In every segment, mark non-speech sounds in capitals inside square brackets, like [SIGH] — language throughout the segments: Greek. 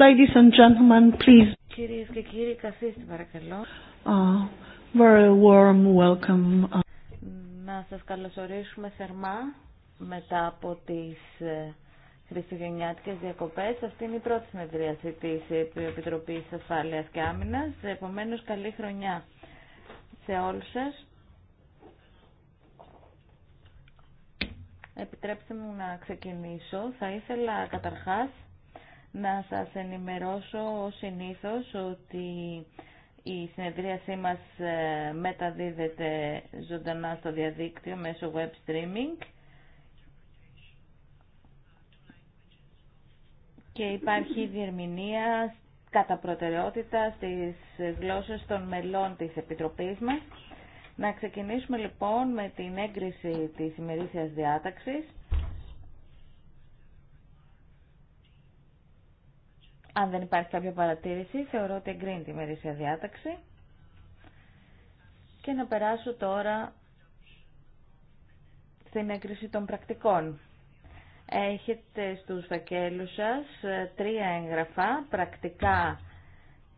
Ladies Κυρίες και κύριοι, καθίστε παρακαλώ. Uh, very warm welcome. Να σας καλωσορίσουμε θερμά μετά από τις ε, χριστουγεννιάτικες διακοπές. Αυτή είναι η πρώτη συνεδρίαση της Επιτροπής Ασφάλειας και Άμυνας. Επομένως, καλή χρονιά σε όλους σας. Επιτρέψτε μου να ξεκινήσω. Θα ήθελα καταρχάς να σας ενημερώσω ως συνήθως ότι η συνεδρίασή μας ε, μεταδίδεται ζωντανά στο διαδίκτυο μέσω web streaming και υπάρχει διερμηνία κατά προτεραιότητα στις γλώσσες των μελών της Επιτροπής μας. Να ξεκινήσουμε λοιπόν με την έγκριση της ημερήσιας διάταξης. Αν δεν υπάρχει κάποια παρατήρηση, θεωρώ ότι εγκρίνει τη μερίσια διάταξη. Και να περάσω τώρα στην έγκριση των πρακτικών. Έχετε στους φακέλους σας ε, τρία έγγραφα, πρακτικά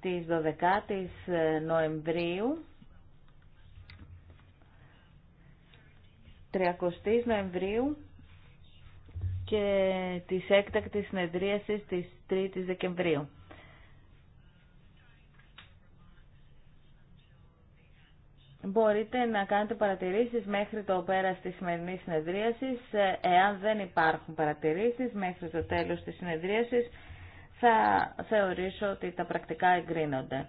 της 12ης ε, Νοεμβρίου, 30 Νοεμβρίου, και της έκτακτης συνεδρίασης της 3ης Δεκεμβρίου. Μπορείτε να κάνετε παρατηρήσεις μέχρι το πέρας της σημερινής συνεδρίασης. Ε, εάν δεν υπάρχουν παρατηρήσεις μέχρι το τέλος της συνεδρίασης, θα θεωρήσω ότι τα πρακτικά εγκρίνονται.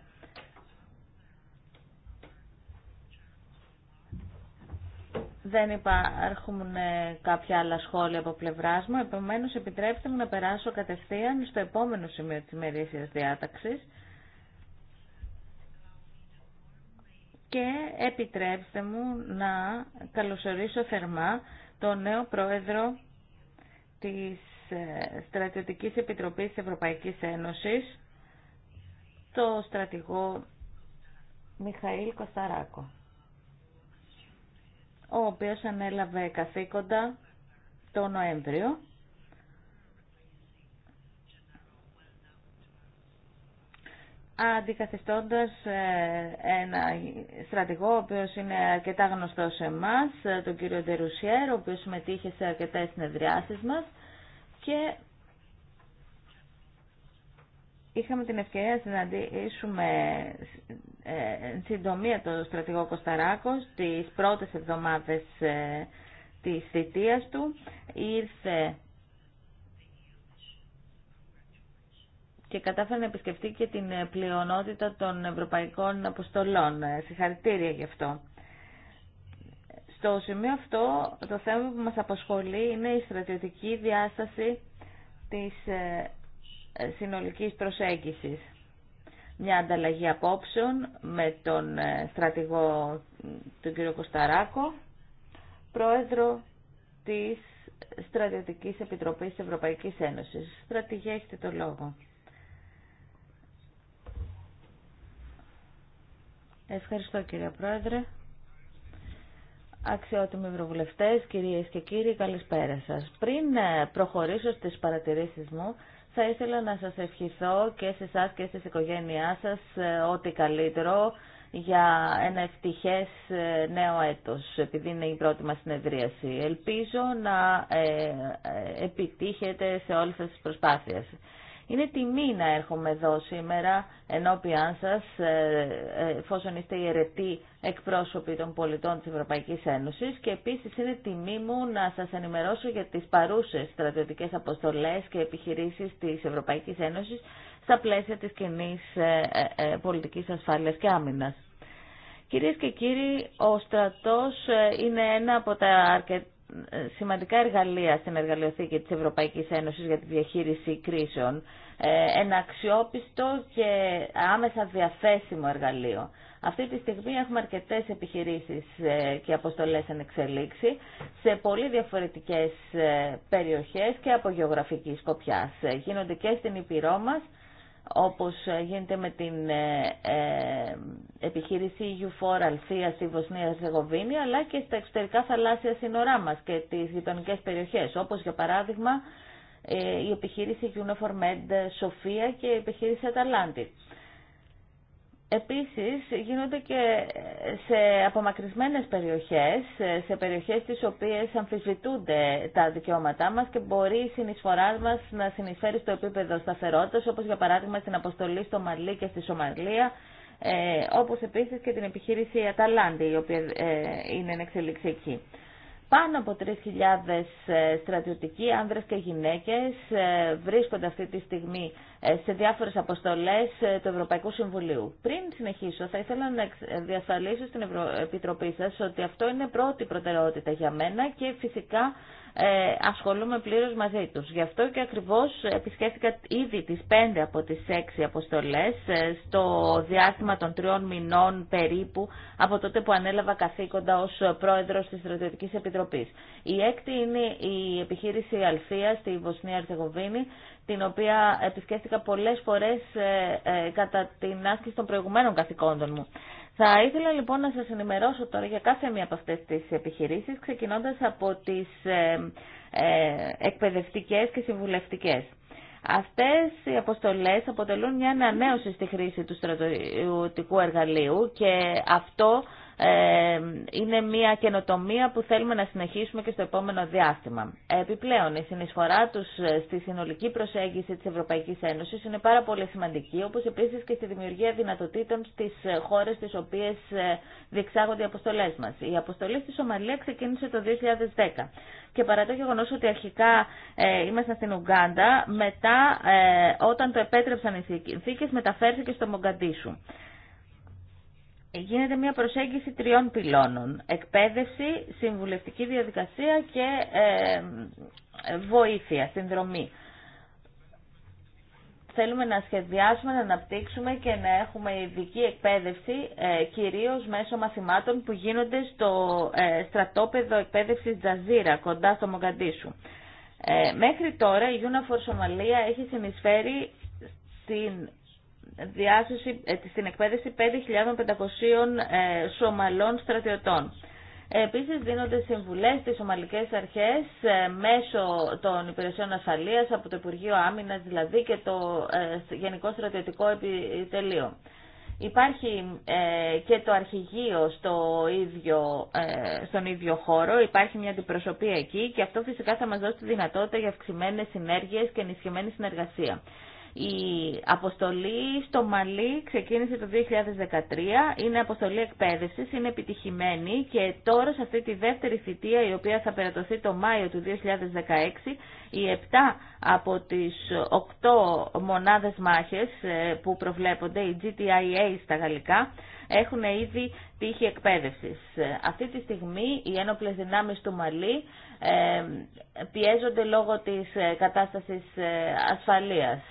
Δεν υπάρχουν ε, κάποια άλλα σχόλια από πλευρά μου, επομένω επιτρέψτε μου να περάσω κατευθείαν στο επόμενο σημείο τη ημερήσια διάταξη. Και επιτρέψτε μου να καλωσορίσω θερμά τον νέο πρόεδρο της ε, Στρατιωτικής Επιτροπής της Ευρωπαϊκής Ένωσης, το στρατηγό Μιχαήλ Κωνσταράκο ο οποίος ανέλαβε καθήκοντα το Νοέμβριο. αντικαθιστώντας ε, ένα στρατηγό ο οποίος είναι αρκετά γνωστός σε εμάς, ε, τον κύριο Ντερουσιέρ, ο οποίος συμμετείχε σε αρκετές συνεδριάσεις μας και είχαμε την ευκαιρία να συναντήσουμε ε, συντομία το στρατηγό Κωνσταράκο τις πρώτες εβδομάδες ε, της θητείας του. Ήρθε και κατάφερε να επισκεφτεί και την πλειονότητα των ευρωπαϊκών αποστολών. Ε, συγχαρητήρια γι' αυτό. Στο σημείο αυτό το θέμα που μας απασχολεί είναι η στρατιωτική διάσταση της συνολικής προσέγγισης μια ανταλλαγή απόψεων με τον ε, στρατηγό τον κύριο Κωνσταράκο, πρόεδρο της Στρατιωτικής Επιτροπής Ευρωπαϊκής Ένωσης. Στρατηγέ, έχετε το λόγο. Ευχαριστώ κύριε Πρόεδρε. Αξιότιμοι Ευρωβουλευτές, κυρίες και κύριοι, καλησπέρα σας. Πριν ε, προχωρήσω στις παρατηρήσεις μου, θα ήθελα να σας ευχηθώ και σε εσά και στις οικογένειά σας ε, ό,τι καλύτερο για ένα ευτυχές ε, νέο έτος, επειδή είναι η πρώτη μας συνεδρίαση. Ελπίζω να ε, επιτύχετε σε όλες τις προσπάθειες. Είναι τιμή να έρχομαι εδώ σήμερα ενώπιάν σας, ε, ε, εφόσον είστε οι εκπρόσωποι των πολιτών της Ευρωπαϊκής Ένωσης και επίσης είναι τιμή μου να σας ενημερώσω για τις παρούσες στρατιωτικές αποστολές και επιχειρήσεις της Ευρωπαϊκής Ένωσης στα πλαίσια της κοινή ε, πολιτικής ασφάλειας και άμυνας. Κυρίες και κύριοι, ο στρατός είναι ένα από τα αρκετά σημαντικά εργαλεία στην εργαλειοθήκη της Ευρωπαϊκής Ένωσης για τη διαχείριση κρίσεων. Ε, ένα αξιόπιστο και άμεσα διαθέσιμο εργαλείο. Αυτή τη στιγμή έχουμε αρκετές επιχειρήσεις ε, και αποστολές εν εξελίξη σε πολύ διαφορετικές ε, περιοχές και από γεωγραφική σκοπιάς. Γίνονται και στην Ήπειρό όπως γίνεται με την ε, ε, επιχείρηση EU4 Αλφία στη Βοσνία Ζεγοβίνη, αλλά και στα εξωτερικά θαλάσσια σύνορά μας και τις γειτονικέ περιοχές, όπως για παράδειγμα ε, η επιχείρηση Uniformed Σοφία και η επιχείρηση Αταλάντη. Επίσης γίνονται και σε απομακρυσμένες περιοχές, σε περιοχές τις οποίες αμφισβητούνται τα δικαιώματά μας και μπορεί η συνεισφορά μας να συνεισφέρει στο επίπεδο σταθερότητας, όπως για παράδειγμα στην αποστολή στο Μαλί και στη Σομαλία, ε, όπως επίσης και την επιχείρηση Αταλάντη, η οποία ε, είναι εξελίξη εκεί. Πάνω από 3.000 ε, στρατιωτικοί άνδρες και γυναίκες ε, βρίσκονται αυτή τη στιγμή ε, σε διάφορες αποστολές του Ευρωπαϊκού Συμβουλίου. Πριν συνεχίσω, θα ήθελα να διασφαλίσω στην Επιτροπή σας ότι αυτό είναι πρώτη προτεραιότητα για μένα και φυσικά ε, ασχολούμαι πλήρω μαζί του. Γι' αυτό και ακριβώ επισκέφθηκα ήδη τι πέντε από τις έξι αποστολές ε, στο διάστημα των τριών μηνών περίπου από τότε που ανέλαβα καθήκοντα ω πρόεδρο τη Στρατιωτική Επιτροπή. Η έκτη είναι η επιχείρηση Αλφία στη Βοσνία Ερθεγοβίνη την οποία επισκέφθηκα πολλές φορές ε, κατά την άσκηση των προηγουμένων καθηκόντων μου. Θα ήθελα λοιπόν να σας ενημερώσω τώρα για κάθε μία από αυτές τις επιχειρήσεις, ξεκινώντας από τις ε, ε εκπαιδευτικές και συμβουλευτικές. Αυτές οι αποστολές αποτελούν μια ανανέωση στη χρήση του στρατιωτικού εργαλείου και αυτό ε, είναι μια καινοτομία που θέλουμε να συνεχίσουμε και στο επόμενο διάστημα. Επιπλέον, η συνεισφορά του ε, στη συνολική προσέγγιση τη Ευρωπαϊκή Ένωση είναι πάρα πολύ σημαντική, όπω επίση και στη δημιουργία δυνατοτήτων στι ε, χώρε τις οποίε διεξάγονται οι αποστολέ μα. Η αποστολή στη Σομαλία ξεκίνησε το 2010 και παρά το γεγονό ότι αρχικά ε, ήμασταν στην Ουγγάντα, μετά όταν το επέτρεψαν οι συνθήκε, μεταφέρθηκε στο Μογκαντήσου γίνεται μια προσέγγιση τριών πυλώνων. Εκπαίδευση, συμβουλευτική διαδικασία και ε, βοήθεια, συνδρομή. Θέλουμε να σχεδιάσουμε, να αναπτύξουμε και να έχουμε ειδική εκπαίδευση, ε, κυρίως μέσω μαθημάτων που γίνονται στο ε, στρατόπεδο εκπαίδευσης Τζαζίρα, κοντά στο Μογκαντήσου. Ε, μέχρι τώρα η UNAFOR Σομαλία έχει συνεισφέρει στην διάσωση, ε, στην εκπαίδευση 5.500 ε, Σομαλών στρατιωτών. Επίσης δίνονται συμβουλές στις Σομαλικές Αρχές ε, μέσω των υπηρεσιών ασφαλείας από το Υπουργείο άμυνα, δηλαδή και το Γενικό Στρατιωτικό Επιτελείο. Υπάρχει και το αρχηγείο στο ίδιο, στον ίδιο χώρο, υπάρχει μια αντιπροσωπεία εκεί και αυτό φυσικά θα μας δώσει τη δυνατότητα για αυξημένες συνέργειες και ενισχυμένη συνεργασία. Η αποστολή στο Μαλί ξεκίνησε το 2013, είναι αποστολή εκπαίδευσης, είναι επιτυχημένη και τώρα σε αυτή τη δεύτερη θητεία η οποία θα περατωθεί το Μάιο του 2016, οι 7 από τις 8 μονάδες μάχες ε, που προβλέπονται, οι GTIA στα γαλλικά, έχουν ήδη τύχη εκπαίδευσης. Ε, αυτή τη στιγμή οι ένοπλες δυνάμεις του Μαλί... Ε, πιέζονται λόγω της ε, κατάστασης ε, ασφαλείας.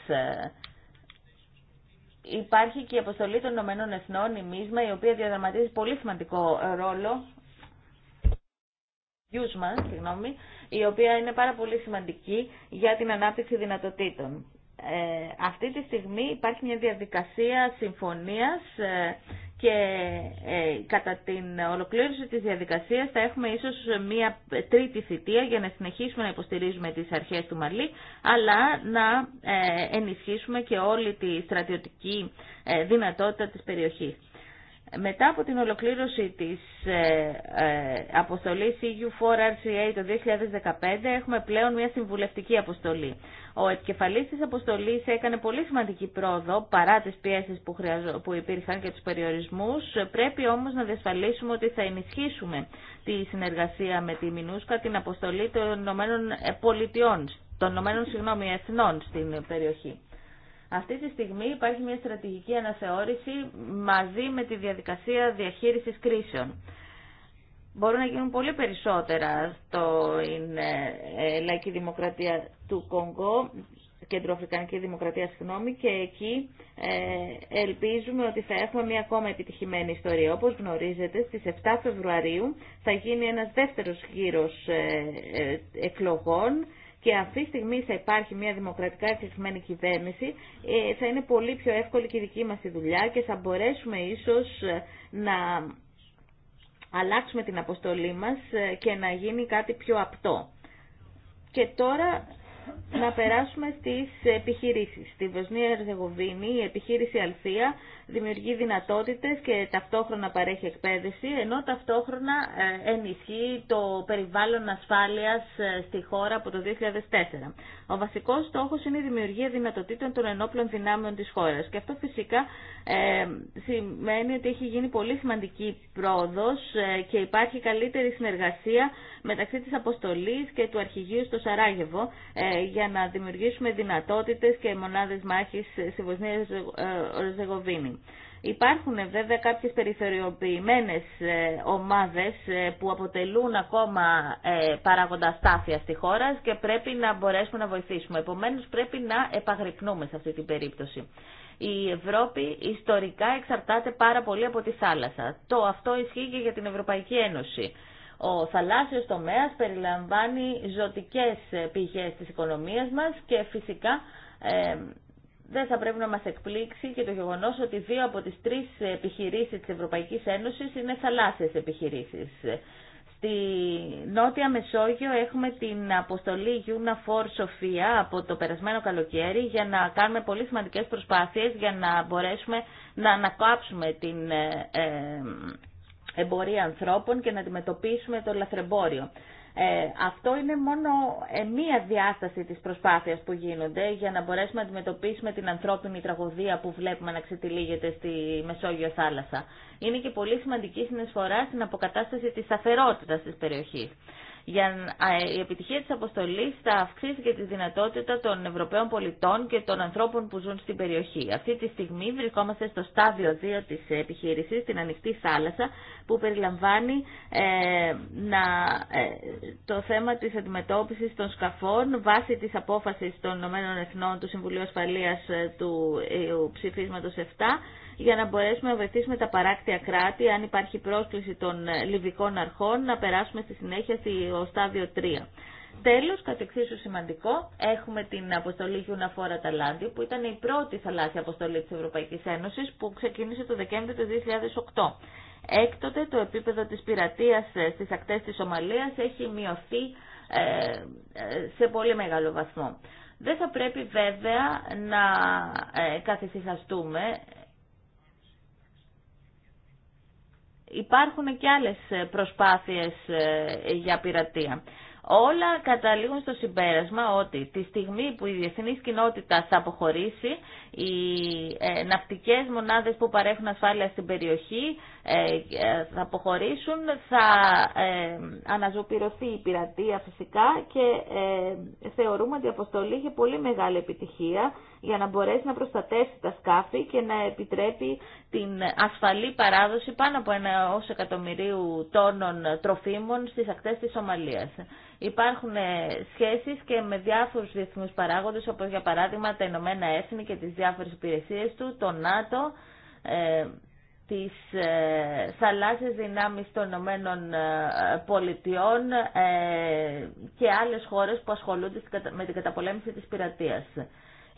Υπάρχει και η αποστολή των Ηνωμένων Εθνών, η ΜΙΣΜΑ, η οποία διαδραματίζει πολύ σημαντικό ρόλο Συγγνώμη, η οποία είναι πάρα πολύ σημαντική για την ανάπτυξη δυνατοτήτων. Ε, αυτή τη στιγμή υπάρχει μια διαδικασία συμφωνίας και ε, κατά την ολοκλήρωση της διαδικασίας θα έχουμε ίσως μία τρίτη θητεία για να συνεχίσουμε να υποστηρίζουμε τις αρχές του Μαλή αλλά να ε, ενισχύσουμε και όλη τη στρατιωτική ε, δυνατότητα της περιοχής. Μετά από την ολοκλήρωση της ε, ε, αποστολής EU4RCA το 2015 έχουμε πλέον μια συμβουλευτική αποστολή. Ο επικεφαλής της αποστολής έκανε πολύ σημαντική πρόοδο παρά τις πιέσεις που, που υπήρχαν και τους περιορισμούς. Πρέπει όμως να διασφαλίσουμε ότι θα ενισχύσουμε τη συνεργασία με τη Μινούσκα την αποστολή των Ηνωμένων Πολιτειών των Ηνωμένων Εθνών στην περιοχή. Αυτή τη στιγμή υπάρχει μια στρατηγική αναθεώρηση μαζί με τη διαδικασία διαχείρισης κρίσεων. Μπορούν να γίνουν πολύ περισσότερα στο ε, ε, Λαϊκή Δημοκρατία του Κονγκό, Κεντροαφρικανική Δημοκρατία, συγγνώμη, και εκεί ε, ελπίζουμε ότι θα έχουμε μια ακόμα επιτυχημένη ιστορία. Όπως γνωρίζετε, στις 7 Φεβρουαρίου θα γίνει ένας δεύτερος γύρος εκλογών και αυτή τη στιγμή θα υπάρχει μια δημοκρατικά εκλεγμένη κυβέρνηση, ε, θα είναι πολύ πιο εύκολη και η δική μας η δουλειά και θα μπορέσουμε ίσως ε, να αλλάξουμε την αποστολή μας ε, και να γίνει κάτι πιο απτό. Και τώρα να περάσουμε στις επιχειρήσεις. Στη Βοσνία Ερζεγοβίνη η επιχείρηση Αλθία δημιουργεί δυνατότητες και ταυτόχρονα παρέχει εκπαίδευση, ενώ ταυτόχρονα ε, ενισχύει το περιβάλλον ασφάλειας ε, στη χώρα από το 2004. Ο βασικός στόχος είναι η δημιουργία δυνατοτήτων των ενόπλων δυνάμεων της χώρας και αυτό φυσικά ε, σημαίνει ότι έχει γίνει πολύ σημαντική πρόοδος και υπάρχει καλύτερη συνεργασία μεταξύ της αποστολής και του αρχηγείου στο Σαράγεβο για να δημιουργήσουμε δυνατότητες και μονάδες μάχης στη Βοσνία Ζεγοβίνη. Υπάρχουν βέβαια κάποιες περιθωριοποιημένες ε, ομάδες ε, που αποτελούν ακόμα ε, παράγοντα στάθεια στη χώρα και πρέπει να μπορέσουμε να βοηθήσουμε. Επομένως πρέπει να επαγρυπνούμε σε αυτή την περίπτωση. Η Ευρώπη ιστορικά εξαρτάται πάρα πολύ από τη θάλασσα. Το αυτό ισχύει και για την Ευρωπαϊκή Ένωση. Ο θαλάσσιος τομέας περιλαμβάνει ζωτικές πηγές της οικονομίας μας και φυσικά δεν θα πρέπει να μας εκπλήξει και το γεγονός ότι δύο από τις τρεις επιχειρήσεις της Ευρωπαϊκής Ένωσης είναι θαλάσσιες επιχειρήσεις. Στη Νότια Μεσόγειο έχουμε την αποστολή UNAFOR Σοφία από το περασμένο καλοκαίρι για να κάνουμε πολύ σημαντικές προσπάθειες για να μπορέσουμε να ανακάψουμε την ε, ε, εμπορία ανθρώπων και να αντιμετωπίσουμε το λαθρεμπόριο. Ε, αυτό είναι μόνο ε, μία διάσταση της προσπάθειας που γίνονται για να μπορέσουμε να αντιμετωπίσουμε την ανθρώπινη τραγωδία που βλέπουμε να ξετυλίγεται στη Μεσόγειο θάλασσα. Είναι και πολύ σημαντική συνεισφορά στην αποκατάσταση της σταθερότητας της περιοχής για η επιτυχία της αποστολής θα αυξήσει και τη δυνατότητα των Ευρωπαίων πολιτών και των ανθρώπων που ζουν στην περιοχή. Αυτή τη στιγμή βρισκόμαστε στο στάδιο 2 της επιχείρησης, την ανοιχτή θάλασσα, που περιλαμβάνει ε, να, ε, το θέμα της αντιμετώπισης των σκαφών βάσει της απόφασης των ΗΕ του Συμβουλίου Ασφαλείας ε, του ε, ψηφίσματος 7 για να μπορέσουμε να βοηθήσουμε τα παράκτια κράτη, αν υπάρχει πρόσκληση των ε, λιβικών αρχών, να περάσουμε στη συνέχεια στο στάδιο 3. Τέλο, κατ' εξίσου σημαντικό, έχουμε την αποστολή Γιουναφόρα Ταλάντι, που ήταν η πρώτη θαλάσσια αποστολή τη Ευρωπαϊκή Ένωση που ξεκίνησε το Δεκέμβριο του 2008. Έκτοτε το επίπεδο τη πειρατεία ε, στι ακτές τη Ομαλία έχει μειωθεί ε, σε πολύ μεγάλο βαθμό. Δεν θα πρέπει βέβαια να ε, καθησυχαστούμε. υπάρχουν και άλλες ε, προσπάθειες ε, για πειρατεία. Όλα καταλήγουν στο συμπέρασμα ότι τη στιγμή που η διεθνή κοινότητα θα αποχωρήσει, οι ε, ναυτικές μονάδες που παρέχουν ασφάλεια στην περιοχή θα αποχωρήσουν, θα αναζωπηρωθεί η πειρατεία φυσικά και θεωρούμε ότι η αποστολή είχε πολύ μεγάλη επιτυχία για να μπορέσει να προστατεύσει τα σκάφη και να επιτρέπει την ασφαλή παράδοση πάνω από ένα ως εκατομμυρίου τόνων τροφίμων στις ακτές της Σομαλίας. Υπάρχουν ε, σχέσεις και με διάφορους διεθνούς παράγοντες όπως για παράδειγμα τα Ηνωμένα Έθνη και τις διάφορες υπηρεσίες του, το ΝΑΤΟ, ε, τις ε, θαλάσσιες δυνάμεις των Ηνωμένων Πολιτειών και άλλες χώρες που ασχολούνται με την καταπολέμηση της πειρατείας.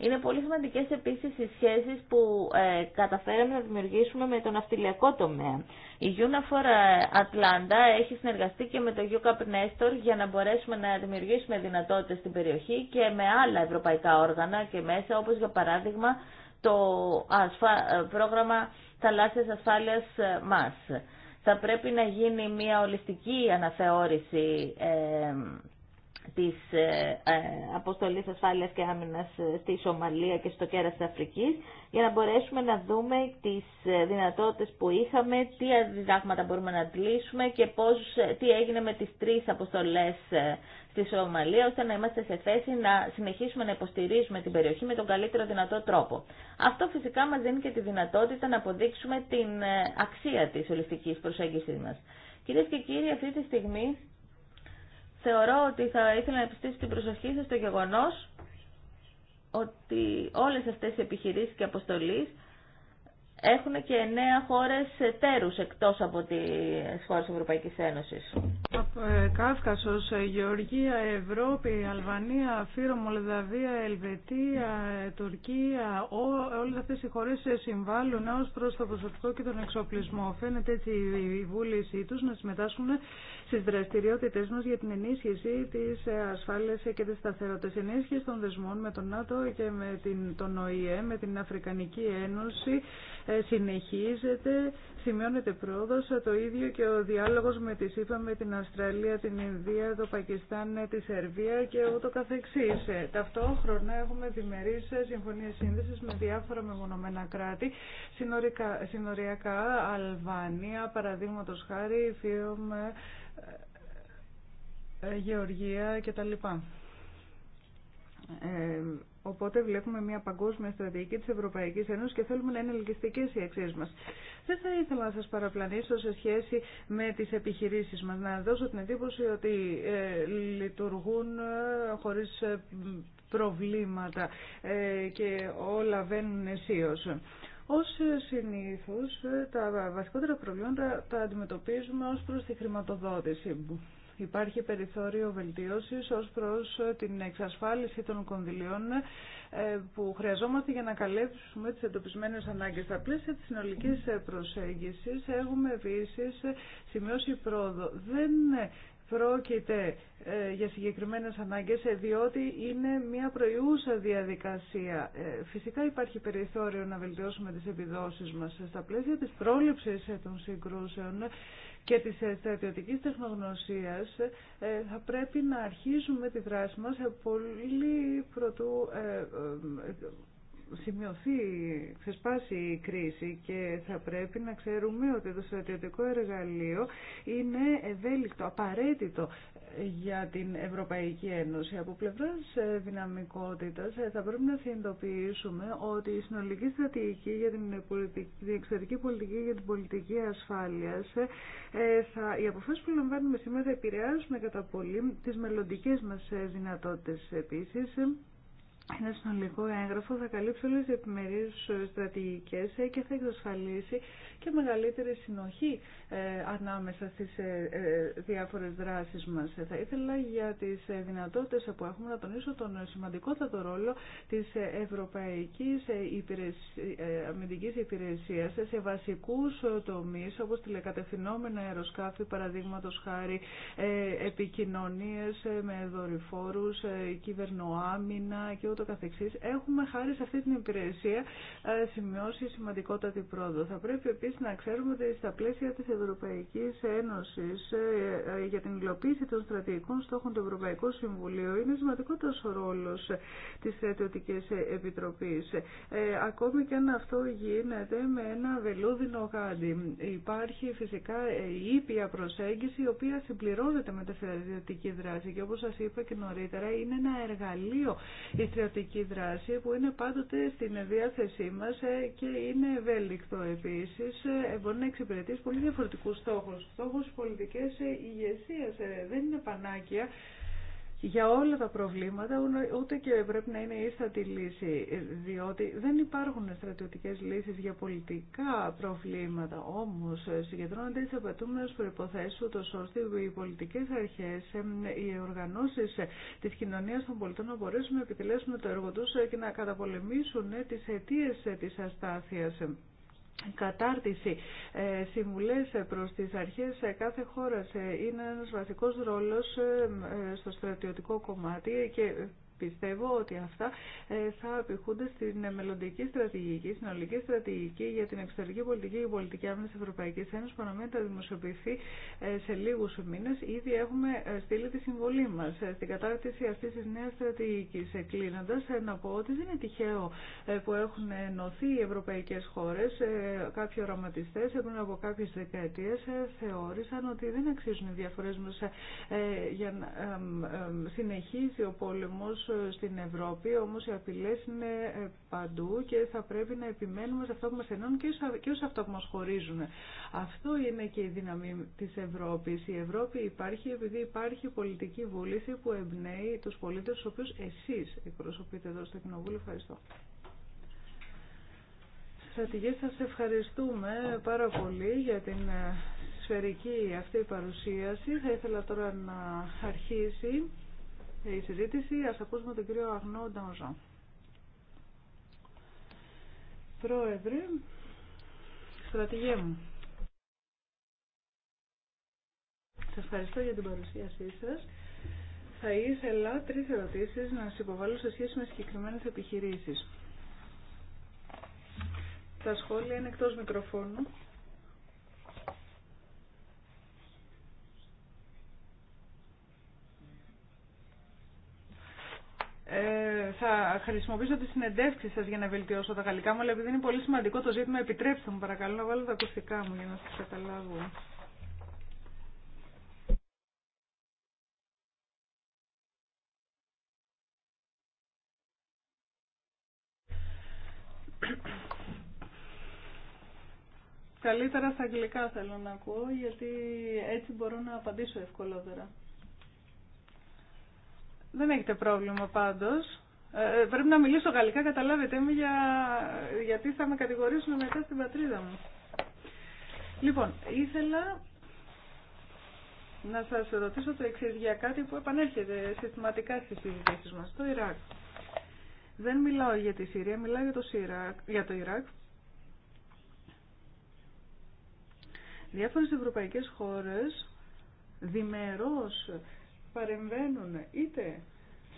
Είναι πολύ σημαντικέ επίση οι σχέσεις που ε, καταφέραμε να δημιουργήσουμε με τον αυτιλιακό τομέα. Η UNAFOR Ατλάντα έχει συνεργαστεί και με το UCAP Nestor για να μπορέσουμε να δημιουργήσουμε δυνατότητε στην περιοχή και με άλλα ευρωπαϊκά όργανα και μέσα όπως για παράδειγμα το ε, πρόγραμμα θαλάσσιας ασφάλειας ε, μας. Θα πρέπει να γίνει μια ολιστική αναθεώρηση ε, της ε, ε, Αποστολής Ασφάλειας και Άμυνας ε, στη Σομαλία και στο κέρας της Αφρικής για να μπορέσουμε να δούμε τις δυνατότητες που είχαμε, τι διδάγματα μπορούμε να αντλήσουμε και πώς, τι έγινε με τις τρεις αποστολές στη Σομαλία ώστε να είμαστε σε θέση να συνεχίσουμε να υποστηρίζουμε την περιοχή με τον καλύτερο δυνατό τρόπο. Αυτό φυσικά μας δίνει και τη δυνατότητα να αποδείξουμε την αξία της ολιστικής προσέγγισης μας. Κυρίες και κύριοι, αυτή τη στιγμή θεωρώ ότι θα ήθελα να επιστήσω την προσοχή σας στο γεγονός ότι όλες αυτές οι επιχειρήσεις και αποστολής έχουν και εννέα χώρες εταίρους εκτός από τις χώρες της Ευρωπαϊκής Ένωσης. Ε, Κάφκασος, ε, Γεωργία, Ευρώπη, Αλβανία, Φύρο, Μολδαβία, Ελβετία, ε, Τουρκία, ό, όλες αυτές οι χώρες συμβάλλουν ως προς το προσωπικό και τον εξοπλισμό. Φαίνεται έτσι η βούλησή τους να συμμετάσχουν στις δραστηριότητες μας για την ενίσχυση της ασφάλειας και της σταθερότητας. Ενίσχυση των δεσμών με τον ΝΑΤΟ και με την, τον ΟΗΕ, με την Αφρικανική Ένωση, ε, συνεχίζεται, σημειώνεται πρόοδος, το ίδιο και ο διάλογος με τη ΣΥΠΑ, με την Αυστραλία, την Ινδία, το Πακιστάν, ε, τη Σερβία και ούτω καθεξής. Ε, ταυτόχρονα έχουμε διμερείς συμφωνίες σύνδεσης με διάφορα μεμονωμένα κράτη, συνοριακά, Αλβανία, παραδείγματος χάρη, Φίωμ, Γεωργία κτλ οπότε βλέπουμε μια παγκόσμια στρατηγική της Ευρωπαϊκής Ένωσης και θέλουμε να είναι ελκυστικές οι αξίες μας. Δεν θα ήθελα να σας παραπλανήσω σε σχέση με τις επιχειρήσεις μας, να δώσω την εντύπωση ότι ε, λειτουργούν ε, χωρίς ε, προβλήματα και όλα βαίνουν αισίως. Ως συνήθως τα βασικότερα προβλήματα τα αντιμετωπίζουμε ως προς τη χρηματοδότηση Υπάρχει περιθώριο βελτίωσης ως προς ε, την εξασφάλιση των κονδυλίων ε, που χρειαζόμαστε για να καλύψουμε τις εντοπισμένες ανάγκες. Στα πλαίσια της συνολικής ε, προσέγγισης έχουμε επίσης σημειώσει πρόοδο. Δεν πρόκειται για συγκεκριμένες ανάγκες διότι είναι μια προϊούσα διαδικασία. φυσικά υπάρχει περιθώριο να βελτιώσουμε τις επιδόσεις μας στα πλαίσια της πρόληψης των συγκρούσεων και της ε, στρατιωτικής τεχνογνωσίας ε, θα πρέπει να αρχίζουμε τη δράση μας πολύ πρωτού ε, σημειωθεί, ξεσπάσει η κρίση και θα πρέπει να ξέρουμε ότι το στρατιωτικό εργαλείο είναι ευέλικτο, απαραίτητο για την Ευρωπαϊκή Ένωση. Από πλευράς ε, δυναμικότητας ε, θα πρέπει να συνειδητοποιήσουμε ότι η συνολική στρατηγική για την, πολιτική, την εξωτερική πολιτική για την πολιτική ασφάλειας ε, θα, οι αποφάσει που λαμβάνουμε σήμερα θα επηρεάσουν κατά πολύ τις μελλοντικές μας δυνατότητες επίσης ένα συνολικό έγγραφο θα καλύψει όλες τις επιμερίες ε, στρατηγικές ε, και θα εξασφαλίσει και μεγαλύτερη συνοχή ε, ανάμεσα στις διάφορες δράσεις μας. Θα ήθελα για τις δυνατότητες που έχουμε να τονίσω τον σημαντικότατο ρόλο της Ευρωπαϊκής Αμυντικής Υπηρεσίας σε βασικούς τομείς όπως τηλεκατευθυνόμενα αεροσκάφη, παραδείγματο χάρη επικοινωνίες με δορυφόρους, κυβερνοάμυνα και ούτω καθεξής, έχουμε χάρη σε αυτή την υπηρεσία ε, σημειώσει σημαντικότατη πρόοδο. Θα πρέπει επίσης να ξέρουμε ότι στα πλαίσια της Ευρωπαϊκής Ένωσης ε, ε, για την υλοποίηση των στρατηγικών στόχων του Ευρωπαϊκού Συμβουλίου είναι σημαντικό ο ρόλος της Στρατιωτικής Επιτροπής. ακόμη και αν αυτό γίνεται με ένα βελούδινο γάντι. Υπάρχει φυσικά η ήπια προσέγγιση η οποία συμπληρώνεται με τη στρατιωτική δράση και όπως σας είπα και νωρίτερα είναι ένα εργαλείο στρατιωτική δράση που είναι πάντοτε στην διάθεσή μας ε, και είναι ευέλικτο επίσης. Ε, μπορεί να εξυπηρετήσει πολύ διαφορετικούς στόχους. Στόχους πολιτικές ε, ηγεσίας δεν είναι πανάκια για όλα τα προβλήματα, ούτε και πρέπει να είναι ίστατη λύση, διότι δεν υπάρχουν στρατιωτικές λύσεις για πολιτικά προβλήματα. Όμως, συγκεντρώνονται τις απαιτούμενες προϋποθέσεις, ούτως ώστε οι πολιτικές αρχές, οι οργανώσεις της κοινωνίας των πολιτών να μπορέσουν να επιτελέσουν το έργο τους και να καταπολεμήσουν τις αιτίες της αστάθειας κατάρτιση, ε, συμβουλές προς τις αρχές σε κάθε χώρα είναι ένας βασικός ρόλος ε, ε, στο στρατιωτικό κομμάτι και Πιστεύω ότι αυτά ε, θα επιχούνται στην μελλοντική στρατηγική, συνολική στρατηγική για την εξωτερική πολιτική και πολιτική άμυνα τη Ευρωπαϊκή Ένωση που αναμένεται να δημοσιοποιηθεί ε, σε λίγου μήνε. Ήδη έχουμε ε, στείλει τη συμβολή μα στην κατάρτιση αυτή τη νέα στρατηγική. Κλείνοντα, να πω ότι δεν είναι τυχαίο που έχουν ενωθεί οι ευρωπαϊκέ χώρε. Κάποιοι οραματιστέ πριν από κάποιε δεκαετίε θεώρησαν ότι δεν αξίζουν οι διαφορέ μα για να συνεχίσει ο πόλεμος στην Ευρώπη, όμως οι απειλές είναι ε, παντού και θα πρέπει να επιμένουμε σε αυτό που μας ενώνουν και σε αυτό που μας χωρίζουν. Αυτό είναι και η δύναμη της Ευρώπης. Η Ευρώπη υπάρχει επειδή υπάρχει πολιτική βούληση που εμπνέει τους πολίτες, τους οποίους εσείς εκπροσωπείτε εδώ στο Κοινοβούλιο. Ευχαριστώ. Στρατηγέ, ευχαριστούμε πάρα πολύ για την ε, σφαιρική αυτή παρουσίαση. Θα ήθελα τώρα να αρχίσει η συζήτηση. Ας ακούσουμε τον κύριο Αγνό Πρόεδρη, Πρόεδρε, στρατηγέ μου. Σα ευχαριστώ για την παρουσίασή σας. Θα ήθελα τρει ερωτήσει να σα υποβάλω σε σχέση με συγκεκριμένε επιχειρήσει. Τα σχόλια είναι εκτό μικροφώνου. Ε, θα χρησιμοποιήσω τη συνεντεύξη σας για να βελτιώσω τα γαλλικά μου, αλλά επειδή είναι πολύ σημαντικό το ζήτημα, επιτρέψτε μου παρακαλώ να βάλω τα ακουστικά μου για να σας καταλάβω. Καλύτερα στα αγγλικά θέλω να ακούω, γιατί έτσι μπορώ να απαντήσω ευκολότερα. Δεν έχετε πρόβλημα πάντως. Ε, ε, πρέπει να μιλήσω γαλλικά, καταλάβετε μου για... γιατί θα με κατηγορήσουν μετά στην πατρίδα μου. Λοιπόν, ήθελα να σας ρωτήσω το εξή για κάτι που επανέρχεται συστηματικά στις συζητήσεις μας, το Ιράκ. Δεν μιλάω για τη Συρία, μιλάω για το, για το Ιράκ. Διάφορες ευρωπαϊκές χώρες διμερώς παρεμβαίνουν είτε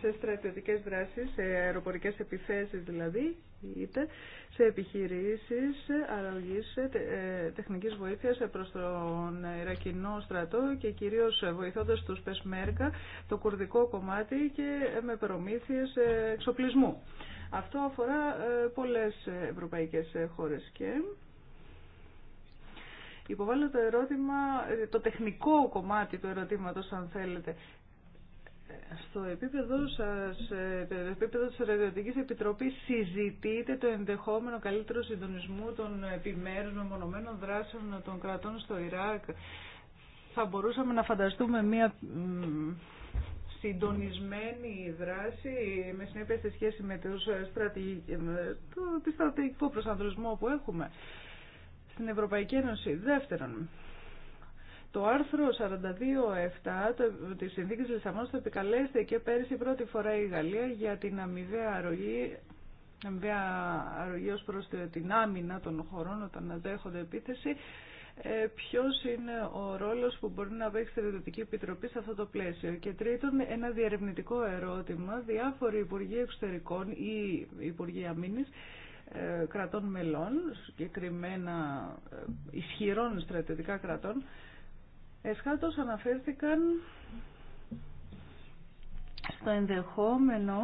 σε στρατιωτικές δράσεις, σε αεροπορικές επιθέσεις δηλαδή, είτε σε επιχειρήσεις αραγής ε, τεχνικής βοήθειας προς τον Ιρακινό στρατό και κυρίως βοηθώντας τους Πεσμέρκα, το κουρδικό κομμάτι και με προμήθειες εξοπλισμού. Αυτό αφορά ε, πολλές ευρωπαϊκές χώρες και υποβάλλω το ερώτημα, ε, το τεχνικό κομμάτι του ερωτήματος αν θέλετε στο επίπεδο σας, ε, το επίπεδο της Στρατιωτικής Επιτροπής συζητείτε το ενδεχόμενο καλύτερο συντονισμού των επιμέρους μεμονωμένων δράσεων των κρατών στο Ιράκ. Θα μπορούσαμε να φανταστούμε μια συντονισμένη δράση με συνέπεια σε σχέση με το, το στρατηγικό προσανατολισμό που έχουμε στην Ευρωπαϊκή Ένωση. Δεύτερον, το άρθρο 42.7 της Συνθήκης Λισαμόνας θα επικαλέστε και πέρυσι πρώτη φορά η Γαλλία για την αμοιβαία αρρωγή, αμοιβαία αρρωγή ως προς την άμυνα των χωρών όταν δέχονται επίθεση. Ε, ποιος είναι ο ρόλος που μπορεί να παίξει η Στρατιωτική Επιτροπή σε αυτό το πλαίσιο. Και τρίτον, ένα διαρευνητικό ερώτημα. Διάφοροι Υπουργοί Εξωτερικών ή Υπουργοί Αμήνης ε, κρατών μελών, συγκεκριμένα ε, ισχυρών στρατιωτικά κρατών, Εσχάτως αναφέρθηκαν στο ενδεχόμενο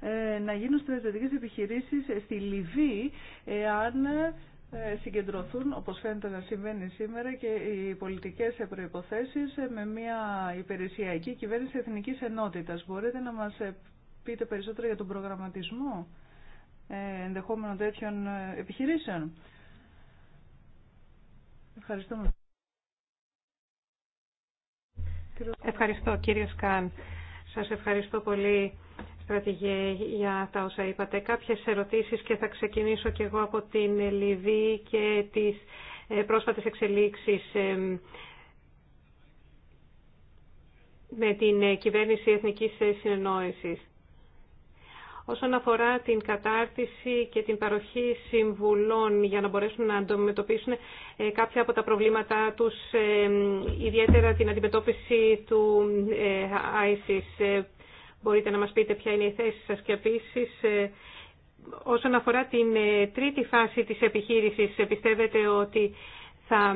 ε, να γίνουν στρατιωτικές επιχειρήσεις στη Λιβύη εάν ε, συγκεντρωθούν, όπως φαίνεται να συμβαίνει σήμερα, και οι πολιτικές προϋποθέσεις ε, με μια υπηρεσιακή κυβέρνηση εθνικής ενότητας. Μπορείτε να μας πείτε περισσότερο για τον προγραμματισμό ενδεχόμενων τέτοιων επιχειρήσεων. Ευχαριστούμε. Ευχαριστώ κύριε Σκάν. Σας ευχαριστώ πολύ στρατηγέ για τα όσα είπατε. Κάποιες ερωτήσεις και θα ξεκινήσω και εγώ από την Λιβύη και τις ε, πρόσφατες εξελίξεις με την ε, κυβέρνηση Εθνικής Συνεννόησης όσον αφορά την κατάρτιση και την παροχή συμβουλών για να μπορέσουν να αντιμετωπίσουν ε, κάποια από τα προβλήματά τους, ε, ιδιαίτερα την αντιμετώπιση του ε, ISIS. Μπορείτε να μας πείτε ποια είναι η θέση σας και επίση. όσον αφορά την τρίτη φάση της επιχείρησης, πιστεύετε ότι θα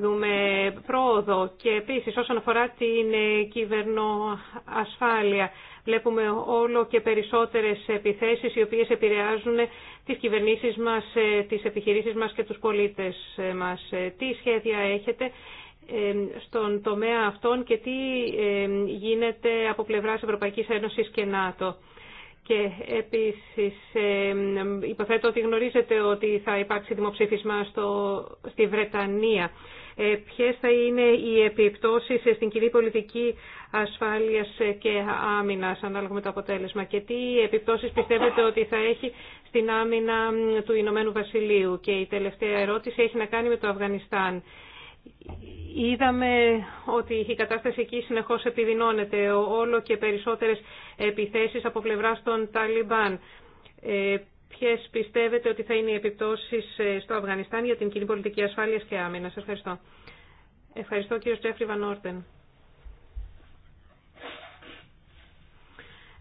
δούμε πρόοδο και επίσης όσον αφορά την κυβερνοασφάλεια. Βλέπουμε όλο και περισσότερες επιθέσεις οι οποίες επηρεάζουν τις κυβερνήσεις μας, ε, τις επιχειρήσεις μας και τους πολίτες ε, μας. Ε, τι σχέδια έχετε στον τομέα αυτών και τι γίνεται από πλευράς Ευρωπαϊκής Ένωσης και ΝΑΤΟ. Και επίσης υποθέτω ότι γνωρίζετε ότι θα υπάρξει δημοψήφισμα στο, στη Βρετανία. Ε, ποιες θα είναι οι επιπτώσεις στην κοινή πολιτική ασφάλειας και άμυνας ανάλογα με το αποτέλεσμα και τι επιπτώσεις πιστεύετε ότι θα έχει στην άμυνα του Ηνωμένου Βασιλείου. Και η τελευταία ερώτηση έχει να κάνει με το Αφγανιστάν. Είδαμε ότι η κατάσταση εκεί συνεχώς επιδεινώνεται, όλο και περισσότερες επιθέσεις από πλευράς των Ταλιμπάν. Ε, ποιες πιστεύετε ότι θα είναι οι επιπτώσεις ε, στο Αφγανιστάν για την κοινή πολιτική ασφάλειας και άμυνας. Ευχαριστώ. Ευχαριστώ κύριο Τζέφρι Βανόρτεν.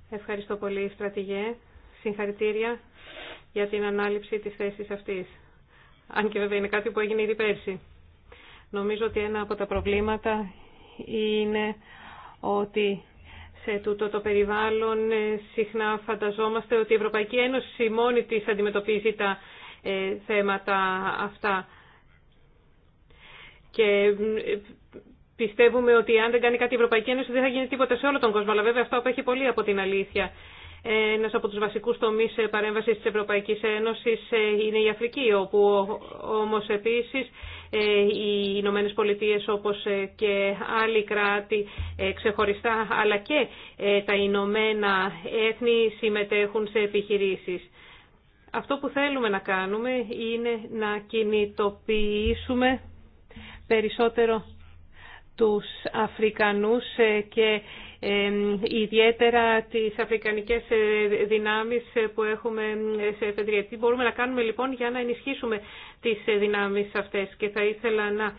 Ευχαριστώ πολύ στρατηγέ. Συγχαρητήρια για την ανάληψη της θέσης αυτής. Αν και βέβαια είναι κάτι που έγινε ήδη πέρσι. Νομίζω ότι ένα από τα προβλήματα είναι ότι σε τούτο το περιβάλλον ε, συχνά φανταζόμαστε ότι η Ευρωπαϊκή Ένωση μόνη της αντιμετωπίζει τα ε, θέματα αυτά. Και ε, πιστεύουμε ότι αν δεν κάνει κάτι η Ευρωπαϊκή Ένωση δεν θα γίνει τίποτα σε όλο τον κόσμο. Αλλά βέβαια αυτό απέχει πολύ από την αλήθεια. Ένα από τους βασικούς τομεί ε, παρέμβαση τη ευρωπαϊκή Ένωση ε, είναι η Αφρική, όπου όμως επίσης ε, οι Ηνωμένε Πολιτείε όπως και άλλοι κράτη ξεχωριστά, αλλά και τα Ηνωμένα Έθνη συμμετέχουν σε επιχειρήσεις. Αυτό που θέλουμε να κάνουμε είναι να κινητοποιήσουμε περισσότερο τους Αφρικανούς και ιδιαίτερα τις αφρικανικές ε, δυνάμεις ε, που έχουμε ε, σε εφεδρία. Τι μπορούμε να κάνουμε λοιπόν για να ενισχύσουμε τις δυνάμεις αυτές και θα ήθελα να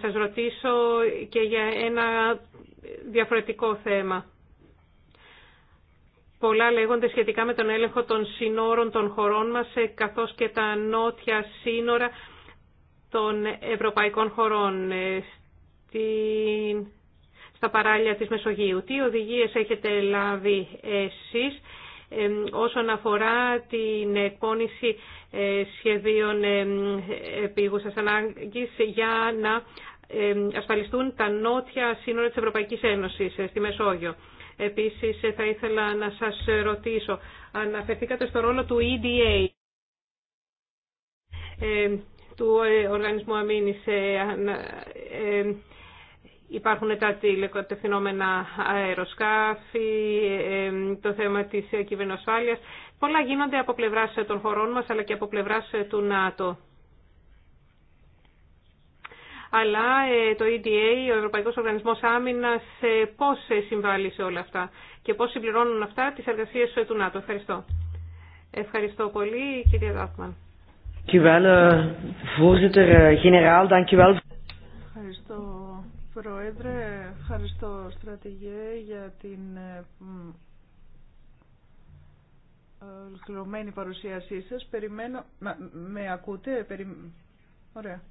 σας ρωτήσω και για ένα διαφορετικό θέμα. Πολλά λέγονται σχετικά με τον έλεγχο των συνόρων των χωρών μας, καθώς και τα νότια σύνορα των ευρωπαϊκών χωρών. Στην στα παράλια της Μεσογείου. Τι οδηγίες έχετε λάβει εσείς όσον αφορά την εκπόνηση ε, σχεδίων επίγουσας ανάγκης για να ασφαλιστούν τα νότια σύνορα της Ευρωπαϊκής Ένωσης ε, στη Μεσόγειο. Επίσης ε, θα ήθελα να σας ρωτήσω, αναφερθήκατε στο ρόλο του EDA, του Οργανισμού Αμήνης. Υπάρχουν τα τηλεκατευθυνόμενα αεροσκάφη, ε, το θέμα της κυβερνοσφάλειας. Πολλά γίνονται από πλευράς των χωρών μας αλλά και από πλευράς του ΝΑΤΟ. Αλλά ε, το EDA, ο Ευρωπαϊκός Οργανισμός Άμυνας, ε, πώς συμβάλλει σε όλα αυτά και πώς συμπληρώνουν αυτά τις εργασίες του ΝΑΤΟ. Ευχαριστώ. Ευχαριστώ πολύ, κυρία Δάφμαν. Eh, eh, Ευχαριστώ, Πρόεδρε, ευχαριστώ στρατηγέ για την ε, ολοκληρωμένη παρουσίασή σας. Περιμένω... με ακούτε? Περι... Ωραία.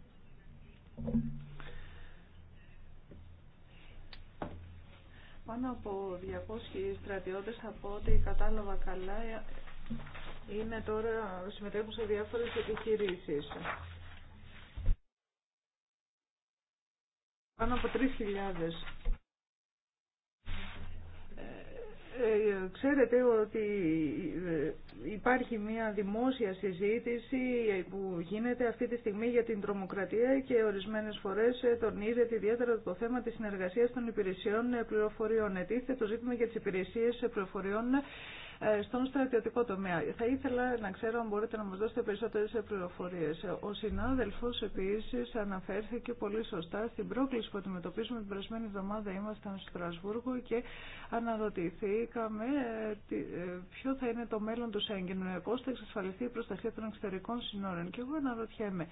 Πάνω από 200 στρατιώτες από ό,τι κατάλαβα καλά ε, είναι τώρα συμμετέχουν σε διάφορες επιχειρήσεις. πάνω από 3.000. Ε, ε, ξέρετε ότι ε, υπάρχει μια δημόσια συζήτηση που γίνεται αυτή τη στιγμή για την τρομοκρατία και ορισμένες φορές τονίζεται ιδιαίτερα το θέμα της συνεργασίας των υπηρεσιών πληροφοριών. Ετίθεται το ζήτημα για τις υπηρεσίες πληροφοριών ε, στον στρατιωτικό τομέα. Θα ήθελα να ξέρω αν μπορείτε να μα δώσετε περισσότερε πληροφορίε. Ο συνάδελφος επίση αναφέρθηκε πολύ σωστά στην πρόκληση που αντιμετωπίσουμε την περασμένη εβδομάδα ήμασταν στο Στρασβούργο και αναρωτηθήκαμε ε, ε, ποιο θα είναι το μέλλον του Σέγγεν, Πώ θα εξασφαλιστεί η προστασία των εξωτερικών συνόρων. Και εγώ αναρωτιέμαι,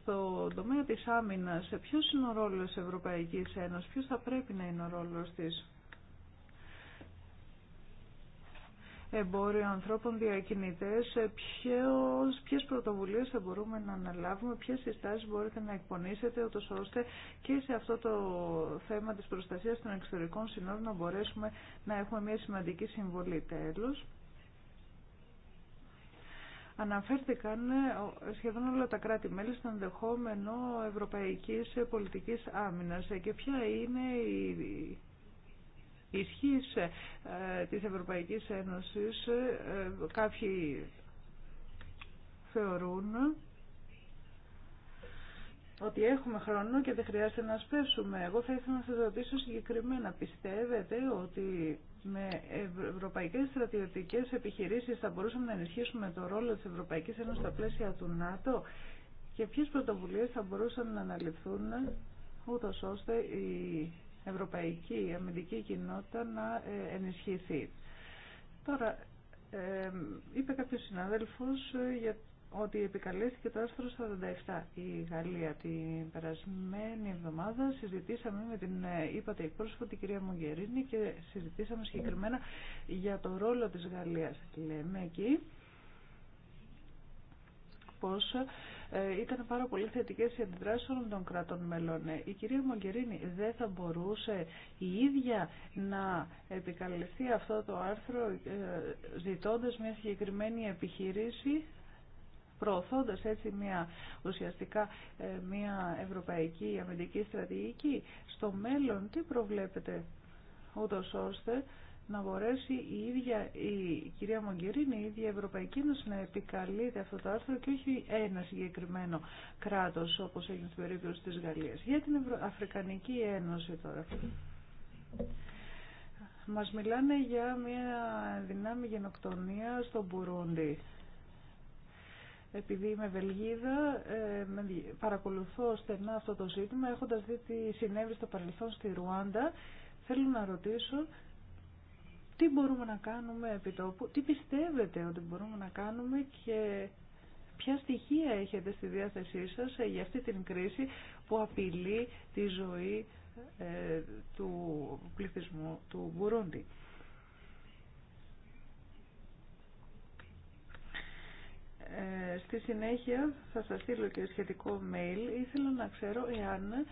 στο τομέα της άμυνας, ποιος είναι ο ρόλος της Ευρωπαϊκής Ένωσης, ποιος θα πρέπει να είναι ο ρόλος της. εμπόριο ανθρώπων διακινητές, ε, ποιος, ποιες πρωτοβουλίες θα μπορούμε να αναλάβουμε, ποιες συστάσεις μπορείτε να εκπονήσετε, ώστε και σε αυτό το θέμα της προστασίας των εξωτερικών συνόρων να μπορέσουμε να έχουμε μια σημαντική συμβολή. Τέλος. Αναφέρθηκαν ε, σχεδόν όλα τα κράτη-μέλη στον ενδεχόμενο ευρωπαϊκής ε, πολιτικής άμυνας και ποια είναι η ισχύς ε, της Ευρωπαϊκής Ένωσης ε, κάποιοι θεωρούν ότι έχουμε χρόνο και δεν χρειάζεται να σπέσουμε. Εγώ θα ήθελα να σας ρωτήσω συγκεκριμένα. Πιστεύετε ότι με ευρωπαϊκές στρατιωτικές επιχειρήσεις θα μπορούσαμε να ενισχύσουμε το ρόλο της Ευρωπαϊκής Ένωσης στα πλαίσια του ΝΑΤΟ και ποιες πρωτοβουλίες θα μπορούσαν να αναλυθούν ούτως ώστε η ευρωπαϊκή αμυντική κοινότητα να ε, ενισχυθεί. Τώρα, ε, είπε κάποιος συναδέλφος ε, για ότι επικαλέστηκε το άρθρο 47 η Γαλλία την περασμένη εβδομάδα. Συζητήσαμε με την είπατε εκπρόσωπο την κυρία Μογγερίνη και συζητήσαμε συγκεκριμένα για το ρόλο της Γαλλίας. Λέμε εκεί πως ε, ήταν πάρα πολύ θετικές οι αντιδράσεις όλων των κρατών μελών. Ε, η κυρία Μογκερίνη δεν θα μπορούσε η ίδια να επικαλεστεί αυτό το άρθρο ε, ζητώντας μια συγκεκριμένη επιχείρηση προωθώντας έτσι μια ουσιαστικά μια ευρωπαϊκή αμυντική στρατηγική στο μέλλον τι προβλέπετε ούτως ώστε να μπορέσει η ίδια η κυρία Μογκερίνη, η ίδια Ευρωπαϊκή Ένωση να επικαλείται αυτό το άρθρο και όχι ένα συγκεκριμένο κράτος όπως έγινε στην περίπτωση τη Γαλλία. Για την Αφρικανική Ένωση τώρα. Μας μιλάνε για μια δύναμη γενοκτονία στο Μπουρούντι. Επειδή είμαι Βελγίδα, ε, παρακολουθώ στενά αυτό το ζήτημα, έχοντας δει τι συνέβη στο παρελθόν στη Ρουάντα, θέλω να ρωτήσω τι μπορούμε να κάνουμε επί τόπου, τι πιστεύετε ότι μπορούμε να κάνουμε και ποια στοιχεία έχετε στη διάθεσή σας ε, για αυτή την κρίση που απειλεί τη ζωή ε, του πληθυσμού του Μπουρούντι. Ε, στη συνέχεια θα σας στείλω και σχετικό mail. Ήθελα να ξέρω εάν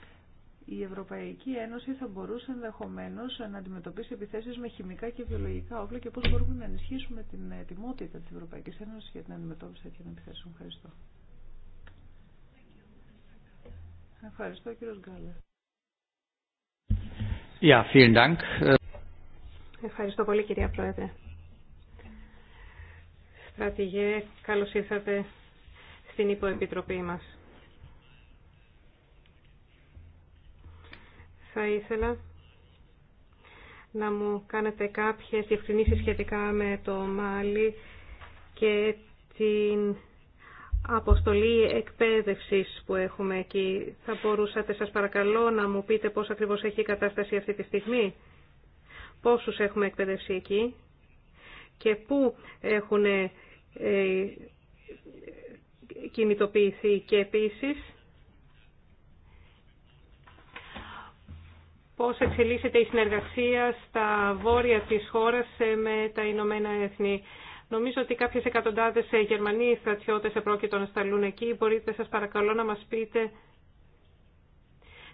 η Ευρωπαϊκή Ένωση θα μπορούσε ενδεχομένω να αντιμετωπίσει επιθέσει με χημικά και βιολογικά όπλα και πώ μπορούμε να ενισχύσουμε την ετοιμότητα τη Ευρωπαϊκή Ένωση για την αντιμετώπιση τέτοιων επιθέσεων. Ευχαριστώ. Ευχαριστώ, κύριο Γκάλε. Ja, vielen Dank. Ευχαριστώ πολύ, κυρία Πρόεδρε. Στρατηγέ, καλώς ήρθατε στην υποεπιτροπή μας. Θα ήθελα να μου κάνετε κάποιες διευκρινήσεις σχετικά με το Μάλι και την αποστολή εκπαίδευσης που έχουμε εκεί. Θα μπορούσατε σας παρακαλώ να μου πείτε πώς ακριβώς έχει η κατάσταση αυτή τη στιγμή. Πόσους έχουμε εκπαιδεύσει εκεί και πού έχουν ε, κινητοποιηθεί και επίσης πώς εξελίσσεται η συνεργασία στα βόρεια της χώρας ε, με τα Ηνωμένα Έθνη. Νομίζω ότι κάποιες εκατοντάδες ε, Γερμανοί στρατιώτες επρόκειτο να σταλούν εκεί. Μπορείτε σας παρακαλώ να μας πείτε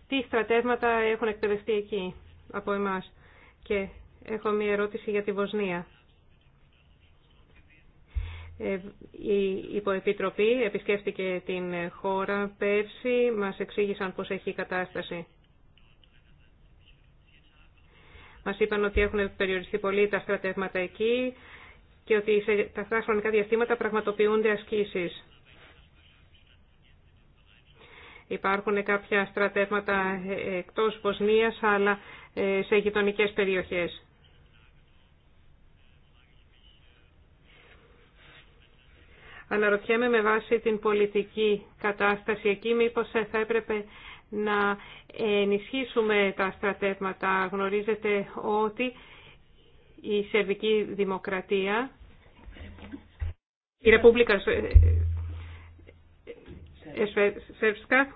τι στρατεύματα έχουν εκπαιδευτεί εκεί από εμάς. Και έχω μία ερώτηση για τη Βοσνία. Ε, η υποεπιτροπή επισκέφτηκε την χώρα πέρσι, μας εξήγησαν πώς έχει η κατάσταση. μα είπαν ότι έχουν περιοριστεί πολύ τα στρατεύματα εκεί και ότι σε τα χρονικά διαστήματα πραγματοποιούνται ασκήσεις. Υπάρχουν κάποια στρατεύματα εκτός Βοσνίας, αλλά ε, σε γειτονικέ περιοχές. Αναρωτιέμαι με βάση την πολιτική κατάσταση εκεί μήπως ε, θα έπρεπε να ενισχύσουμε τα στρατεύματα. Γνωρίζετε ότι η Σερβική Δημοκρατία, η Ρεπούμπλικα ε, Σερβσκα,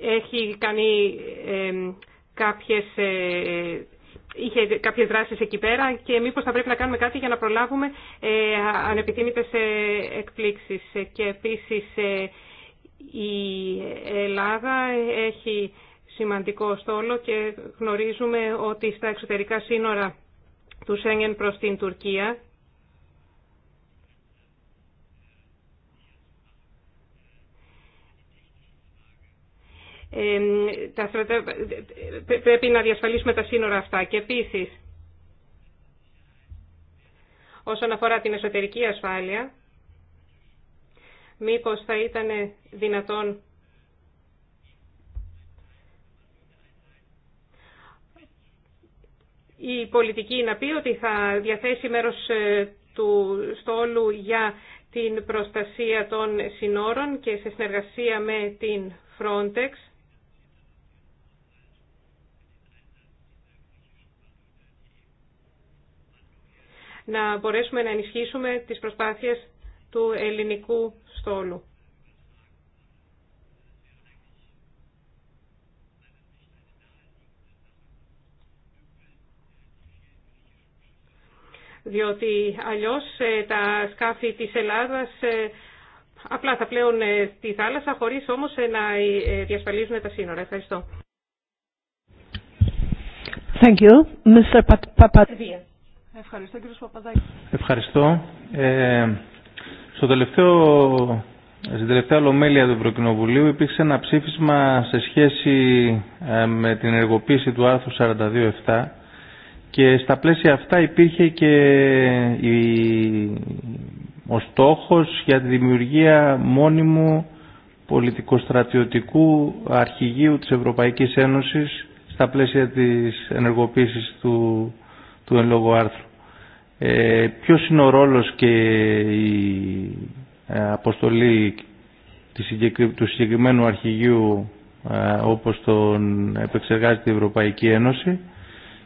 έχει κάνει ε, κάποιες ε, είχε κάποιε δράσει εκεί πέρα και μήπω θα πρέπει να κάνουμε κάτι για να προλάβουμε ε, ανεπιθύμητες ε, εκπλήξεις. Ε, και επίσης η Ελλάδα έχει σημαντικό στόλο και γνωρίζουμε ότι στα εξωτερικά σύνορα του Σέγγεν προς την Τουρκία πρέπει να διασφαλίσουμε τα σύνορα αυτά. Και επίσης, όσον αφορά την εσωτερική ασφάλεια, μήπως θα ήταν δυνατόν η πολιτική να πει ότι θα διαθέσει μέρος ε, του στόλου για την προστασία των συνόρων και σε συνεργασία με την Frontex να μπορέσουμε να ενισχύσουμε τις προσπάθειες του ελληνικού στόλου. διότι αλλιώς ε, τα σκάφη της Ελλάδας ε, απλά θα πλέουν ε, τη θάλασσα χωρίς όμως να διασφαλίζουν τα σύνορα. Ευχαριστώ. Thank you. Mr. Ευχαριστώ κύριε Παπαδάκη. Ευχαριστώ. Ε, στο τελευταίο, στην τελευταία ολομέλεια του Ευρωκοινοβουλίου υπήρξε ένα ψήφισμα σε σχέση ε, με την ενεργοποίηση του άρθρου 42.7 και στα πλαίσια αυτά υπήρχε και η, ο στόχος για τη δημιουργία μόνιμου πολιτικοστρατιωτικού αρχηγείου της Ευρωπαϊκής Ένωσης στα πλαίσια της ενεργοποίησης του, του εν λόγω άρθρου ε, ποιος είναι ο ρόλος και η ε, αποστολή του συγκεκριμένου αρχηγείου ε, όπως τον επεξεργάζεται η Ευρωπαϊκή Ένωση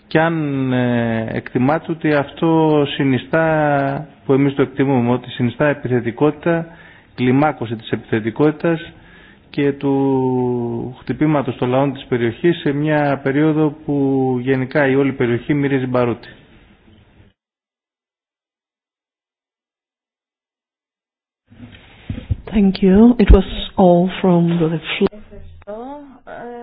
και αν ε, εκτιμάται ότι αυτό συνιστά, που εμείς το εκτιμούμε, ότι συνιστά επιθετικότητα, κλιμάκωση της επιθετικότητας και του χτυπήματος των λαών της περιοχής σε μια περίοδο που γενικά η όλη περιοχή μυρίζει μπαρούτι. Thank you. It was all from the floor. Ευχαριστώ.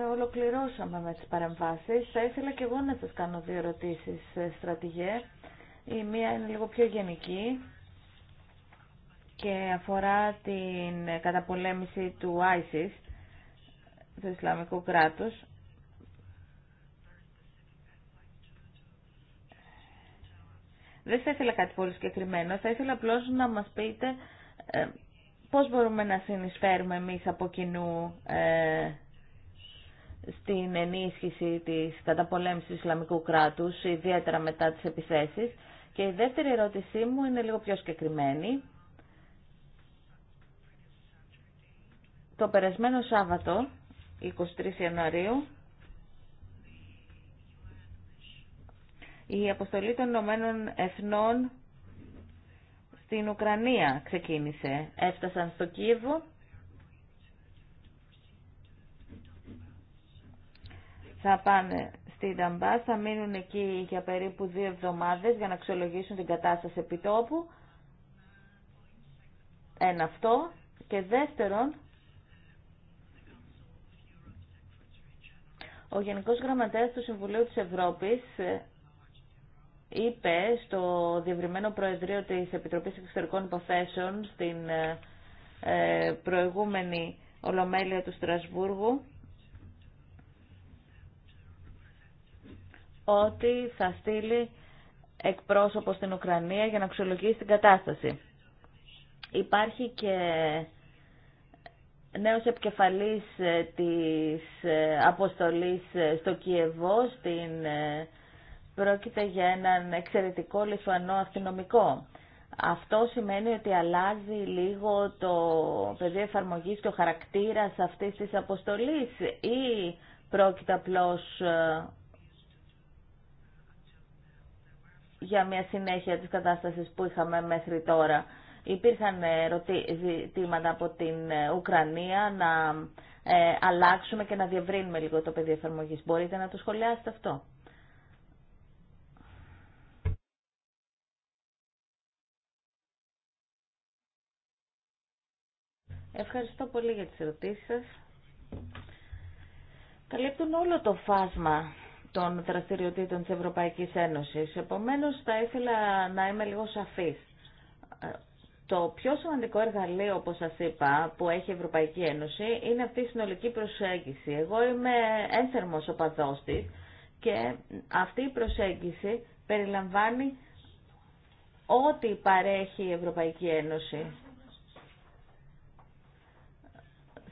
Ε, ολοκληρώσαμε με τις παρεμβάσεις. Θα ήθελα και εγώ να σας κάνω δύο ερωτήσεις, ε, στρατηγέ. Η μία είναι λίγο πιο γενική και αφορά την καταπολέμηση του ISIS, του Ισλαμικού κράτους. Δεν θα ήθελα κάτι πολύ συγκεκριμένο. Θα ήθελα απλώς να μας πείτε ε, πώς μπορούμε να συνεισφέρουμε εμείς από κοινού ε, στην ενίσχυση της καταπολέμησης του Ισλαμικού κράτους, ιδιαίτερα μετά τις επιθέσεις. Και η δεύτερη ερώτησή μου είναι λίγο πιο συγκεκριμένη. Το περασμένο Σάββατο, 23 Ιανουαρίου, η αποστολή των Ηνωμένων Εθνών στην Ουκρανία ξεκίνησε. Έφτασαν στο Κίεβο. Θα πάνε στη Ταμπά, θα μείνουν εκεί για περίπου δύο εβδομάδες για να αξιολογήσουν την κατάσταση επιτόπου. Ένα αυτό. Και δεύτερον, ο Γενικός Γραμματέας του Συμβουλίου της Ευρώπης ε, είπε στο διευρυμένο Προεδρείο της Επιτροπής Εξωτερικών Υποθέσεων στην ε, ε, προηγούμενη Ολομέλεια του Στρασβούργου ότι θα στείλει εκπρόσωπο στην Ουκρανία για να αξιολογήσει την κατάσταση. Υπάρχει και νέος επικεφαλής ε, της αποστολής στο Κιεβό, στην Πρόκειται για έναν εξαιρετικό Λιθουανό αστυνομικό. Αυτό σημαίνει ότι αλλάζει λίγο το πεδίο εφαρμογή και ο χαρακτήρας αυτής της αποστολή ή πρόκειται απλώ ε, για μια συνέχεια της κατάστασης που είχαμε μέχρι τώρα. Υπήρχαν ε, ζητήματα από την ε, Ουκρανία να αλλάξουμε και να διευρύνουμε λίγο το πεδίο εφαρμογής. Μπορείτε να το σχολιάσετε αυτό. Ευχαριστώ πολύ για τις ερωτήσεις σας. Καλύπτουν όλο το φάσμα των δραστηριοτήτων της Ευρωπαϊκής Ένωσης. Επομένως, θα ήθελα να είμαι λίγο σαφής. Το πιο σημαντικό εργαλείο, όπως σας είπα, που έχει η Ευρωπαϊκή Ένωση είναι αυτή η συνολική προσέγγιση. Εγώ είμαι ένθερμος οπαδός της και αυτή η προσέγγιση περιλαμβάνει ό,τι παρέχει η Ευρωπαϊκή Ένωση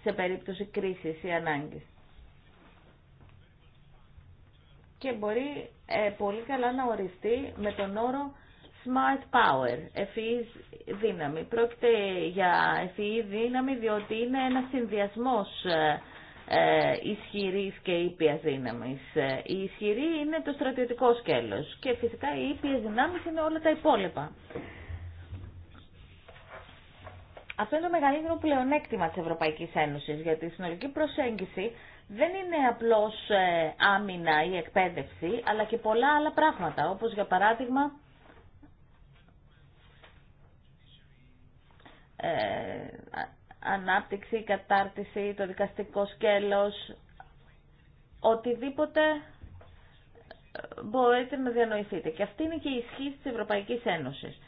σε περίπτωση κρίσης ή ανάγκης. Και μπορεί ε, πολύ καλά να οριστεί με τον όρο Smart Power, ευφυής e δύναμη. Πρόκειται για ευφυή e δύναμη διότι είναι ένας συνδυασμός ε, ε ισχυρής και ήπιας δύναμης. Ε, η ισχυρή είναι το στρατιωτικό σκέλος και φυσικά οι ήπιες δυνάμεις είναι όλα τα υπόλοιπα. Αυτό είναι το μεγαλύτερο πλεονέκτημα της Ευρωπαϊκής Ένωσης, γιατί η συνολική προσέγγιση δεν είναι απλώς ε, άμυνα ή εκπαίδευση, αλλά και πολλά άλλα πράγματα, όπως για παράδειγμα ε, ανάπτυξη, κατάρτιση, το δικαστικό σκέλος, οτιδήποτε ε, μπορείτε να διανοηθείτε. Και αυτή είναι και η ισχύ της Ευρωπαϊκής Ένωσης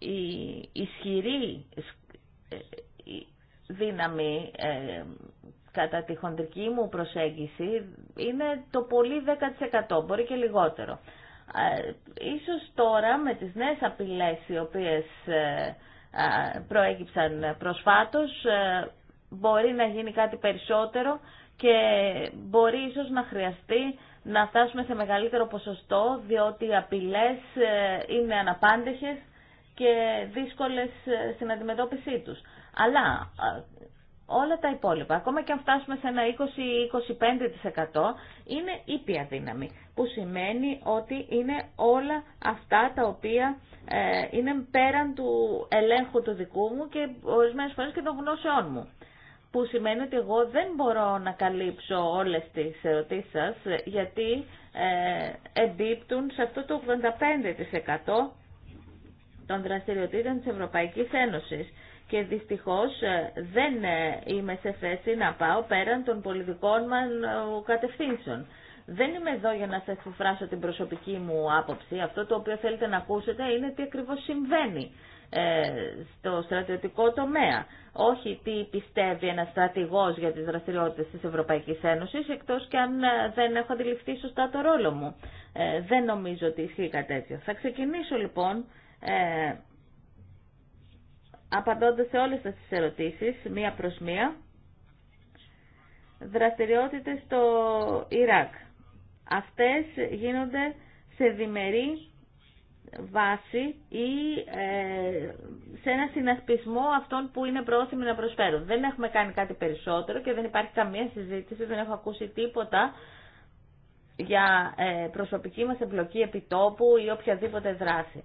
η ισχυρή ε, δύναμη ε, κατά τη χοντρική μου προσέγγιση είναι το πολύ 10%, μπορεί και λιγότερο. Ε, ίσως τώρα με τις νέες απειλές οι οποίες προέγυψαν ε, προέκυψαν προσφάτως μπορεί να γίνει κάτι περισσότερο και μπορεί ίσως να χρειαστεί να φτάσουμε σε μεγαλύτερο ποσοστό διότι οι απειλές είναι αναπάντεχες και δύσκολες ε, στην αντιμετώπιση τους. Αλλά όλα τα υπόλοιπα, ακόμα και αν φτάσουμε σε ένα 20-25% είναι ήπια δύναμη, που σημαίνει ότι είναι όλα αυτά τα οποία ε, είναι πέραν του ελέγχου του δικού μου και ορισμένες φορές και των γνώσεών μου που σημαίνει ότι εγώ δεν μπορώ να καλύψω όλες τις ερωτήσεις σας, ε, γιατί ε, εμπίπτουν σε αυτό το 85% των δραστηριοτήτων της Ευρωπαϊκής Ένωσης και δυστυχώς ε, δεν ε, είμαι σε θέση να πάω πέραν των πολιτικών μα ε, κατευθύνσεων. Δεν είμαι εδώ για να σας εκφράσω την προσωπική μου άποψη. Αυτό το οποίο θέλετε να ακούσετε είναι τι ακριβώς συμβαίνει στο στρατιωτικό τομέα. Όχι τι πιστεύει ένας στρατηγός για τις δραστηριότητες της Ευρωπαϊκής Ένωσης, εκτός και αν δεν έχω αντιληφθεί σωστά το ρόλο μου. δεν νομίζω ότι ισχύει κάτι τέτοιο. Θα ξεκινήσω λοιπόν ε, απαντώντας σε όλες τις ερωτήσεις, μία προς μία, δραστηριότητες στο Ιράκ. Αυτές γίνονται σε διμερή βάση ή ε, σε ένα συνασπισμό αυτών που είναι πρόθυμοι να προσφέρουν. Δεν έχουμε κάνει κάτι περισσότερο και δεν υπάρχει καμία συζήτηση, δεν έχω ακούσει τίποτα για ε, προσωπική μας εμπλοκή επιτόπου ή οποιαδήποτε δράση.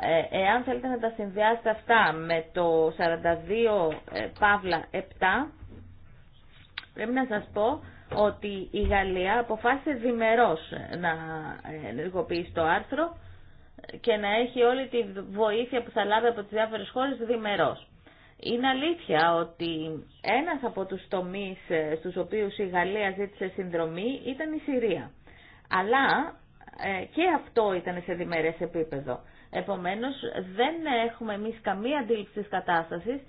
Ε, εάν θέλετε να τα συνδυάσετε αυτά με το 42 ε, Παύλα 7, πρέπει να σας πω ότι η Γαλλία αποφάσισε διμερώς να ενεργοποιήσει το άρθρο και να έχει όλη τη βοήθεια που θα λάβει από τις διάφορες χώρες διμερώς. Είναι αλήθεια ότι ένας από τους τομείς ε, στους οποίους η Γαλλία ζήτησε συνδρομή ήταν η Συρία. Αλλά και αυτό ήταν σε διμερές επίπεδο. Επομένως, δεν έχουμε εμείς καμία αντίληψη της κατάστασης.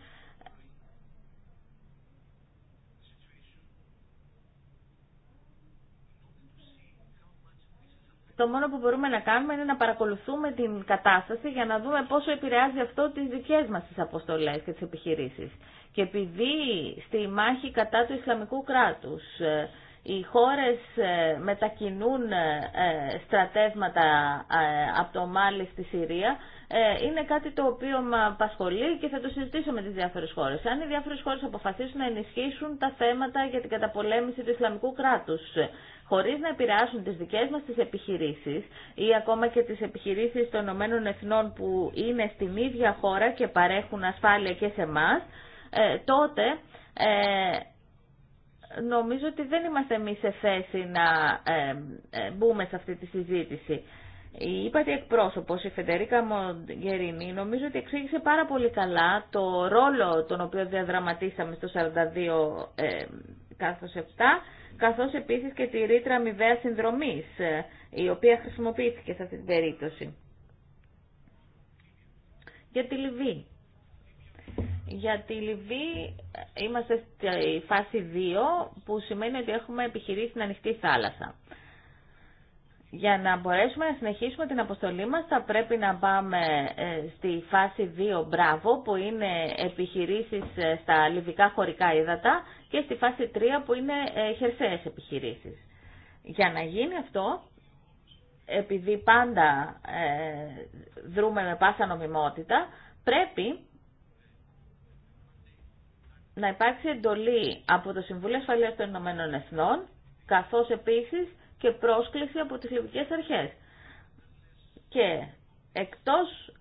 Το μόνο που μπορούμε να κάνουμε είναι να παρακολουθούμε την κατάσταση για να δούμε πόσο επηρεάζει αυτό τις δικές μας τις αποστολές και τις επιχειρήσεις. Και επειδή στη μάχη κατά του Ισλαμικού κράτους ε, οι χώρες ε, μετακινούν ε, ε, στρατεύματα από το Μάλι στη Συρία είναι κάτι το οποίο με απασχολεί και θα το συζητήσω με τις διάφορες χώρες. Αν οι διάφορες χώρες αποφασίσουν να ενισχύσουν τα θέματα για την καταπολέμηση του Ισλαμικού κράτους χωρίς να επηρεάσουν τις δικές μας τις επιχειρήσεις ή ακόμα και τις επιχειρήσεις των Ηνωμένων Εθνών που είναι στην ίδια χώρα και παρέχουν ασφάλεια και σε εμά, τότε νομίζω ότι δεν είμαστε εμείς σε θέση να μπούμε σε αυτή τη συζήτηση. Η είπατε εκπρόσωπος, η Φεντερίκα Μογκερίνη, νομίζω ότι εξήγησε πάρα πολύ καλά το ρόλο τον οποίο διαδραματίσαμε στο 42 ε, 7, καθώς επίσης και τη ρήτρα αμοιβαία συνδρομής, ε, η οποία χρησιμοποιήθηκε σε αυτή την περίπτωση. Για τη Λιβύη. Για τη Λιβύη είμαστε στη φάση 2 που σημαίνει ότι έχουμε επιχειρήσει την ανοιχτή θάλασσα. Για να μπορέσουμε να συνεχίσουμε την αποστολή μας θα πρέπει να πάμε ε, στη φάση 2 μπράβο που είναι επιχειρήσεις ε, στα λιβικά χωρικά ύδατα και στη φάση 3 που είναι ε, χερσαίες επιχειρήσεις. Για να γίνει αυτό, επειδή πάντα δρούμε με πάσα νομιμότητα, πρέπει να υπάρξει εντολή από το Συμβούλιο Ασφαλείας των Ηνωμένων Εθνών, καθώς επίσης και πρόσκληση από τις λιβικές αρχές. Και εκτός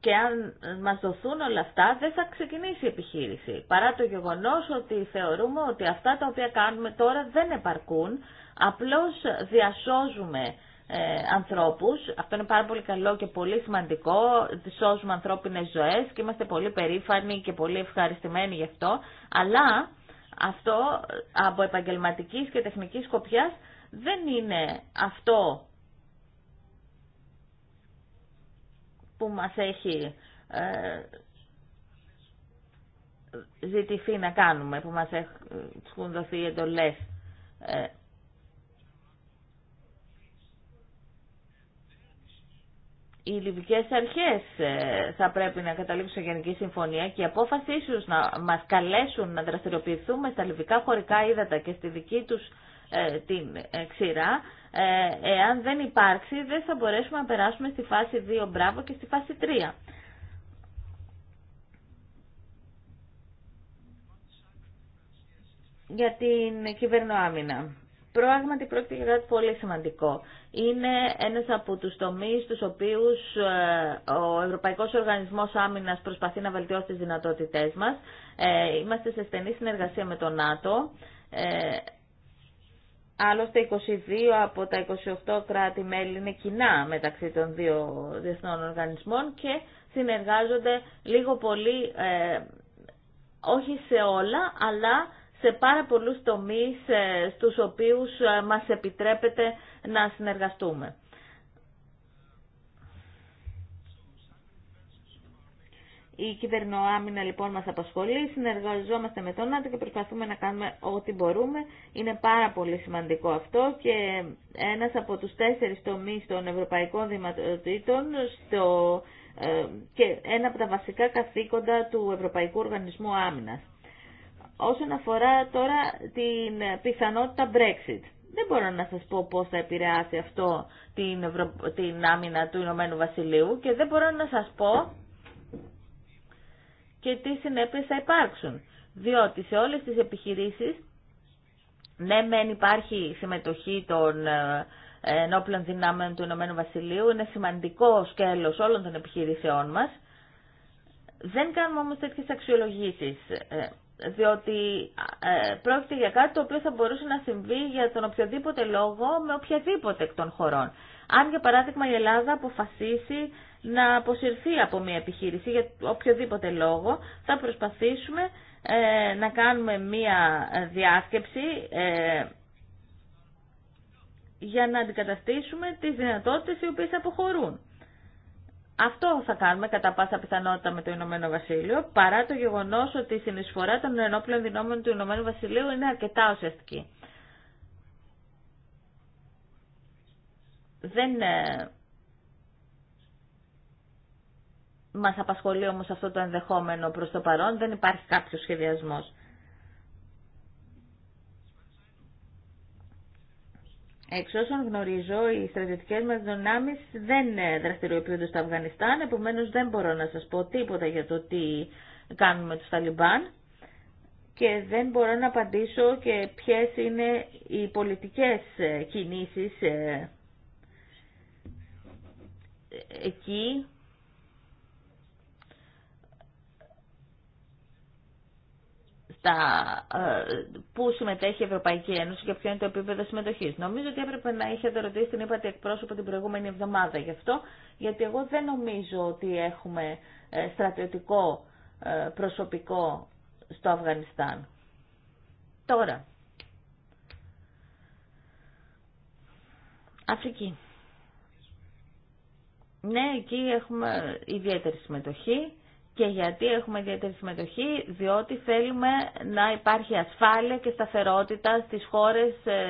και αν μας δοθούν όλα αυτά δεν θα ξεκινήσει η επιχείρηση. Παρά το γεγονός ότι θεωρούμε ότι αυτά τα οποία κάνουμε τώρα δεν επαρκούν, απλώς διασώζουμε ε, ανθρώπους. Αυτό είναι πάρα πολύ καλό και πολύ σημαντικό. Σώζουμε ανθρώπινες ζωές και είμαστε πολύ περήφανοι και πολύ ευχαριστημένοι γι' αυτό. Αλλά αυτό ε, από επαγγελματικής και τεχνικής σκοπιάς δεν είναι αυτό που μας έχει ε, ζητηθεί να κάνουμε, που μας έχουν δοθεί εντολές οι λιβικέ αρχές ε, θα πρέπει να καταλήξουν σε γενική συμφωνία και η απόφαση ίσω να μας καλέσουν να δραστηριοποιηθούμε στα λιβικά χωρικά ύδατα και στη δική τους ε, την ε, ξηρά, εάν δεν υπάρξει δεν θα μπορέσουμε να περάσουμε στη φάση 2 μπράβο και στη φάση 3. Για την κυβερνοάμυνα. Πράγματι πρόκειται για κάτι πολύ σημαντικό. Είναι ένας από τους τομείς στους οποίους ε, ο Ευρωπαϊκός Οργανισμός Άμυνας προσπαθεί να βελτιώσει τις δυνατότητές μας. Ε, είμαστε σε στενή συνεργασία με το ΝΑΤΟ. Ε, άλλωστε 22 από τα 28 κράτη-μέλη είναι κοινά μεταξύ των δύο διεθνών οργανισμών και συνεργάζονται λίγο πολύ, όχι σε όλα, αλλά σε πάρα πολλούς τομείς ε, στους οποίους ε, μας επιτρέπεται να συνεργαστούμε. Η κυβερνοάμυνα λοιπόν μας απασχολεί, συνεργαζόμαστε με τον ΝΑΤΟ και προσπαθούμε να κάνουμε ό,τι μπορούμε. Είναι πάρα πολύ σημαντικό αυτό και ένας από τους τέσσερις τομείς των ευρωπαϊκών Δηματοτήτων στο, ε, και ένα από τα βασικά καθήκοντα του Ευρωπαϊκού Οργανισμού Άμυνας. Όσον αφορά τώρα την πιθανότητα Brexit. Δεν μπορώ να σας πω πώς θα επηρεάσει αυτό την, την άμυνα του Ηνωμένου Βασιλείου και δεν μπορώ να σας πω και τι συνέπειες θα υπάρξουν. Διότι σε όλες τις επιχειρήσεις, ναι μεν υπάρχει συμμετοχή των ε, ενόπλων δυνάμεων του Ηνωμένου Βασιλείου, είναι σημαντικό σκέλος όλων των επιχειρήσεών μας, δεν κάνουμε όμως τέτοιες αξιολογήσεις. Ε, διότι ε, πρόκειται για κάτι το οποίο θα μπορούσε να συμβεί για τον οποιοδήποτε λόγο με οποιαδήποτε εκ των χωρών. Αν για παράδειγμα η Ελλάδα αποφασίσει να αποσυρθεί από μια επιχείρηση για οποιοδήποτε λόγο, θα προσπαθήσουμε ε, να κάνουμε μια διάσκεψη ε, για να αντικαταστήσουμε τις δυνατότητες οι οποίες αποχωρούν. Αυτό θα κάνουμε κατά πάσα πιθανότητα με το Ηνωμένο Βασίλειο, παρά το γεγονός ότι η συνεισφορά των ενόπλων δυνάμεων του Ηνωμένου Βασιλείου είναι αρκετά ουσιαστική. Δεν ε, μας απασχολεί όμως αυτό το ενδεχόμενο προς το παρόν, δεν υπάρχει κάποιος σχεδιασμός. Εξ όσων γνωρίζω, οι στρατιωτικές μας δυνάμεις δεν δραστηριοποιούνται στο Αφγανιστάν, επομένως δεν μπορώ να σας πω τίποτα για το τι κάνουμε του Ταλιμπάν και δεν μπορώ να απαντήσω και ποιε είναι οι πολιτικές κινήσεις ε, εκεί τα, ε, πού συμμετέχει η Ευρωπαϊκή Ένωση και ποιο είναι το επίπεδο συμμετοχή. Νομίζω ότι έπρεπε να είχατε ρωτήσει την είπατε εκπρόσωπο την προηγούμενη εβδομάδα γι' αυτό, γιατί εγώ δεν νομίζω ότι έχουμε ε, στρατιωτικό ε, προσωπικό στο Αφγανιστάν. Τώρα, Αφρική. Ναι, εκεί έχουμε ιδιαίτερη συμμετοχή. Και γιατί έχουμε ιδιαίτερη συμμετοχή, διότι θέλουμε να υπάρχει ασφάλεια και σταθερότητα στις χώρες ε,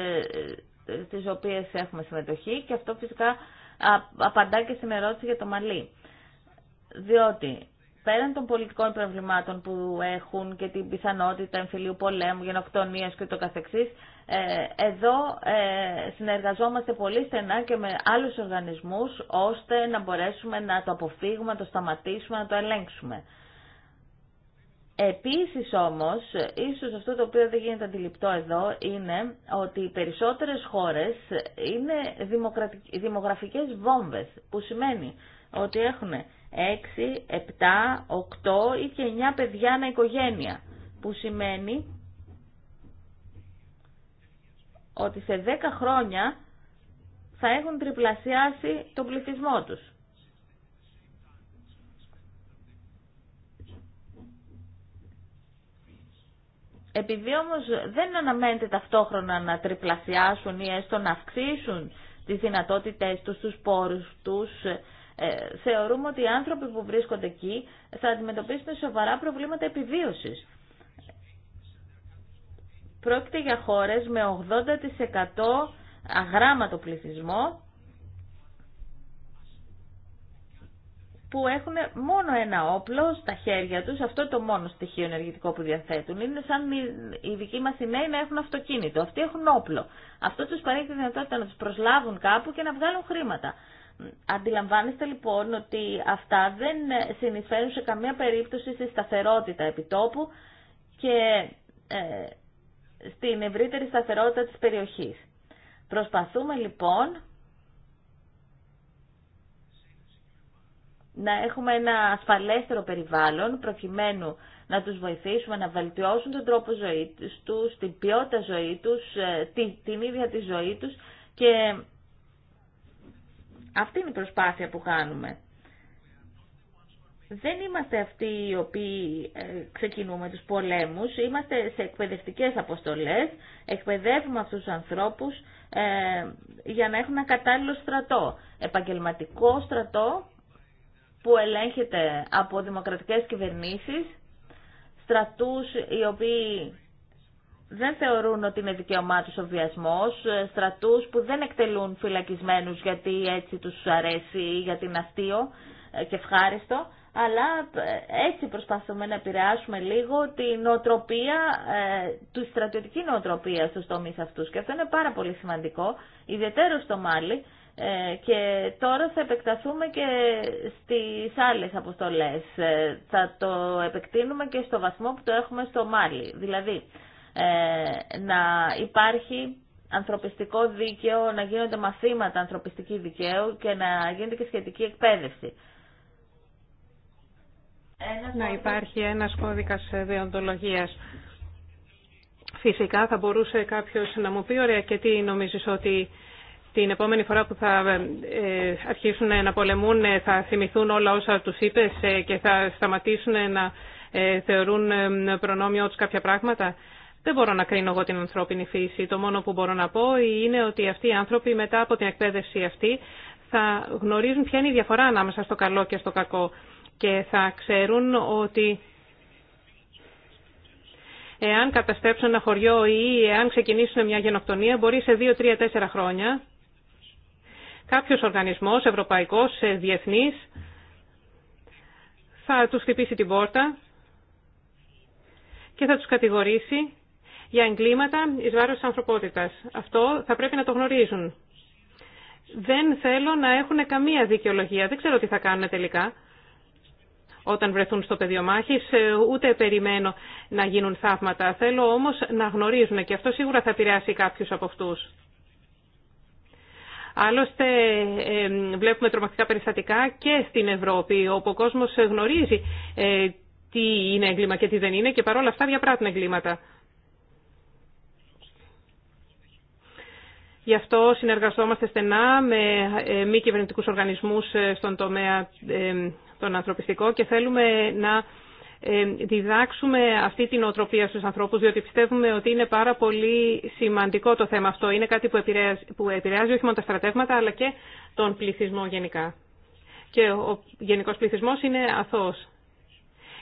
ε, στις οποίες έχουμε συμμετοχή και αυτό φυσικά απαντά και στην ερώτηση για το Μαλί. Διότι πέραν των πολιτικών προβλημάτων που έχουν και την πιθανότητα εμφυλίου πολέμου, γενοκτονίας και το καθεξής, ε, εδώ ε, συνεργαζόμαστε πολύ στενά και με άλλους οργανισμούς ώστε να μπορέσουμε να το αποφύγουμε, να το σταματήσουμε, να το ελέγξουμε. Επίσης όμως, ίσως αυτό το οποίο δεν γίνεται αντιληπτό εδώ, είναι ότι οι περισσότερες χώρες είναι δημογραφικές βόμβες, που σημαίνει ότι έχουν 6, 7, 8 ή και 9 παιδιά ανά οικογένεια, που σημαίνει ότι σε 10 χρόνια θα έχουν τριπλασιάσει τον πληθυσμό τους. Επειδή όμως δεν αναμένεται ταυτόχρονα να τριπλασιάσουν ή έστω να αυξήσουν τις δυνατότητές τους, τους πόρους τους, ε, θεωρούμε ότι οι άνθρωποι που βρίσκονται εκεί θα αντιμετωπίσουν σοβαρά προβλήματα επιβίωσης. Πρόκειται για χώρες με 80% αγράμματο πληθυσμό που έχουν μόνο ένα όπλο στα χέρια τους, αυτό το μόνο στοιχείο ενεργητικό που διαθέτουν. Είναι σαν οι δικοί μας οι νέοι να έχουν αυτοκίνητο. Αυτοί έχουν όπλο. Αυτό τους παρέχει τη δυνατότητα να τους προσλάβουν κάπου και να βγάλουν χρήματα. Αντιλαμβάνεστε λοιπόν ότι αυτά δεν συνεισφέρουν σε καμία περίπτωση στη σταθερότητα επιτόπου και ε, στην ευρύτερη σταθερότητα της περιοχής. Προσπαθούμε λοιπόν να έχουμε ένα ασφαλέστερο περιβάλλον προκειμένου να τους βοηθήσουμε να βελτιώσουν τον τρόπο ζωής τους, την ποιότητα ζωής τους, ε, την ίδια τη ζωή τους και αυτή είναι η προσπάθεια που κάνουμε δεν είμαστε αυτοί οι οποίοι ε, ξεκινούμε τους πολέμους, είμαστε σε εκπαιδευτικές αποστολές, εκπαιδεύουμε αυτούς τους ανθρώπους ε, για να έχουν ένα κατάλληλο στρατό, επαγγελματικό στρατό που ελέγχεται από δημοκρατικές κυβερνήσεις, στρατούς οι οποίοι δεν θεωρούν ότι είναι δικαίωμά τους ο βιασμός, στρατούς που δεν εκτελούν φυλακισμένους γιατί έτσι τους αρέσει ή γιατί είναι αστείο ε, και ευχάριστο αλλά ε, έτσι προσπαθούμε να επηρεάσουμε λίγο την νοοτροπία, ε, του στρατιωτική νοοτροπία στους τομείς αυτούς και αυτό είναι πάρα πολύ σημαντικό, ιδιαίτερο στο Μάλι ε, και τώρα θα επεκταθούμε και στις άλλες αποστολές, ε, θα το επεκτείνουμε και στο βαθμό που το έχουμε στο Μάλι, δηλαδή ε, να υπάρχει ανθρωπιστικό δίκαιο, να γίνονται μαθήματα ανθρωπιστική δικαίου και να γίνεται και σχετική εκπαίδευση να υπάρχει ένας κώδικας ε, διοντολογίας. Φυσικά θα μπορούσε κάποιος να μου πει, ωραία, και τι νομίζεις ότι την επόμενη φορά που θα ε, ε, αρχίσουν να πολεμούν θα θυμηθούν όλα όσα τους είπες και θα σταματήσουν να θεωρούν προνόμιο τους κάποια πράγματα. Δεν μπορώ να κρίνω εγώ την ανθρώπινη φύση. Το μόνο που μπορώ να πω είναι ότι αυτοί οι άνθρωποι μετά από την εκπαίδευση αυτή θα γνωρίζουν ποια είναι η διαφορά ανάμεσα στο καλό και στο κακό και θα ξέρουν ότι εάν καταστρέψουν ένα χωριό ή εάν ξεκινήσουν μια γενοκτονία μπορεί σε 2, 3, 4 χρόνια κάποιος οργανισμός, ευρωπαϊκός, ε, διεθνής, θα τους χτυπήσει την πόρτα και θα τους κατηγορήσει για εγκλήματα εις βάρος της ανθρωπότητας. Αυτό θα πρέπει να το γνωρίζουν. Δεν θέλω να έχουν καμία δικαιολογία. Δεν ξέρω τι θα κάνουν τελικά όταν βρεθούν στο πεδίο μάχη, ε, ούτε περιμένω να γίνουν θαύματα. Θέλω όμως να γνωρίζουν και αυτό σίγουρα θα επηρεάσει κάποιους από αυτού. Άλλωστε ε, βλέπουμε τρομακτικά περιστατικά και στην Ευρώπη, όπου ο κόσμος γνωρίζει ε, τι είναι έγκλημα και τι δεν είναι και παρόλα αυτά διαπράττουν εγκλήματα. Γι' αυτό συνεργαζόμαστε στενά με μη κυβερνητικού οργανισμούς στον τομέα τον ανθρωπιστικό και θέλουμε να ε, διδάξουμε αυτή την οτροπία στους ανθρώπους, διότι πιστεύουμε ότι είναι πάρα πολύ σημαντικό το θέμα αυτό. Είναι κάτι που επηρεάζει, που επηρεάζει όχι μόνο τα στρατεύματα, αλλά και τον πληθυσμό γενικά. Και ο γενικός πληθυσμός είναι αθώος.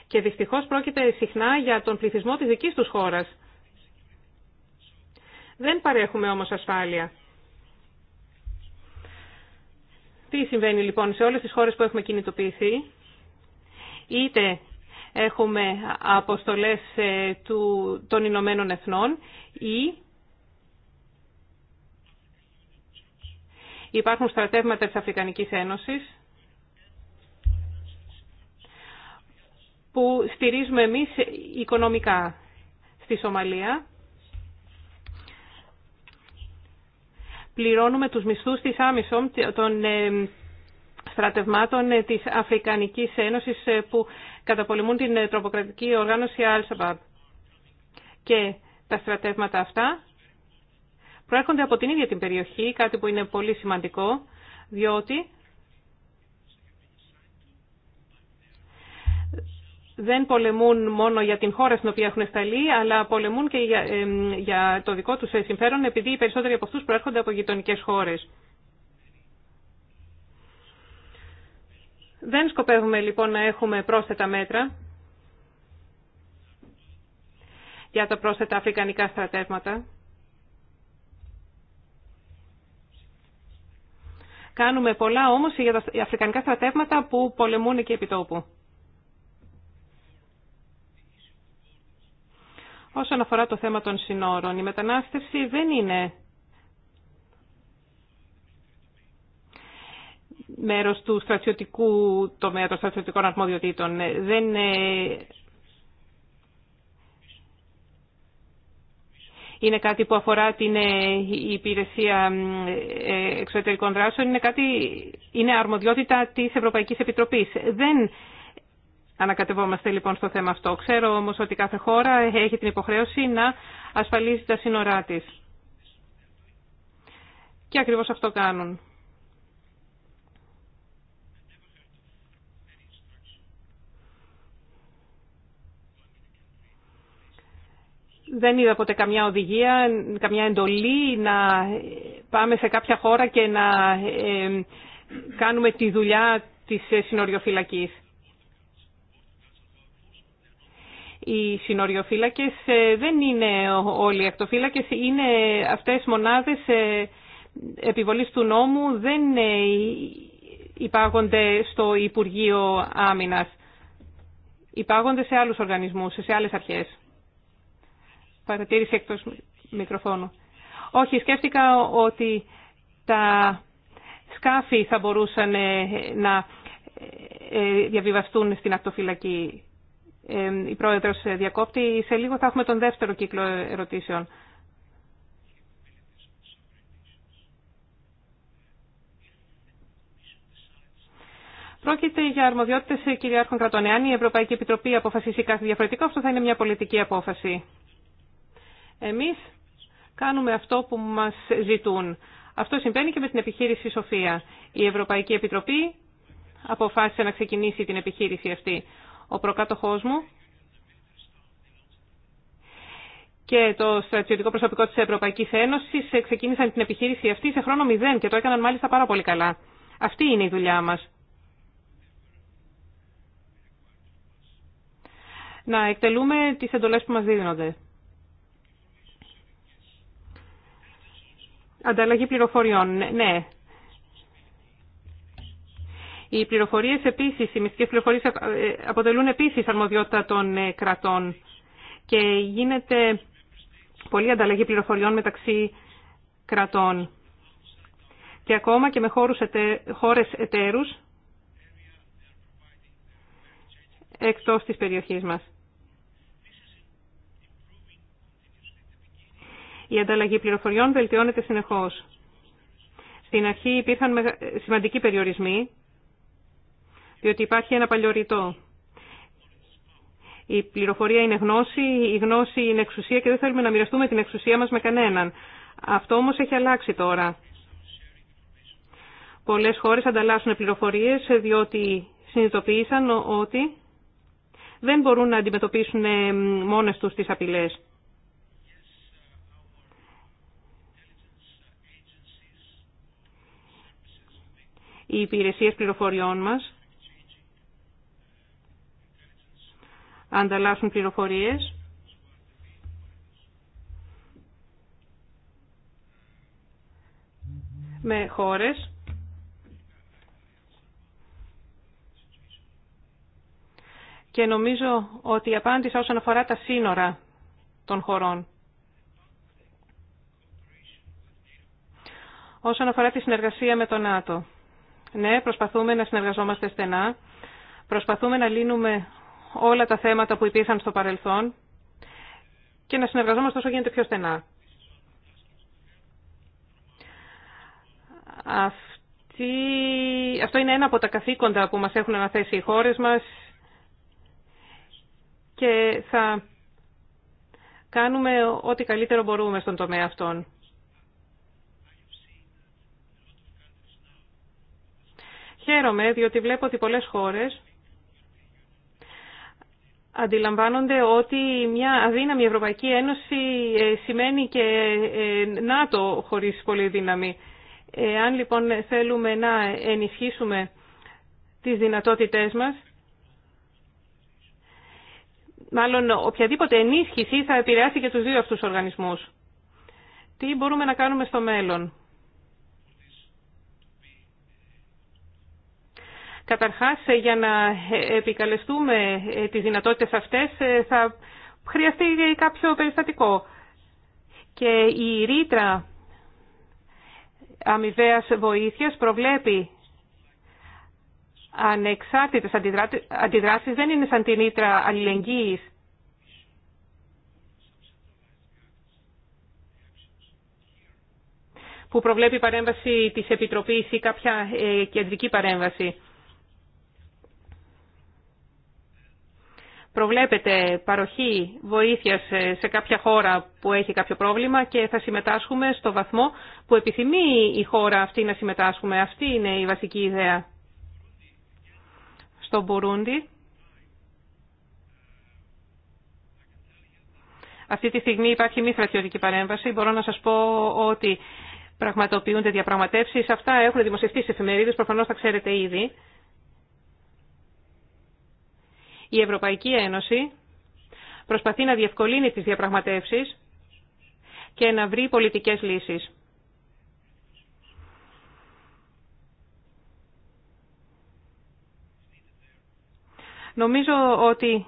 Και δυστυχώς πρόκειται συχνά για τον πληθυσμό της δικής τους χώρας. Δεν παρέχουμε όμως ασφάλεια. Τι συμβαίνει λοιπόν σε όλες τις χώρες που έχουμε κινητοποιηθεί, είτε έχουμε αποστολές ε, του, των Ηνωμένων Εθνών ή υπάρχουν στρατεύματα της Αφρικανικής Ένωσης που στηρίζουμε εμείς οικονομικά στη Σομαλία πληρώνουμε τους μισθούς της Άμισομ των ε, στρατευμάτων ε, της Αφρικανικής Ένωσης ε, που καταπολεμούν την τροποκρατική οργάνωση Al-Shabaab. Και τα στρατεύματα αυτά προέρχονται από την ίδια την περιοχή, κάτι που είναι πολύ σημαντικό, διότι δεν πολεμούν μόνο για την χώρα στην οποία έχουν σταλεί, αλλά πολεμούν και για, για το δικό τους ε, συμφέρον, επειδή οι περισσότεροι από αυτούς προέρχονται από γειτονικέ χώρες. Δεν σκοπεύουμε λοιπόν να έχουμε πρόσθετα μέτρα για τα πρόσθετα αφρικανικά στρατεύματα. Κάνουμε πολλά όμως για τα αφρικανικά στρατεύματα που πολεμούν εκεί επί τόπου. Όσον αφορά το θέμα των συνόρων, η μετανάστευση δεν είναι μέρος του στρατιωτικού τομέα των στρατιωτικών αρμοδιοτήτων. Δεν ε, είναι κάτι που αφορά την ε, υπηρεσία ε, εξωτερικών δράσεων, είναι, κάτι, είναι αρμοδιότητα της Ευρωπαϊκής Επιτροπής. Δεν Ανακατευόμαστε λοιπόν στο θέμα αυτό. Ξέρω όμως ότι κάθε χώρα έχει την υποχρέωση να ασφαλίζει τα σύνορά της. Και ακριβώς αυτό κάνουν. Δεν είδα ποτέ καμιά οδηγία, καμιά εντολή να πάμε σε κάποια χώρα και να ε, κάνουμε τη δουλειά της ε, συνοριοφυλακής. οι συνοριοφύλακες ε, δεν είναι όλοι οι ακτοφύλακες, είναι αυτές μονάδες ε, επιβολής του νόμου, δεν ε, υπάγονται στο Υπουργείο Άμυνας. Υπάγονται σε άλλους οργανισμούς, σε άλλες αρχές. Παρατήρηση εκτός μικροφώνου. Όχι, σκέφτηκα ότι τα σκάφη θα μπορούσαν να διαβιβαστούν στην ακτοφυλακή η πρόεδρος διακόπτη. Σε λίγο θα έχουμε τον δεύτερο κύκλο ερωτήσεων. Πρόκειται για αρμοδιότητε ε, κυριάρχων κρατών. Εάν η Ευρωπαϊκή Επιτροπή αποφασίσει κάτι διαφορετικό, αυτό θα είναι μια πολιτική απόφαση. Εμεί κάνουμε αυτό που μα ζητούν. Αυτό συμβαίνει και με την επιχείρηση Σοφία. Η Ευρωπαϊκή Επιτροπή αποφάσισε να ξεκινήσει την επιχείρηση αυτή. Ο προκάτοχός μου και το στρατιωτικό προσωπικό της Ευρωπαϊκής Ένωσης ξεκίνησαν την επιχείρηση αυτή σε χρόνο μηδέν και το έκαναν μάλιστα πάρα πολύ καλά. Αυτή είναι η δουλειά μας. Να εκτελούμε τις εντολές που μας δίνονται. Ανταλλαγή πληροφοριών, ναι. Οι πληροφορίες επίση, οι μυστικέ πληροφορίε αποτελούν επίση αρμοδιότητα των ε, κρατών και γίνεται πολλή ανταλλαγή πληροφοριών μεταξύ κρατών και ακόμα και με χώρους ετε, χώρες εταίρους εκτός της περιοχής μας. Η ανταλλαγή πληροφοριών βελτιώνεται συνεχώς. Στην αρχή υπήρχαν σημαντικοί περιορισμοί διότι υπάρχει ένα παλιό Η πληροφορία είναι γνώση, η γνώση είναι εξουσία και δεν θέλουμε να μοιραστούμε την εξουσία μας με κανέναν. Αυτό όμως έχει αλλάξει τώρα. Πολλές χώρες ανταλλάσσουν πληροφορίες διότι συνειδητοποίησαν ότι δεν μπορούν να αντιμετωπίσουν μόνες τους τις απειλές. Οι υπηρεσίες πληροφοριών μας ανταλλάσσουν πληροφορίες. με χώρες και νομίζω ότι απάντησα όσον αφορά τα σύνορα των χωρών. Όσον αφορά τη συνεργασία με τον ΝΑΤΟ. Ναι, προσπαθούμε να συνεργαζόμαστε στενά, προσπαθούμε να λύνουμε όλα τα θέματα που υπήρχαν στο παρελθόν και να συνεργαζόμαστε όσο γίνεται πιο στενά. Αυτή... Αυτό είναι ένα από τα καθήκοντα που μας έχουν αναθέσει οι χώρες μας και θα κάνουμε ό,τι καλύτερο μπορούμε στον τομέα αυτόν. Χαίρομαι διότι βλέπω ότι πολλές χώρες αντιλαμβάνονται ότι μια αδύναμη Ευρωπαϊκή Ένωση ε, σημαίνει και ε, ΝΑΤΟ χωρίς πολύ δύναμη. Ε, αν λοιπόν θέλουμε να ενισχύσουμε τις δυνατότητές μας, μάλλον οποιαδήποτε ενίσχυση θα επηρεάσει και τους δύο αυτούς οργανισμούς. Τι μπορούμε να κάνουμε στο μέλλον. Καταρχάς, ε, για να ε, επικαλεστούμε ε, τις δυνατότητες αυτές θα χρειαστεί κάποιο περιστατικό. Και η ρήτρα αμοιβαίας βοήθειας προβλέπει ανεξάρτητες αντιδράσεις, δεν είναι σαν την ρήτρα αλληλεγγύης. που προβλέπει παρέμβαση της Επιτροπής ή κάποια κεντρική παρέμβαση. προβλέπεται παροχή βοήθειας σε κάποια χώρα που έχει κάποιο πρόβλημα και θα συμμετάσχουμε στο βαθμό που επιθυμεί η χώρα αυτή να συμμετάσχουμε. Αυτή είναι η βασική ιδέα. Στο Μπουρούντι. Αυτή τη στιγμή υπάρχει μη στρατιωτική παρέμβαση. Μπορώ να σας πω ότι πραγματοποιούνται διαπραγματεύσεις. Αυτά έχουν δημοσιευτεί σε εφημερίδες, προφανώς τα ξέρετε ήδη. Η Ευρωπαϊκή Ένωση προσπαθεί να διευκολύνει τις διαπραγματεύσεις και να βρει πολιτικές λύσεις. Νομίζω ότι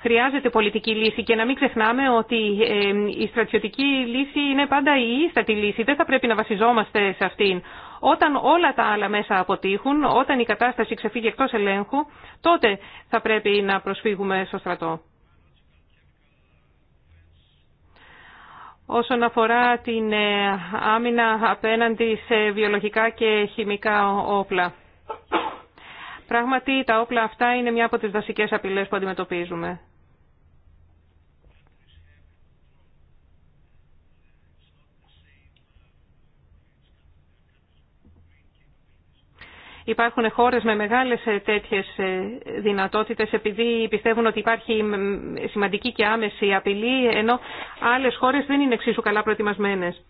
χρειάζεται πολιτική λύση και να μην ξεχνάμε ότι ε, η στρατιωτική λύση είναι πάντα η ίστατη λύση. Δεν θα πρέπει να βασιζόμαστε σε αυτήν. Όταν όλα τα άλλα μέσα αποτύχουν, όταν η κατάσταση ξεφύγει εκτός ελέγχου, τότε θα πρέπει να προσφύγουμε στο στρατό. Όσον αφορά την ε, άμυνα απέναντι σε βιολογικά και χημικά όπλα. Πράγματι, τα όπλα αυτά είναι μια από τις δασικές απειλές που αντιμετωπίζουμε. Υπάρχουν χώρες με μεγάλες ε, τέτοιες ε, δυνατότητες επειδή πιστεύουν ότι υπάρχει σημαντική και άμεση απειλή, ενώ άλλες χώρες δεν είναι εξίσου καλά προετοιμασμένες.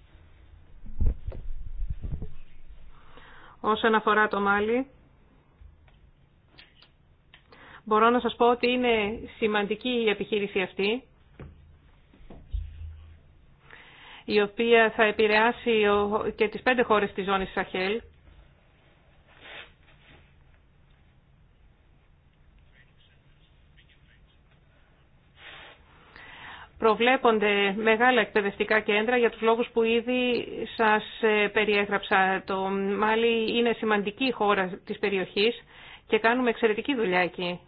Όσον αφορά το Μάλι, μπορώ να σας πω ότι είναι σημαντική η επιχείρηση αυτή, η οποία θα επηρεάσει και τις πέντε χώρες της ζώνης Σαχέλ. προβλέπονται μεγάλα εκπαιδευτικά κέντρα για τους λόγους που ήδη σας ε, περιέγραψα. Το Μάλι είναι σημαντική χώρα της περιοχής και κάνουμε εξαιρετική δουλειά εκεί.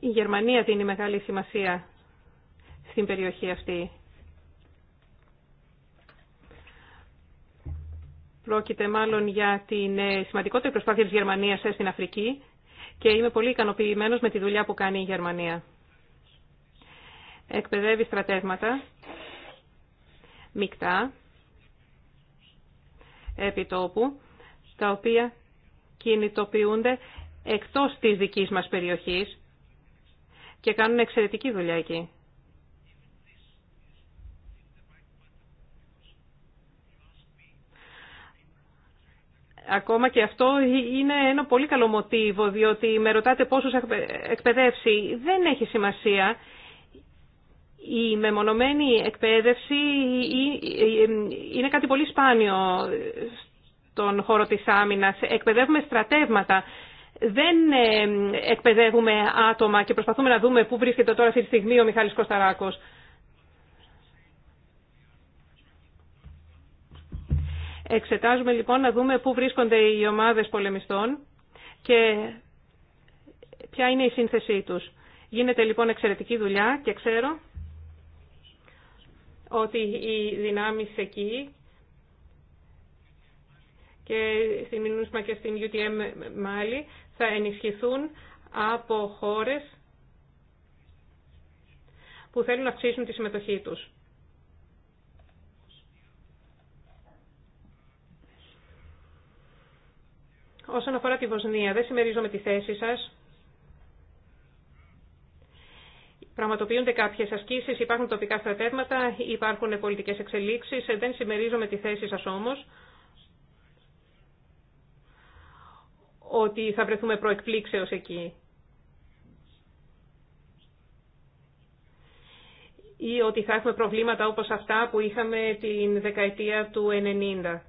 Η Γερμανία δίνει μεγάλη σημασία στην περιοχή αυτή. Πρόκειται μάλλον για την ε, σημαντικότερη προσπάθεια της Γερμανίας ε, στην Αφρική και είμαι πολύ ικανοποιημένος με τη δουλειά που κάνει η Γερμανία. Εκπαιδεύει στρατεύματα, μεικτά, επιτόπου, τα οποία κινητοποιούνται εκτός της δικής μας περιοχής και κάνουν εξαιρετική δουλειά εκεί. Ακόμα και αυτό είναι ένα πολύ καλό μοτίβο, διότι με ρωτάτε πόσους εκπαιδεύσει. Δεν έχει σημασία. Η μεμονωμένη εκπαίδευση είναι κάτι πολύ σπάνιο στον χώρο της άμυνας. Εκπαιδεύουμε στρατεύματα, δεν ε, εκπαιδεύουμε άτομα και προσπαθούμε να δούμε πού βρίσκεται τώρα αυτή τη στιγμή ο Μιχάλης Κωνσταράκος. Εξετάζουμε λοιπόν να δούμε πού βρίσκονται οι ομάδες πολεμιστών και ποια είναι η σύνθεσή τους. Γίνεται λοιπόν εξαιρετική δουλειά και ξέρω ότι οι δυνάμεις εκεί και στην Ινούσμα και στην UTM Μάλι θα ενισχυθούν από χώρες που θέλουν να αυξήσουν τη συμμετοχή τους. Όσον αφορά τη Βοσνία, δεν συμμερίζομαι τη θέση σας. Πραγματοποιούνται κάποιες ασκήσεις, υπάρχουν τοπικά στρατεύματα, υπάρχουν πολιτικές εξελίξεις. Δεν συμμερίζομαι τη θέση σας όμως ότι θα βρεθούμε προεκπλήξεως εκεί. ή ότι θα έχουμε προβλήματα όπως αυτά που είχαμε την δεκαετία του 90.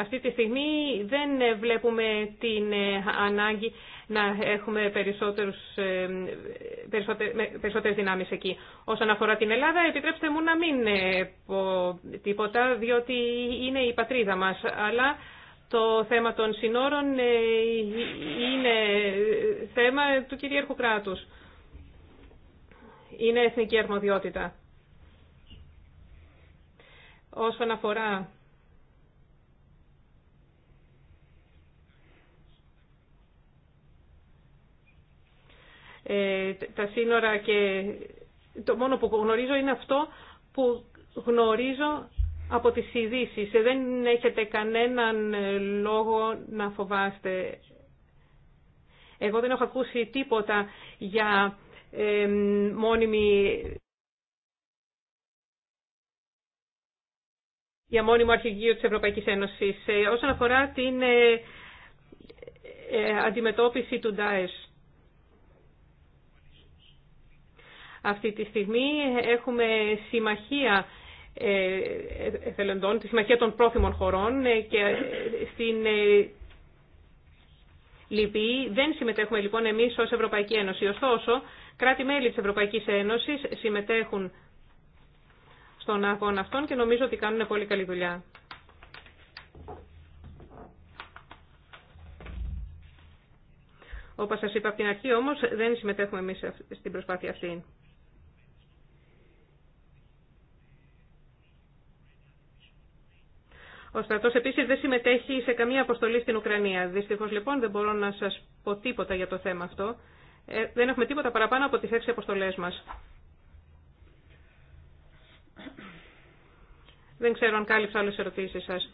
Αυτή τη στιγμή δεν ε, βλέπουμε την ε, ανάγκη να έχουμε περισσότερους, ε, περισσότερες δυνάμεις εκεί. Όσον αφορά την Ελλάδα, επιτρέψτε μου να μην πω τίποτα, διότι είναι η πατρίδα μας. Αλλά το θέμα των συνόρων είναι θέμα του κυρίαρχου κράτους. Είναι εθνική αρμοδιότητα. Όσον αφορά Ε, τα σύνορα και το μόνο που γνωρίζω είναι αυτό που γνωρίζω από τις ειδήσει. Ε, δεν έχετε κανέναν λόγο να φοβάστε. Εγώ δεν έχω ακούσει τίποτα για ε, μόνιμη... για μόνιμο αρχηγείο της Ευρωπαϊκής Ένωσης. Ε, όσον αφορά την αντιμετώπιση του ΝΤΑΕΣ, Αυτή τη στιγμή έχουμε συμμαχία ε, εθελοντών, τη συμμαχία των πρόθυμων χωρών ε, και ε, στην Λιβύη δεν συμμετέχουμε λοιπόν εμείς ως Ευρωπαϊκή Ένωση. Ωστόσο, κράτη-μέλη της Ευρωπαϊκής Ένωσης συμμετέχουν στον αγώνα αυτόν και νομίζω ότι κάνουν πολύ καλή δουλειά. Όπως σας είπα από την αρχή όμως, δεν συμμετέχουμε εμείς στην προσπάθεια αυτή. Ο στρατό επίσης δεν συμμετέχει σε καμία αποστολή στην Ουκρανία. Δυστυχώς λοιπόν δεν μπορώ να σας πω τίποτα για το θέμα αυτό. Ε, δεν έχουμε τίποτα παραπάνω από τις έξι αποστολέ μας. Δεν ξέρω αν κάλυψα τις ερωτήσεις σας.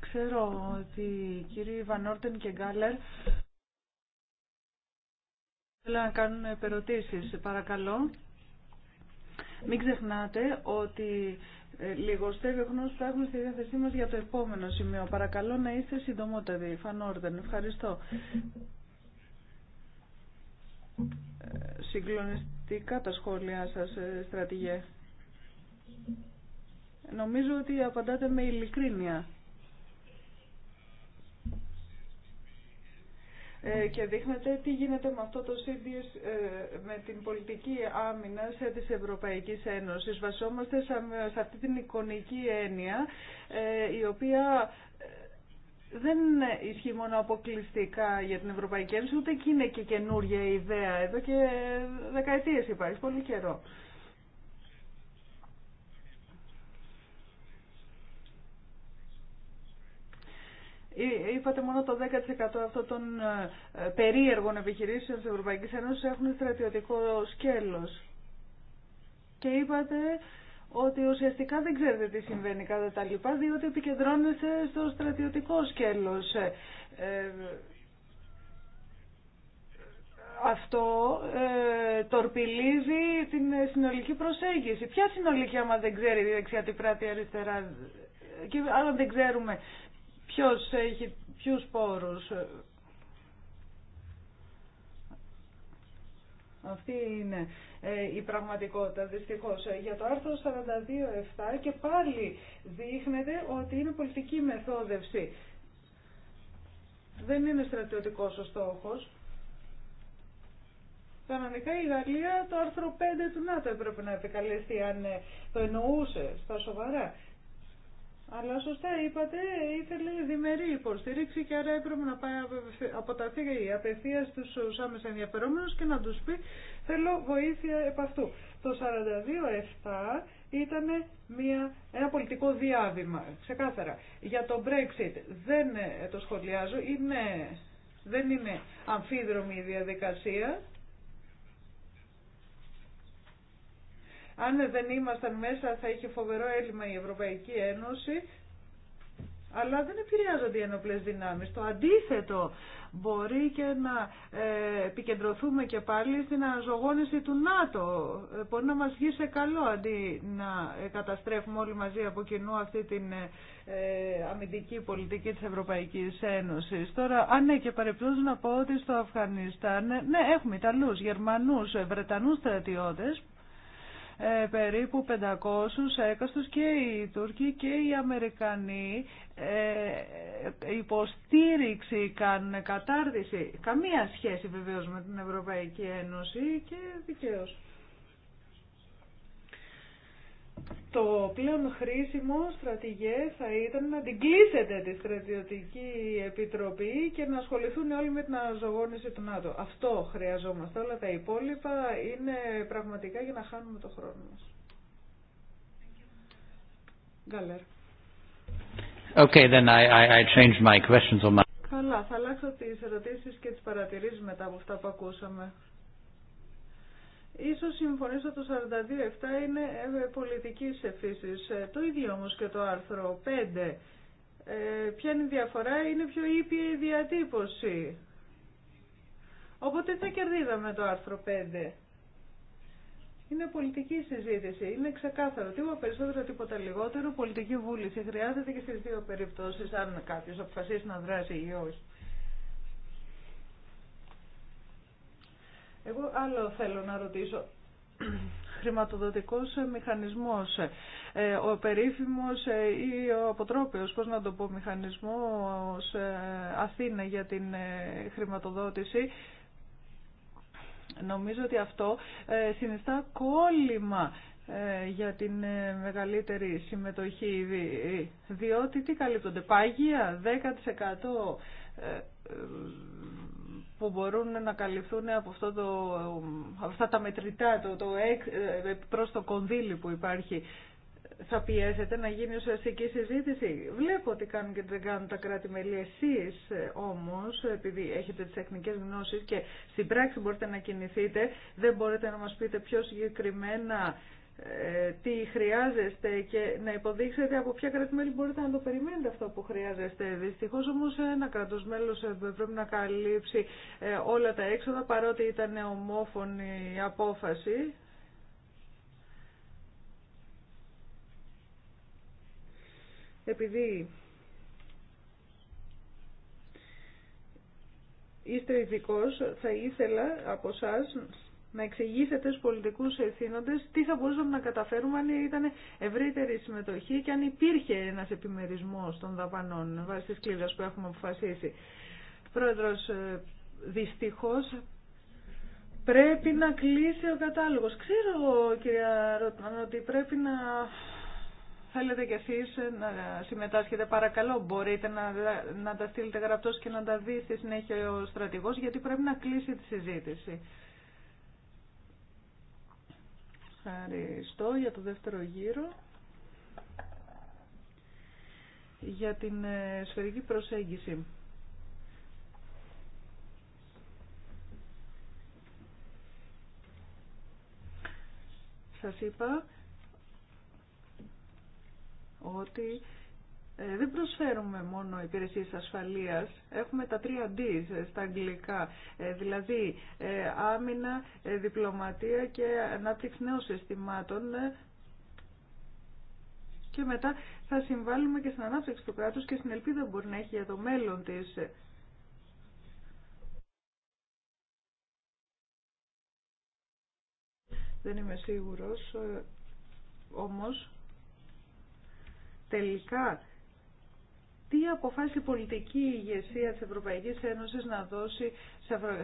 Ξέρω ότι οι κύριοι Βανόρτεν και Γκάλερ θέλουν να κάνουν επερωτήσεις. Παρακαλώ. Μην ξεχνάτε ότι ε, λίγο ο γνώση που έχουμε στη διάθεσή μας για το επόμενο σημείο. Παρακαλώ να είστε συντομότεροι. Φανόρδεν, ευχαριστώ. Ε, συγκλονιστικά τα σχόλιά σας, ε, στρατηγέ. Νομίζω ότι απαντάτε με ειλικρίνεια. Ε, και δείχνεται τι γίνεται με αυτό το σύνδυο ε, με την πολιτική άμυνα ε, της Ευρωπαϊκής Ένωσης. Βασόμαστε σε αυτή την εικονική έννοια, η οποία δεν ισχύει μόνο αποκλειστικά για την Ευρωπαϊκή Ένωση, ούτε και είναι και καινούργια ιδέα. Εδώ και δεκαετίες υπάρχει, πολύ καιρό. Ε, είπατε μόνο το 10% αυτών των ε, περίεργων επιχειρήσεων της Ευρωπαϊκής Ένωσης έχουν στρατιωτικό σκέλος. Και είπατε ότι ουσιαστικά δεν ξέρετε τι συμβαίνει κατά τα λοιπά, διότι επικεντρώνεστε στο στρατιωτικό σκέλος. Ε, αυτό ε, τορπιλίζει την συνολική προσέγγιση. Ποια συνολική άμα δεν ξέρει η δεξιά, την πράτη, αριστερά και άλλο δεν ξέρουμε ποιος έχει ποιους πόρους. Αυτή είναι ε, η πραγματικότητα δυστυχώς. Για το άρθρο 42.7 και πάλι δείχνεται ότι είναι πολιτική μεθόδευση. Δεν είναι στρατιωτικός ο στόχος. Κανονικά η Γαλλία το άρθρο 5 του ΝΑΤΟ έπρεπε να επικαλεστεί αν ε, το εννοούσε στα σοβαρά. Αλλά σωστά είπατε, ήθελε διμερή υποστήριξη και άρα έπρεπε να πάει από τα απευθεία στου άμεσα ενδιαφερόμενου και να τους πει θέλω βοήθεια επ' αυτού. Το 42-7 ήταν μια, ένα πολιτικό διάβημα, ξεκάθαρα. Για το Brexit δεν ε, το σχολιάζω, είναι, δεν είναι αμφίδρομη η διαδικασία, Αν δεν ήμασταν μέσα θα είχε φοβερό έλλειμμα η Ευρωπαϊκή Ένωση, αλλά δεν επηρεάζονται οι ενοπλές δυνάμεις. Το αντίθετο μπορεί και να ε, επικεντρωθούμε και πάλι στην αναζωγόνηση του ΝΑΤΟ. Ε, μπορεί να μας βγει σε καλό αντί να καταστρέφουμε όλοι μαζί από κοινού αυτή την ε, αμυντική πολιτική της Ευρωπαϊκής Ένωσης. Τώρα, αν ναι και να πω ότι στο Αφγανιστάν, ναι έχουμε Ιταλούς, Γερμανούς, Βρετανούς στρατιώτε. Ε, περίπου 500 έκαστος και οι Τούρκοι και οι Αμερικανοί ε, υποστήριξη, καν, κατάρτιση, καμία σχέση βεβαίως με την Ευρωπαϊκή Ένωση και δικαίως. Το πλέον χρήσιμο στρατηγέ θα ήταν να την κλείσετε τη στρατιωτική επιτροπή και να ασχοληθούν όλοι με την αναζωγόνηση του ΝΑΤΟ. Αυτό χρειαζόμαστε. Όλα τα υπόλοιπα είναι πραγματικά για να χάνουμε το χρόνο μας. Okay, then I, I, I changed my questions Καλά, θα αλλάξω τις ερωτήσεις και τις παρατηρήσεις μετά από αυτά που ακούσαμε. Ίσως συμφωνήσω το 42.7 είναι ε, πολιτικής εφήσης. Ε, το ίδιο όμως και το άρθρο 5. Ε, ποια είναι η διαφορά, είναι πιο ήπια η διατύπωση. Οπότε θα κερδίδαμε το άρθρο 5. Είναι πολιτική συζήτηση. Είναι ξεκάθαρο. Τίποτα περισσότερο, τίποτα λιγότερο. Πολιτική βούληση χρειάζεται και στι δύο περιπτώσει, αν κάποιος αποφασίσει να δράσει ή όχι. Εγώ άλλο θέλω να ρωτήσω. Χρηματοδοτικός μηχανισμός, ε, ο περίφημος ε, ή ο αποτρόπιος, πώς να το πω, μηχανισμός ε, Αθήνα για την χρηματοδότηση, νομίζω ότι αυτό συνιστά κόλλημα για την μεγαλύτερη συμμετοχή, διότι τι καλύπτονται, πάγια, 10%, που μπορούν να καλυφθούν από, αυτό το, αυτά τα μετρητά, το, το, ε, προς το κονδύλι που υπάρχει. Θα πιέσετε να γίνει ουσιαστική συζήτηση. Βλέπω ότι κάνουν και δεν κάνουν τα κράτη-μέλη. Εσεί ε, όμω, επειδή έχετε τι τεχνικέ γνώσει και στην πράξη μπορείτε να κινηθείτε, δεν μπορείτε να μα πείτε πιο συγκεκριμένα ε, τι χρειάζεστε και να υποδείξετε από ποια κρατημέλη μπορείτε να το περιμένετε αυτό που χρειάζεστε. Δυστυχώ όμως ένα κράτος μέλος ε, πρέπει να καλύψει ε, όλα τα έξοδα παρότι ήταν ομόφωνη η απόφαση. Επειδή είστε ειδικό. θα ήθελα από σας να εξηγήσετε στους πολιτικούς ευθύνοντες τι θα μπορούσαμε να καταφέρουμε αν ήταν ευρύτερη συμμετοχή και αν υπήρχε ένας επιμερισμός των δαπανών βάσει της κλίδας που έχουμε αποφασίσει. Πρόεδρος, ε, δυστυχώς πρέπει να κλείσει ο κατάλογος. Ξέρω, κυρία Ρότμαν, ότι πρέπει να θέλετε κι εσείς να συμμετάσχετε παρακαλώ μπορείτε να, να τα στείλετε γραπτός και να τα δει στη συνέχεια ο στρατηγός γιατί πρέπει να κλείσει τη συζήτηση ευχαριστώ για το δεύτερο γύρο. Για την ε, σφαιρική προσέγγιση. Σας είπα ότι ε, δεν προσφέρουμε μόνο υπηρεσίες ασφαλείας, έχουμε τα τρία D ε, στα αγγλικά, ε, δηλαδή άμυνα, διπλωματία και ανάπτυξη νέων συστημάτων και μετά θα συμβάλλουμε και στην ανάπτυξη του κράτους και στην ελπίδα που μπορεί να έχει για το μέλλον της. Δεν είμαι σίγουρος, όμως τελικά τι αποφάσισε η πολιτική ηγεσία της Ευρωπαϊκής Ένωσης να δώσει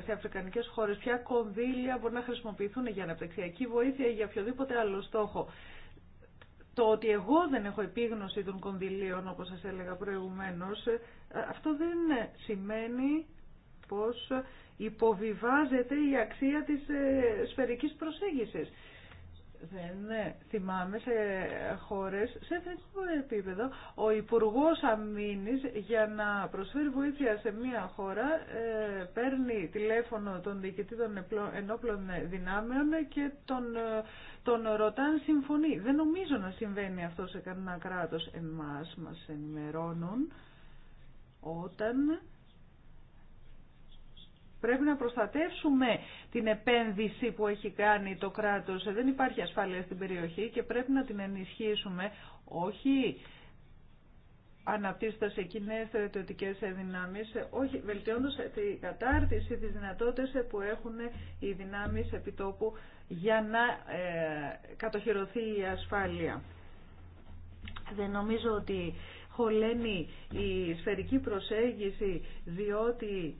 σε αφρικανικές χώρες, ποια κονδύλια μπορεί να χρησιμοποιηθούν για αναπτυξιακή βοήθεια ή για οποιοδήποτε άλλο στόχο. Το ότι εγώ δεν έχω επίγνωση των κονδυλίων, όπως σας έλεγα προηγουμένως, ε, αυτό δεν σημαίνει πως υποβιβάζεται η αξία της ε, σφαιρικής προσέγγισης δεν ε, θυμάμαι σε χώρες, σε εθνικό επίπεδο, ο Υπουργός Αμήνης για να προσφέρει βοήθεια σε μια χώρα ε, παίρνει τηλέφωνο των διοικητή των ενόπλων δυνάμεων και τον, ε, τον ρωτά αν συμφωνεί. Δεν νομίζω να συμβαίνει αυτό σε κανένα κράτος. Εμάς μας ενημερώνουν όταν Πρέπει να προστατεύσουμε την επένδυση που έχει κάνει το κράτος. Δεν υπάρχει ασφάλεια στην περιοχή και πρέπει να την ενισχύσουμε. Όχι αναπτύσσοντας εκεί νέες στρατιωτικές δυνάμεις, όχι βελτιώνοντας την κατάρτιση, τις δυνατότητες που έχουν οι δυνάμεις επιτόπου για να ε, κατοχυρωθεί η ασφάλεια. Δεν νομίζω ότι χωλαίνει η σφαιρική προσέγγιση διότι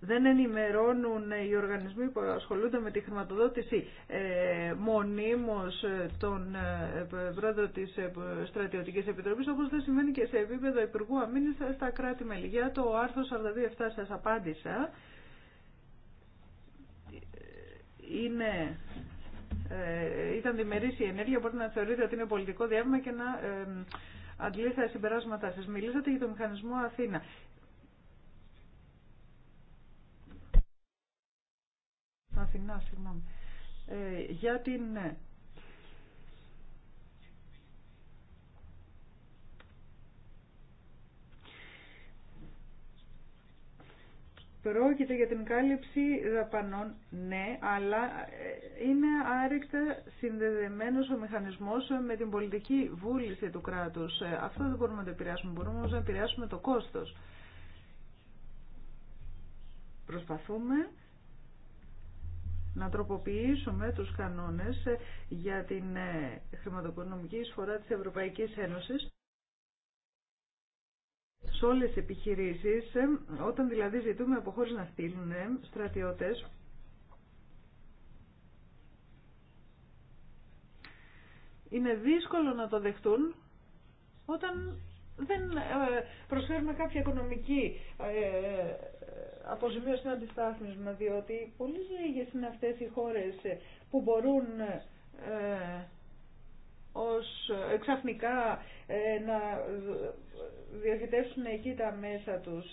δεν ενημερώνουν οι οργανισμοί που ασχολούνται με τη χρηματοδότηση ε, μονίμως τον ε, πρόεδρο της ε, Στρατιωτικής Επιτροπής, όπως δεν σημαίνει και σε επίπεδο Υπουργού Αμήνης στα κράτη-μέλη. το άρθρο 42-7 σας απάντησα. Είναι ε, ήταν διμερής η ενέργεια, Μπορείτε να θεωρείτε ότι είναι πολιτικό διάβημα και να ε, τα συμπεράσματά σας. Μιλήσατε για το μηχανισμό Αθήνα. Αθηνά, συγγνώμη. Ε, για την ε, Πρόκειται για την κάλυψη δαπανών, ναι, αλλά ε, είναι άρρηκτα συνδεδεμένος ο μηχανισμός με την πολιτική βούληση του κράτους. Ε, αυτό δεν μπορούμε να το επηρεάσουμε, μπορούμε όμως να επηρεάσουμε το κόστος. Προσπαθούμε να τροποποιήσουμε τους κανόνες ε, για την ε, χρηματοοικονομική εισφορά της Ευρωπαϊκής Ένωσης σε όλες τις επιχειρήσεις, ε, όταν δηλαδή ζητούμε από χώρες να στείλουν στρατιώτες, είναι δύσκολο να το δεχτούν όταν δεν ε, προσφέρουμε κάποια οικονομική ε, ε, αποζημίωση να αντιστάθμισμα, διότι πολύ λίγες είναι αυτές οι χώρες που μπορούν ως εξαφνικά να διαθετήσουν εκεί τα μέσα τους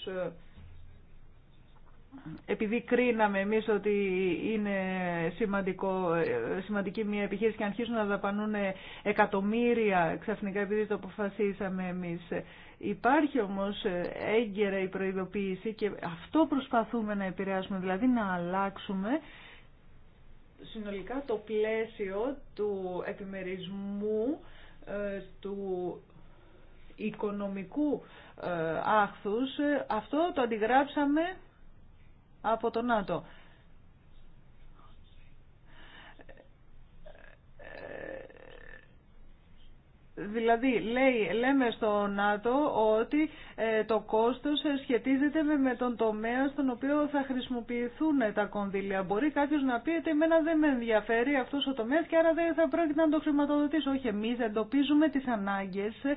επειδή κρίναμε εμείς ότι είναι σημαντικό, ε, σημαντική μια επιχείρηση και αρχίζουν να δαπανούν εκατομμύρια ξαφνικά επειδή το αποφασίσαμε εμείς. Υπάρχει όμως ε, έγκαιρα η προειδοποίηση και αυτό προσπαθούμε να επηρεάσουμε, δηλαδή να αλλάξουμε συνολικά το πλαίσιο του επιμερισμού ε, του οικονομικού άχθους. Αυτό το αντιγράψαμε από το ΝΑΤΟ. Δηλαδή, λέει, λέμε στο ΝΑΤΟ ότι ε, το κόστος σχετίζεται με, τον τομέα στον οποίο θα χρησιμοποιηθούν τα κονδύλια. Μπορεί κάποιος να πει ότι εμένα δεν με ενδιαφέρει αυτός ο τομέας και άρα δεν θα πρόκειται να το χρηματοδοτήσω. Όχι, εμείς εντοπίζουμε τις ανάγκες ε,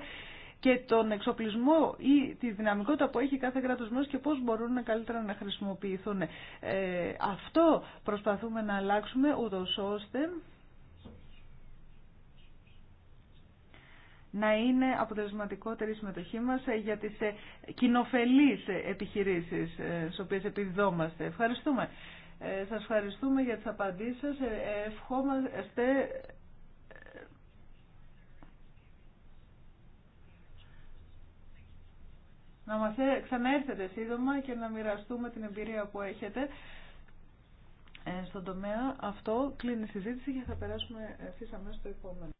και τον εξοπλισμό ή τη δυναμικότητα που έχει κάθε κράτος μέλος και πώς μπορούν καλύτερα να χρησιμοποιηθούν. Ε, αυτό προσπαθούμε να αλλάξουμε ούτως ώστε να είναι αποτελεσματικότερη η τη δυναμικοτητα που εχει καθε κρατος και πως μπορουν να καλυτερα να χρησιμοποιηθουν ε αυτο προσπαθουμε να αλλαξουμε ουτως ωστε να ειναι αποτελεσματικοτερη η συμμετοχη μας για τις ε, κοινοφελείς επιχειρήσεις ε, στις οποίες επιδόμαστε. Ευχαριστούμε. Ε, σας ευχαριστούμε για τις απαντήσεις σας. Ευχόμαστε να μας ε, ξαναέρθετε σύντομα και να μοιραστούμε την εμπειρία που έχετε ε, στον τομέα αυτό. Κλείνει η συζήτηση και θα περάσουμε ε, ευθύ αμέσως στο επόμενο.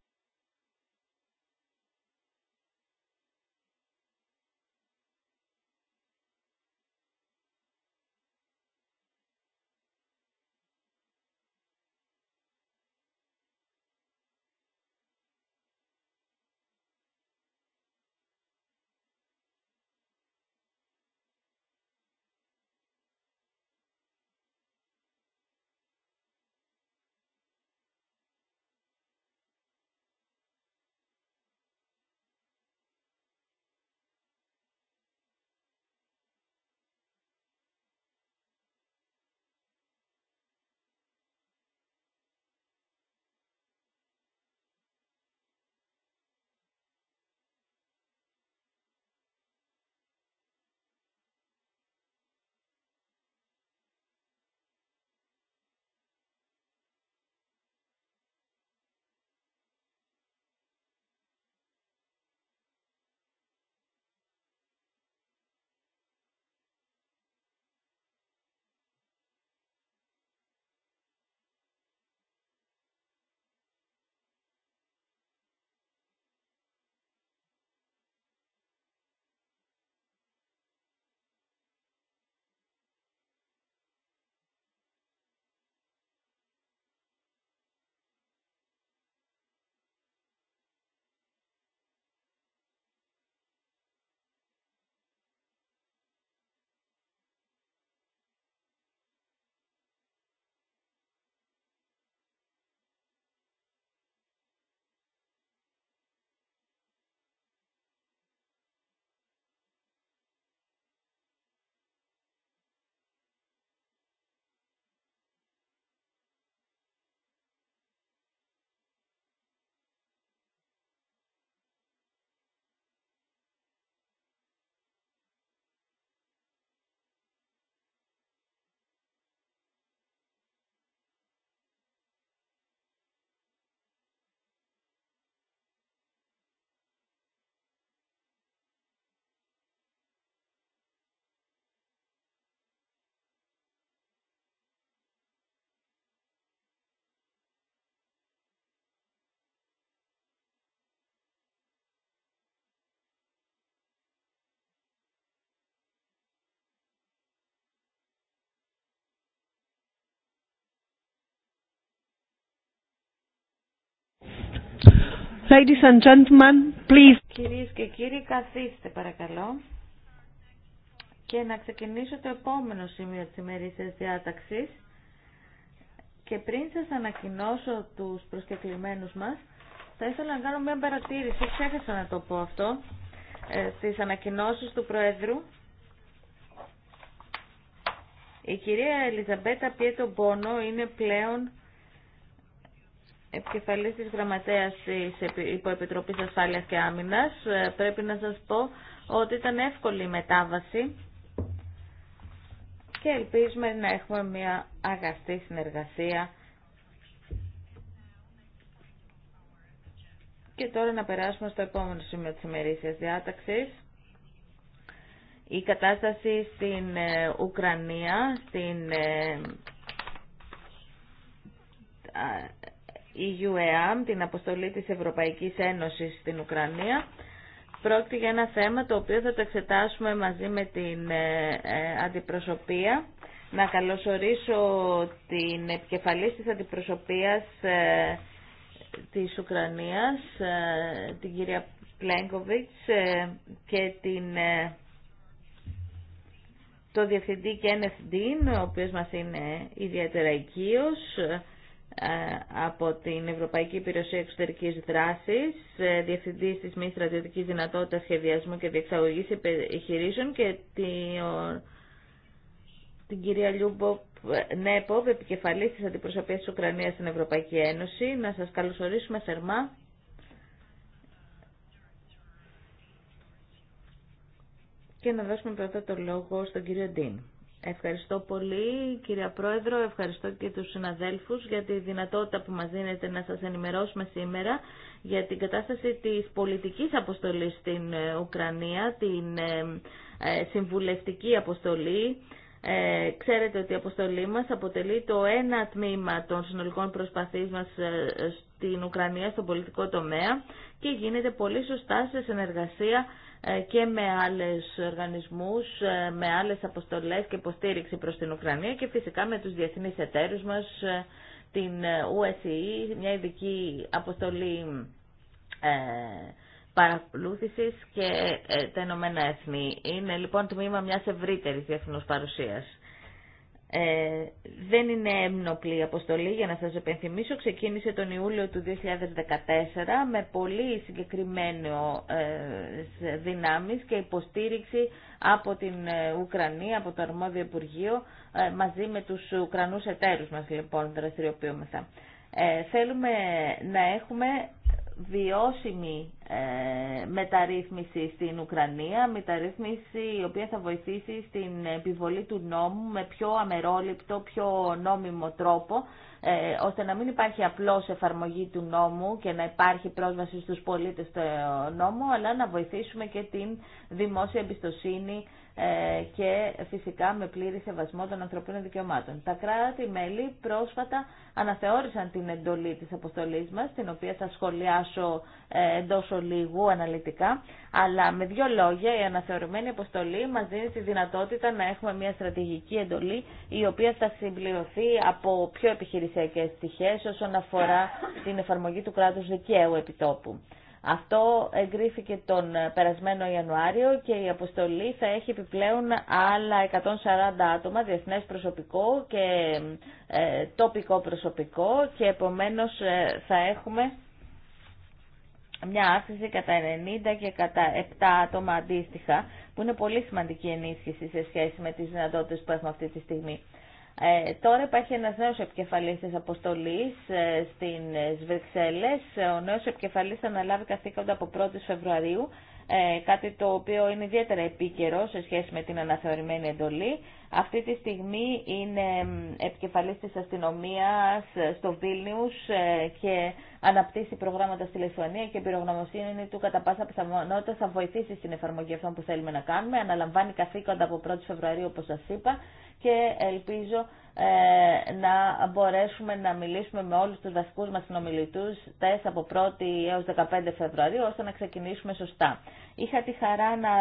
Ladies Κυρίες και κύριοι, καθίστε παρακαλώ. Και να ξεκινήσω το επόμενο σημείο της ημερήσιας διάταξης. Και πριν σας ανακοινώσω τους προσκεκλημένους μας, θα ήθελα να κάνω μια παρατήρηση, ξέχασα να το πω αυτό, ε, στις ανακοινώσεις του Προέδρου. Η κυρία Ελιζαμπέτα Πιέτο Μπόνο είναι πλέον επικεφαλής της Γραμματέας της Υποεπιτροπής Ασφάλειας και Άμυνας, ε, πρέπει να σας πω ότι ήταν εύκολη η μετάβαση και ελπίζουμε να έχουμε μια αγαστή συνεργασία. Και τώρα να περάσουμε στο επόμενο σημείο της ημερήσιας διάταξης. Η κατάσταση στην ε, Ουκρανία, στην ε, EUEAM, την αποστολή της Ευρωπαϊκής Ένωσης στην Ουκρανία. Πρόκειται για ένα θέμα το οποίο θα το εξετάσουμε μαζί με την ε, ε, αντιπροσωπεία. Να καλωσορίσω την επικεφαλής της αντιπροσωπείας ε, της Ουκρανίας, την κυρία Πλέγκοβιτς και την, το διευθυντή Κένεθ Ντίν, ο οποίος μας είναι ιδιαίτερα οικείος. Ε, από την Ευρωπαϊκή Υπηρεσία Εξωτερικής Δράσης, ε, Διευθυντής της Μη Στρατιωτικής Δυνατότητας Σχεδιασμού και Διεξαγωγής Επιχειρήσεων και την κυρία Λιούμπο ε, Νέποβ, επικεφαλής της Αντιπροσωπείας της Ουκρανίας στην Ευρωπαϊκή Ένωση. Να σας καλωσορίσουμε σερμά Και να δώσουμε πρώτα το λόγο στον κύριο Ντίν. Ευχαριστώ πολύ κυρία Πρόεδρο, ευχαριστώ και τους συναδέλφους για τη δυνατότητα που μας δίνετε να σας ενημερώσουμε σήμερα για την κατάσταση της πολιτικής αποστολής στην ε, Ουκρανία, την ε, ε, συμβουλευτική αποστολή. Ξέρετε ότι η αποστολή μας αποτελεί το ένα τμήμα των συνολικών προσπαθείς μας την Ουκρανία στον πολιτικό τομέα και γίνεται πολύ σωστά σε συνεργασία ε, και με άλλες οργανισμούς, ε, με άλλες αποστολές και υποστήριξη προς την Ουκρανία και φυσικά με τους διεθνείς εταίρους μας, ε, την USE, μια ειδική αποστολή παρακολούθησης και τα Ηνωμένα Έθνη. Είναι λοιπόν τμήμα μιας ευρύτερης διεθνούς παρουσίας. Ε, δεν είναι έμνοπλη η αποστολή, για να σας επενθυμίσω, ξεκίνησε τον Ιούλιο του 2014 με πολύ συγκεκριμένο ε, δυνάμεις και υποστήριξη από την ε, Ουκρανία, από το Αρμόδιο Υπουργείο, ε, μαζί με τους Ουκρανούς εταίρους μας λοιπόν δραστηριοποιούμεθα. Ε, θέλουμε να έχουμε βιώσιμη ε, μεταρρύθμιση στην Ουκρανία, μεταρρύθμιση η οποία θα βοηθήσει στην επιβολή του νόμου με πιο αμερόληπτο, πιο νόμιμο τρόπο, ε, ώστε να μην υπάρχει απλώς εφαρμογή του νόμου και να υπάρχει πρόσβαση στους πολίτες στο νόμο, αλλά να βοηθήσουμε και την δημόσια εμπιστοσύνη ε, και φυσικά με πλήρη σεβασμό των ανθρωπίνων δικαιωμάτων. Τα κράτη-μέλη πρόσφατα αναθεώρησαν την εντολή της αποστολής μας, την οποία θα σχολιάσω ε, εντός ολίγου αναλυτικά, αλλά με δύο λόγια η αναθεωρημένη αποστολή μας δίνει τη δυνατότητα να έχουμε μια στρατηγική εντολή η οποία θα συμπληρωθεί από πιο επιχειρησιακές στοιχές όσον αφορά την εφαρμογή του κράτους δικαίου επιτόπου. Αυτό εγκρίθηκε τον ε, περασμένο Ιανουάριο και η αποστολή θα έχει επιπλέον άλλα 140 άτομα, διεθνές προσωπικό και ε, τοπικό προσωπικό και επομένως ε, θα έχουμε μια αύξηση κατά 90 και κατά 7 άτομα αντίστοιχα, που είναι πολύ σημαντική ενίσχυση σε σχέση με τις δυνατότητες που έχουμε αυτή τη στιγμή. Ε, τώρα υπάρχει ένας νέος επικεφαλής της αποστολής ε, στην ε, Βρυξέλλες. Ο νέος επικεφαλής θα αναλάβει καθήκοντα από Φεβρουαρίου ε, κάτι το οποίο είναι ιδιαίτερα επίκαιρο σε σχέση με την αναθεωρημένη εντολή. Αυτή τη στιγμή είναι επικεφαλής της αστυνομίας ε, στο Βίλνιους ε, και αναπτύσσει προγράμματα στη Λεσουανία και η πυρογνωμοσύνη του κατά πάσα πιθανότητα θα βοηθήσει στην εφαρμογή αυτών που θέλουμε να κάνουμε. Αναλαμβάνει καθήκοντα από 1η Φεβρουαρίου όπως σας είπα και ελπίζω ε, να μπορέσουμε να μιλήσουμε με όλους τους βασικούς μας συνομιλητούς τες από 1η έως 15 Φεβρουαρίου ώστε να ξεκινήσουμε σωστά. Είχα τη χαρά να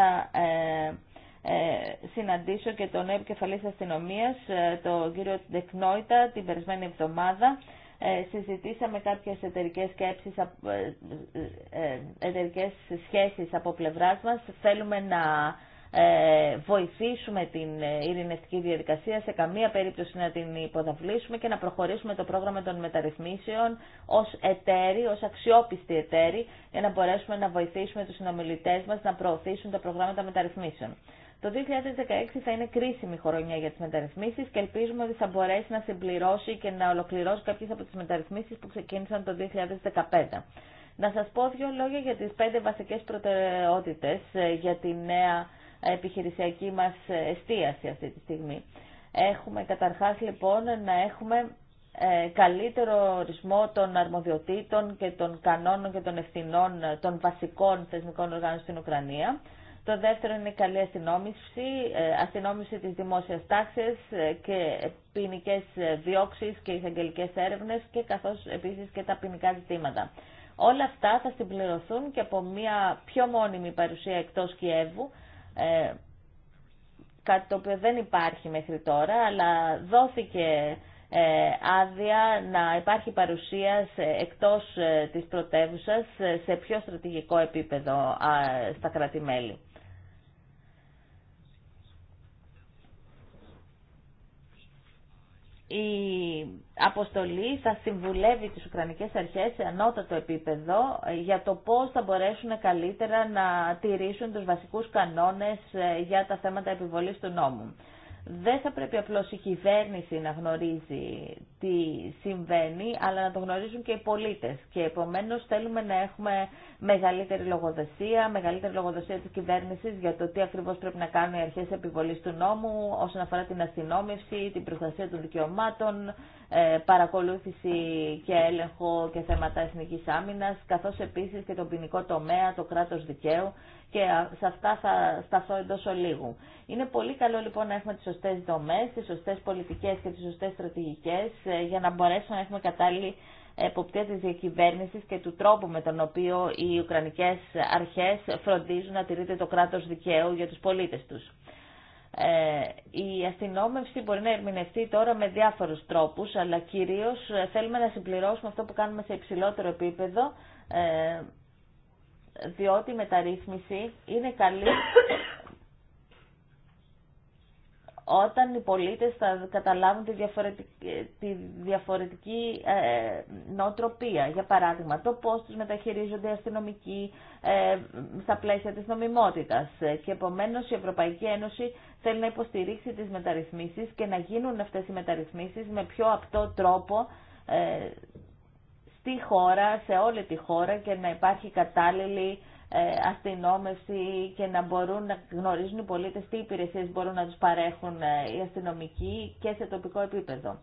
ε, ε, συναντήσω και τον επικεφαλής αστυνομίας, τον κύριο Τεκνόητα, την περισμένη εβδομάδα. συζητήσαμε κάποιες εταιρικές, σκέψεις, εταιρικές σχέσεις από πλευράς μας. Θέλουμε να ε, βοηθήσουμε την ε, ειρηνευτική διαδικασία, σε καμία περίπτωση να την υποδαβλήσουμε και να προχωρήσουμε το πρόγραμμα των μεταρρυθμίσεων ως εταίροι, ως αξιόπιστοι εταίροι, για να μπορέσουμε να βοηθήσουμε τους συνομιλητές μας να προωθήσουν τα προγράμματα μεταρρυθμίσεων. Το 2016 θα είναι κρίσιμη χρονιά για τις μεταρρυθμίσεις και ελπίζουμε ότι θα μπορέσει να συμπληρώσει και να ολοκληρώσει κάποιες από τις μεταρρυθμίσεις που ξεκίνησαν το 2015. Να σας πω δύο λόγια για τις πέντε βασικές προτεραιότητες ε, για τη νέα επιχειρησιακή μας εστίαση αυτή τη στιγμή. Έχουμε καταρχάς λοιπόν να έχουμε ε, καλύτερο ορισμό των αρμοδιοτήτων και των κανόνων και των ευθυνών ε, των βασικών θεσμικών οργάνων στην Ουκρανία. Το δεύτερο είναι η καλή αστυνόμηση, ε, αστυνόμηση της δημόσιας τάξης και ποινικέ διώξεις και εισαγγελικέ έρευνες και καθώς επίσης και τα ποινικά ζητήματα. Όλα αυτά θα συμπληρωθούν και από μια πιο μόνιμη παρουσία εκτός Κιέβου, ε, κάτι το οποίο δεν υπάρχει μέχρι τώρα, αλλά δόθηκε ε, άδεια να υπάρχει παρουσία εκτός ε, της πρωτεύουσας ε, σε πιο στρατηγικό επίπεδο στα κρατη η αποστολή θα συμβουλεύει τις Ουκρανικές Αρχές σε ανώτατο επίπεδο ε, για το πώς θα μπορέσουν καλύτερα να τηρήσουν τους βασικούς κανόνες ε, για τα θέματα επιβολής του νόμου δεν θα πρέπει απλώς η κυβέρνηση να γνωρίζει τι συμβαίνει, αλλά να το γνωρίζουν και οι πολίτες. Και επομένως θέλουμε να έχουμε μεγαλύτερη λογοδοσία, μεγαλύτερη λογοδοσία της κυβέρνησης για το τι ακριβώς πρέπει να κάνουν οι αρχές επιβολής του νόμου όσον αφορά την αστυνόμευση, την προστασία των δικαιωμάτων, ε, παρακολούθηση και έλεγχο και θέματα εθνικής άμυνας, καθώς επίσης και τον ποινικό τομέα, το κράτος δικαίου και σε αυτά θα σταθώ εντό ολίγου. Είναι πολύ καλό λοιπόν να έχουμε τι σωστέ δομέ, τι σωστέ πολιτικέ και τι σωστέ στρατηγικέ ε, για να μπορέσουμε να έχουμε κατάλληλη εποπτεία της διακυβέρνησης και του τρόπου με τον οποίο οι Ουκρανικές αρχές φροντίζουν να τηρείται το κράτος δικαίου για τους πολίτες τους. Ε, η αστυνόμευση μπορεί να ερμηνευτεί τώρα με διάφορους τρόπους, αλλά κυρίως ε, θέλουμε να συμπληρώσουμε αυτό που κάνουμε σε υψηλότερο επίπεδο, διότι η μεταρρύθμιση είναι καλή όταν οι πολίτες θα καταλάβουν τη διαφορετική, τη διαφορετική ε, νοοτροπία. Για παράδειγμα, το πώς τους μεταχειρίζονται οι αστυνομικοί ε, στα πλαίσια της νομιμότητας. Και επομένως η Ευρωπαϊκή Ένωση θέλει να υποστηρίξει τις μεταρρυθμίσεις και να γίνουν αυτές οι μεταρρυθμίσεις με πιο απτό τρόπο ε, στη χώρα, σε όλη τη χώρα και να υπάρχει κατάλληλη ε, αστυνόμευση και να μπορούν να γνωρίζουν οι πολίτες τι υπηρεσίες μπορούν να τους παρέχουν ε, οι αστυνομικοί και σε τοπικό επίπεδο.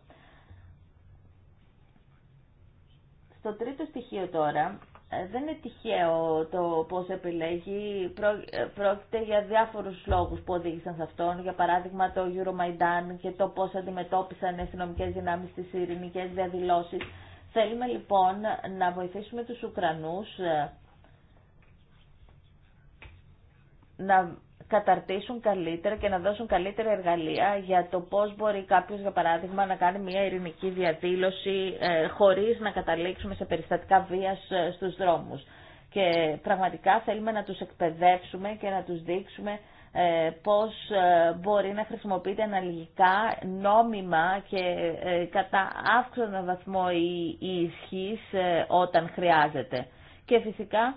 Στο τρίτο στοιχείο τώρα, ε, δεν είναι τυχαίο το πώς επιλέγει, πρόκειται για διάφορους λόγους που οδήγησαν σε αυτόν, για παράδειγμα το Euromaidan και το πώς αντιμετώπισαν οι αστυνομικές δυνάμεις στις ειρηνικές διαδηλώσεις. Θέλουμε λοιπόν να βοηθήσουμε τους Ουκρανούς ε, να καταρτήσουν καλύτερα και να δώσουν καλύτερα εργαλεία για το πώς μπορεί κάποιος, για παράδειγμα, να κάνει μια ειρηνική διαδήλωση ε, χωρίς να καταλήξουμε σε περιστατικά βίας ε, στους δρόμους. Και πραγματικά θέλουμε να τους εκπαιδεύσουμε και να τους δείξουμε ε, πώς ε, μπορεί να χρησιμοποιείται αναλυγικά, νόμιμα και ε, κατά αύξονα βαθμό η ισχύς όταν χρειάζεται. Και φυσικά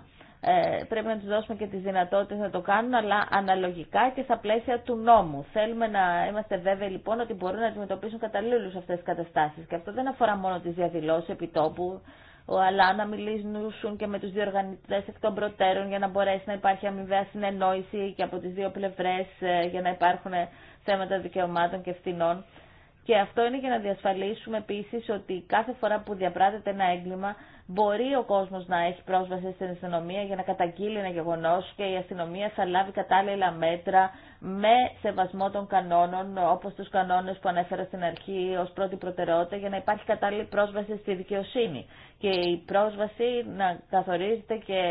πρέπει να τους δώσουμε και τις δυνατότητες να το κάνουν, αλλά αναλογικά και στα πλαίσια του νόμου. Θέλουμε να είμαστε βέβαιοι λοιπόν ότι μπορούν να αντιμετωπίσουν καταλήλους αυτές τις καταστάσεις. Και αυτό δεν αφορά μόνο τις διαδηλώσεις επιτόπου, αλλά να μιλήσουν και με τους διοργανωτές εκ των προτέρων για να μπορέσει να υπάρχει αμοιβαία συνεννόηση και από τις δύο πλευρές ε, για να υπάρχουν θέματα δικαιωμάτων και ευθυνών. Και αυτό είναι για να διασφαλίσουμε επίσης ότι κάθε φορά που διαπράτεται ένα έγκλημα μπορεί ο κόσμος να έχει πρόσβαση στην αστυνομία για να καταγγείλει ένα γεγονός και η αστυνομία θα λάβει κατάλληλα μέτρα με σεβασμό των κανόνων, όπως τους κανόνες που ανέφερα στην αρχή ως πρώτη προτεραιότητα, για να υπάρχει κατάλληλη πρόσβαση στη δικαιοσύνη. Και η πρόσβαση να καθορίζεται και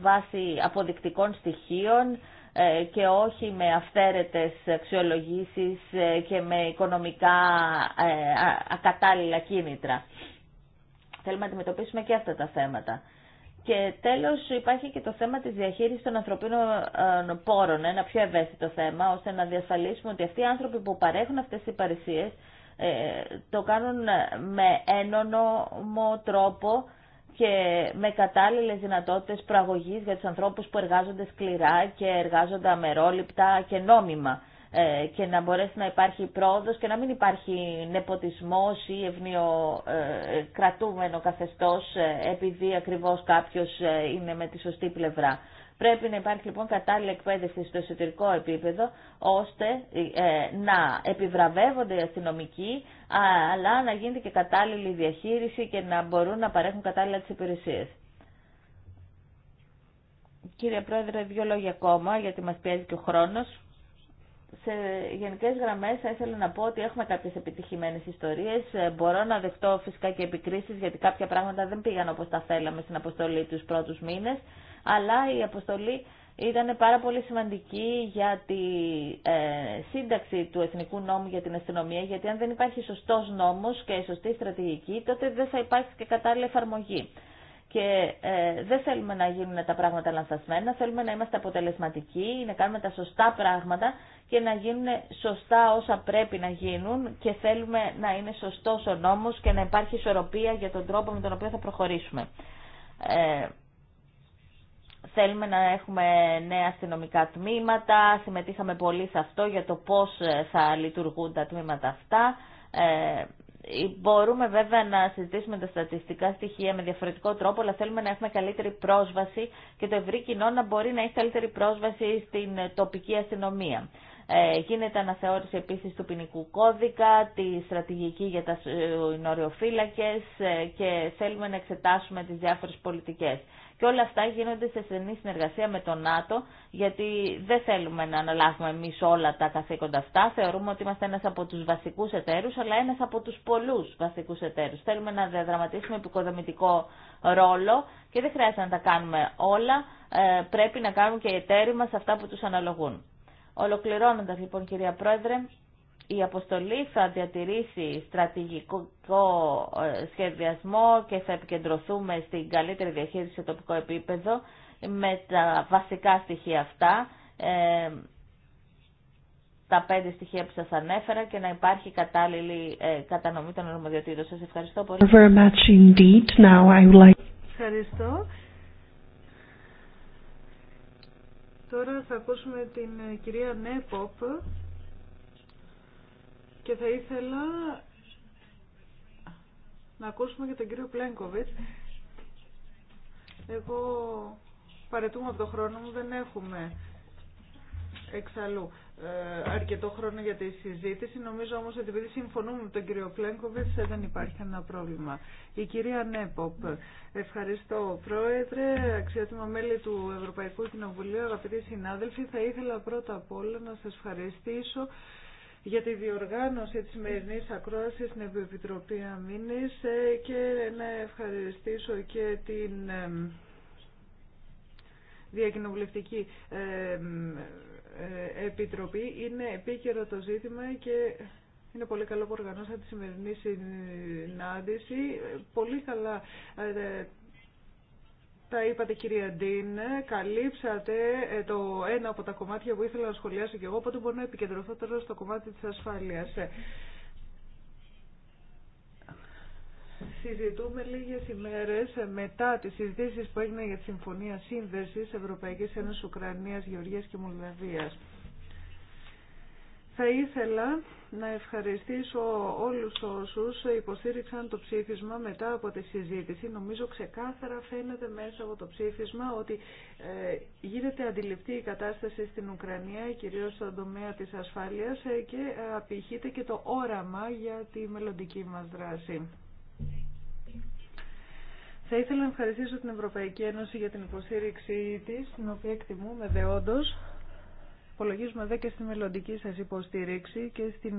βάσει αποδεικτικών στοιχείων, ε, και όχι με αυθαίρετες αξιολογήσεις ε, και με οικονομικά ε, ακατάλληλα κίνητρα. Θέλουμε να αντιμετωπίσουμε και αυτά τα θέματα. Και τέλος υπάρχει και το θέμα της διαχείρισης των ανθρωπίνων ε, πόρων, ένα πιο ευαίσθητο θέμα, ώστε να διασφαλίσουμε ότι αυτοί οι άνθρωποι που παρέχουν αυτές τις υπηρεσίες ε, το κάνουν με ένωνομο τρόπο και με κατάλληλες δυνατότητες προαγωγής για τους ανθρώπους που εργάζονται σκληρά και εργάζονται αμερόληπτα και νόμιμα. Ε, και να μπορέσει να υπάρχει πρόοδος και να μην υπάρχει νεποτισμός ή ε, κρατούμενο καθεστώς ε, επειδή ακριβώς κάποιος ε, είναι με τη σωστή πλευρά. Πρέπει να υπάρχει λοιπόν κατάλληλη εκπαίδευση στο εσωτερικό επίπεδο, ώστε να επιβραβεύονται οι αστυνομικοί, αλλά να γίνεται και κατάλληλη διαχείριση και να μπορούν να παρέχουν κατάλληλα τις υπηρεσίες. Κύριε Πρόεδρε, δύο λόγια ακόμα, γιατί μας πιέζει και ο χρόνος σε γενικές γραμμές θα ήθελα να πω ότι έχουμε κάποιε επιτυχημένες ιστορίες. Ε, μπορώ να δεχτώ φυσικά και επικρίσεις γιατί κάποια πράγματα δεν πήγαν όπως τα θέλαμε στην αποστολή του πρώτους μήνες. Αλλά η αποστολή ήταν πάρα πολύ σημαντική για τη ε, σύνταξη του Εθνικού Νόμου για την Αστυνομία, γιατί αν δεν υπάρχει σωστός νόμος και σωστή στρατηγική, τότε δεν θα υπάρχει και κατάλληλη εφαρμογή και ε, δεν θέλουμε να γίνουν τα πράγματα λανθασμένα, θέλουμε να είμαστε αποτελεσματικοί, να κάνουμε τα σωστά πράγματα και να γίνουν σωστά όσα πρέπει να γίνουν και θέλουμε να είναι σωστός ο νόμος και να υπάρχει ισορροπία για τον τρόπο με τον οποίο θα προχωρήσουμε. Ε, θέλουμε να έχουμε νέα αστυνομικά τμήματα, συμμετείχαμε πολύ σε αυτό για το πώς ε, θα λειτουργούν τα τμήματα αυτά. Ε, ε, μπορούμε βέβαια να συζητήσουμε τα στατιστικά στοιχεία με διαφορετικό τρόπο, αλλά θέλουμε να έχουμε καλύτερη πρόσβαση και το ευρύ κοινό να μπορεί να έχει καλύτερη πρόσβαση στην ε, τοπική αστυνομία. Ε, γίνεται αναθεώρηση επίσης του ποινικού κώδικα, τη στρατηγική για τα ε, νοριοφύλακες και θέλουμε να εξετάσουμε τις διάφορες πολιτικές. Και όλα αυτά γίνονται σε στενή συνεργασία με το ΝΑΤΟ, γιατί δεν θέλουμε να αναλάβουμε εμεί όλα τα καθήκοντα αυτά. Θεωρούμε ότι είμαστε ένα από του βασικού εταίρου, αλλά ένα από του πολλού βασικού εταίρου. Θέλουμε να διαδραματίσουμε επικοδομητικό ρόλο και δεν χρειάζεται να τα κάνουμε όλα. Ε, πρέπει να κάνουν και οι εταίροι μα αυτά που του αναλογούν. Ολοκληρώνοντα λοιπόν, κυρία Πρόεδρε, η αποστολή θα διατηρήσει στρατηγικό ε, σχεδιασμό και θα επικεντρωθούμε στην καλύτερη διαχείριση σε τοπικό επίπεδο με τα βασικά στοιχεία αυτά, ε, τα πέντε στοιχεία που σας ανέφερα και να υπάρχει κατάλληλη ε, κατανομή των ορμοδιοτήτων. Σας ευχαριστώ πολύ. Ευχαριστώ. Τώρα θα ακούσουμε την κυρία Νέποπ. Και θα ήθελα να ακούσουμε και τον κύριο Πλένκοβιτς. Εγώ παρετούμε από το χρόνο μου, δεν έχουμε εξαλλού ε, αρκετό χρόνο για τη συζήτηση. Νομίζω όμως ότι επειδή συμφωνούμε με τον κύριο Πλένκοβιτς ε, δεν υπάρχει ένα πρόβλημα. Η κυρία Νέποπ, ευχαριστώ πρόεδρε, αξιότιμα μέλη του Ευρωπαϊκού Κοινοβουλίου, αγαπητοί συνάδελφοι, θα ήθελα πρώτα απ' όλα να σας ευχαριστήσω για τη διοργάνωση της σημερινής ακρόασης στην Επιτροπή Αμήνης ε, και να ευχαριστήσω και την ε, Διακοινοβουλευτική ε, Επιτροπή. Είναι επίκαιρο το ζήτημα και είναι πολύ καλό που οργανώσατε τη σημερινή συνάντηση. Πολύ καλά τα είπατε κυρία Ντίν, καλύψατε ε, το ένα από τα κομμάτια που ήθελα να σχολιάσω και εγώ, οπότε μπορώ να επικεντρωθώ τώρα στο κομμάτι της ασφάλειας. Ε, συζητούμε λίγες ημέρες ε, μετά τις συζητήσεις που έγιναν για τη Συμφωνία Σύνδεσης Ευρωπαϊκής Ένωσης Ουκρανίας, Γεωργίας και Μολδαβίας. Θα ήθελα να ευχαριστήσω όλους όσους υποστήριξαν το ψήφισμα μετά από τη συζήτηση. Νομίζω ξεκάθαρα φαίνεται μέσα από το ψήφισμα ότι ε, γίνεται αντιληπτή η κατάσταση στην Ουκρανία, κυρίως στον τομέα της ασφάλειας ε, και απηχείται και το όραμα για τη μελλοντική μας δράση. Θα ήθελα να ευχαριστήσω την Ευρωπαϊκή Ένωση για την υποστήριξή της, την οποία εκτιμούμε δεόντως. Υπολογίζουμε εδώ και στη μελλοντική σας υποστήριξη και στην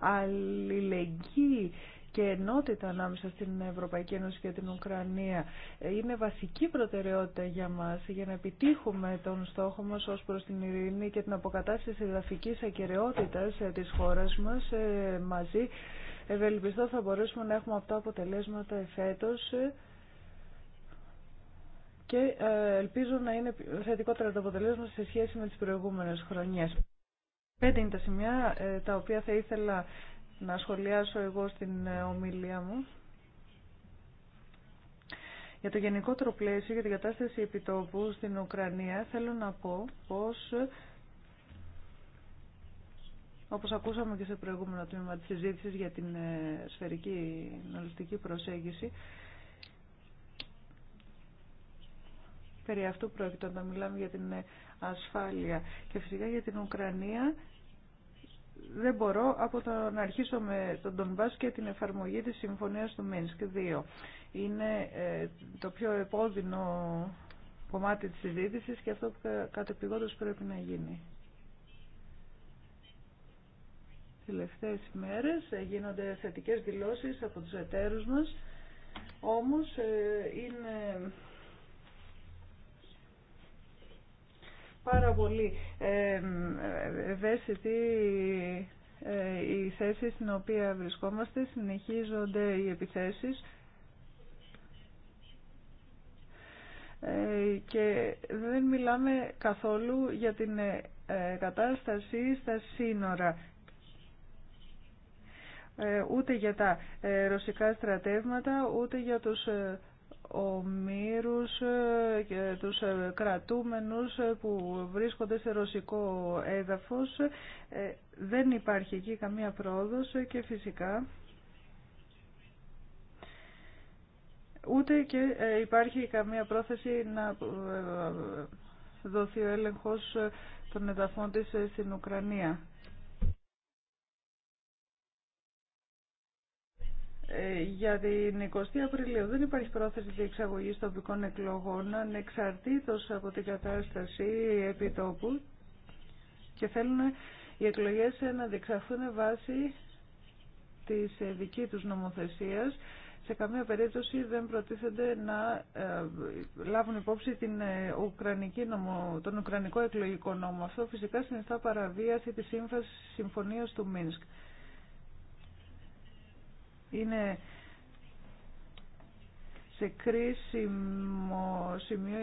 αλληλεγγύη και ενότητα ανάμεσα στην Ευρωπαϊκή Ένωση και την Ουκρανία είναι βασική προτεραιότητα για μας για να επιτύχουμε τον στόχο μας ως προς την ειρήνη και την αποκατάσταση εδαφικής ακεραιότητας ε, της χώρας μας ε, μαζί. Ευελπιστώ θα μπορέσουμε να έχουμε αυτά αποτελέσματα εφέτος. Ε, και ε, ελπίζω να είναι θετικότερα το αποτελέσμα σε σχέση με τις προηγούμενες χρονιές. Πέντε είναι τα σημεία ε, τα οποία θα ήθελα να σχολιάσω εγώ στην ε, ομιλία μου. Για το γενικότερο πλαίσιο, για την κατάσταση επιτόπου στην Ουκρανία, θέλω να πω πως, όπως ακούσαμε και σε προηγούμενο τμήμα της συζήτησης για την σφαιρική νοηστική προσέγγιση, περί αυτού πρόκειται να μιλάμε για την ε, ασφάλεια. Και φυσικά για την Ουκρανία δεν μπορώ από το να αρχίσω με τον Τονβάς και την εφαρμογή της Συμφωνίας του Μίνσκ 2. Είναι ε, το πιο επώδυνο κομμάτι της συζήτηση και αυτό που κατεπηγόντως πρέπει να γίνει. Τελευταίες ημέρες ε, γίνονται θετικές δηλώσεις από τους εταίρους μας, όμως είναι πάρα ε, ευαίσθητη η θέση στην οποία βρισκόμαστε, συνεχίζονται οι επιθέσεις ε, και δεν μιλάμε καθόλου για την ε, κατάσταση στα σύνορα ε, ούτε για τα ρωσικά στρατεύματα, ούτε για τους ομήρους ε, και τους ε, κρατούμενους ε, που βρίσκονται σε ρωσικό έδαφος. Δεν υπάρχει εκεί καμία πρόοδος και φυσικά ούτε και υπάρχει καμία πρόθεση να δοθεί ο έλεγχος των εδαφών της στην Ουκρανία. Ε, για την 20η Απριλίου δεν υπάρχει πρόθεση διεξαγωγής τοπικών εκλογών ανεξαρτήτως από την κατάσταση επιτόπου και θέλουν οι εκλογές να διεξαχθούν βάσει της ε, δική τους νομοθεσίας σε καμία περίπτωση δεν προτίθενται να ε, λάβουν υπόψη την, ουκρανική νομο, τον Ουκρανικό εκλογικό νόμο. Αυτό φυσικά συνιστά παραβίαση της σύμφωσης συμφωνίας του Μίνσκ είναι σε κρίσιμο σημείο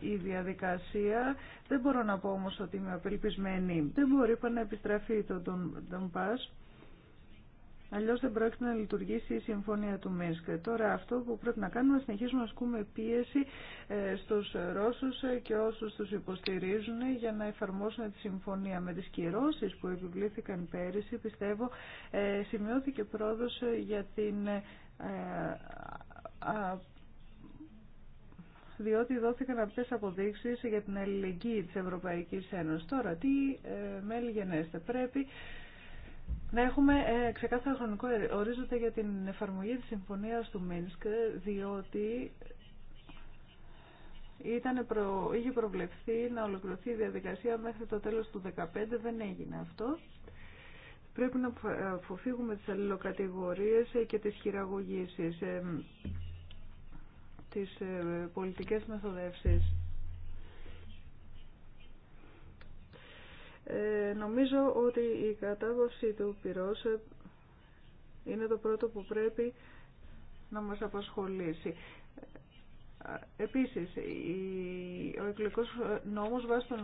η, διαδικασία. Δεν μπορώ να πω όμως ότι είμαι απελπισμένη. Δεν μπορεί να επιστραφεί το πάς. Αλλιώ δεν πρόκειται να λειτουργήσει η συμφωνία του Μίνσκ. Τώρα αυτό που πρέπει να κάνουμε να συνεχίσουμε να ασκούμε πίεση ε, στους Ρώσους και όσους τους υποστηρίζουν για να εφαρμόσουν τη συμφωνία. Με τις κυρώσεις που επιβλήθηκαν πέρυσι πιστεύω ε, σημειώθηκε πρόοδος για την ε, διότι δόθηκαν αυτές αποδείξεις για την αλληλεγγύη της Ευρωπαϊκής Ένωσης. Τώρα, τι μέλη γενέστε. Πρέπει να έχουμε ε, ξεκάθαρο χρονικό ορίζοντα για την εφαρμογή της συμφωνίας του Μίνσκ, διότι ήταν προ... είχε προβλεφθεί να ολοκληρωθεί η διαδικασία μέχρι το τέλος του 2015, δεν έγινε αυτό. Πρέπει να ε, αποφύγουμε τις αλληλοκατηγορίες και τις χειραγωγήσεις, ε, τις ε, πολιτικές μεθοδεύσεις. Ε, νομίζω ότι η κατάβαση του πυρός ε, είναι το πρώτο που πρέπει να μας απασχολήσει. Επίσης, ο εκλογικός νόμος βάσει τον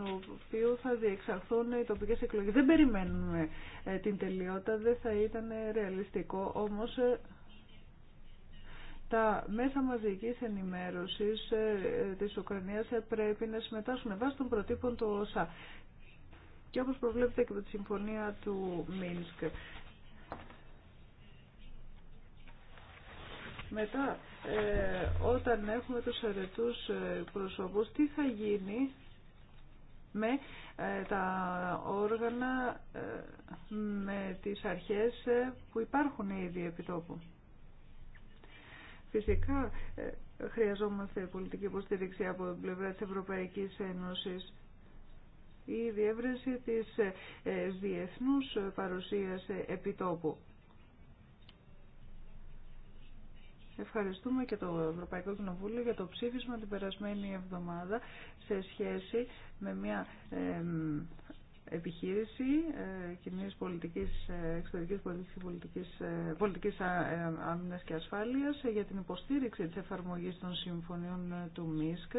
οποίο θα διεξαχθούν οι τοπικές εκλογές. Δεν περιμένουμε ε, την τελειότητα, δεν θα ήταν ρεαλιστικό, όμως τα μέσα μαζικής ενημέρωσης της Ουκρανίας πρέπει να συμμετάσχουν βάσει των προτύπων του ΩΣΑ και όπως προβλέπεται και από τη συμφωνία του Μίνσκ. Μετά, ε, όταν έχουμε τους αρετούς ε, προσωπούς, τι θα γίνει με ε, τα όργανα, με τις αρχές που υπάρχουν ήδη επί τόπου. Φυσικά, χρειαζόμαστε πολιτική υποστήριξη από την πλευρά της Ευρωπαϊκής Ένωσης η διεύρυνση της ε, ε, διεθνούς παρουσίας ε, επιτόπου. Ευχαριστούμε και το Ευρωπαϊκό Κοινοβούλιο για το ψήφισμα την περασμένη εβδομάδα σε σχέση με μια επιχείρηση ε, κοινής πολιτικής, εξωτερικής πολιτικής και πολιτικής, πολιτικής άμυνας και ασφάλειας για την υποστήριξη της εφαρμογής των συμφωνιών του ΜΙΣΚ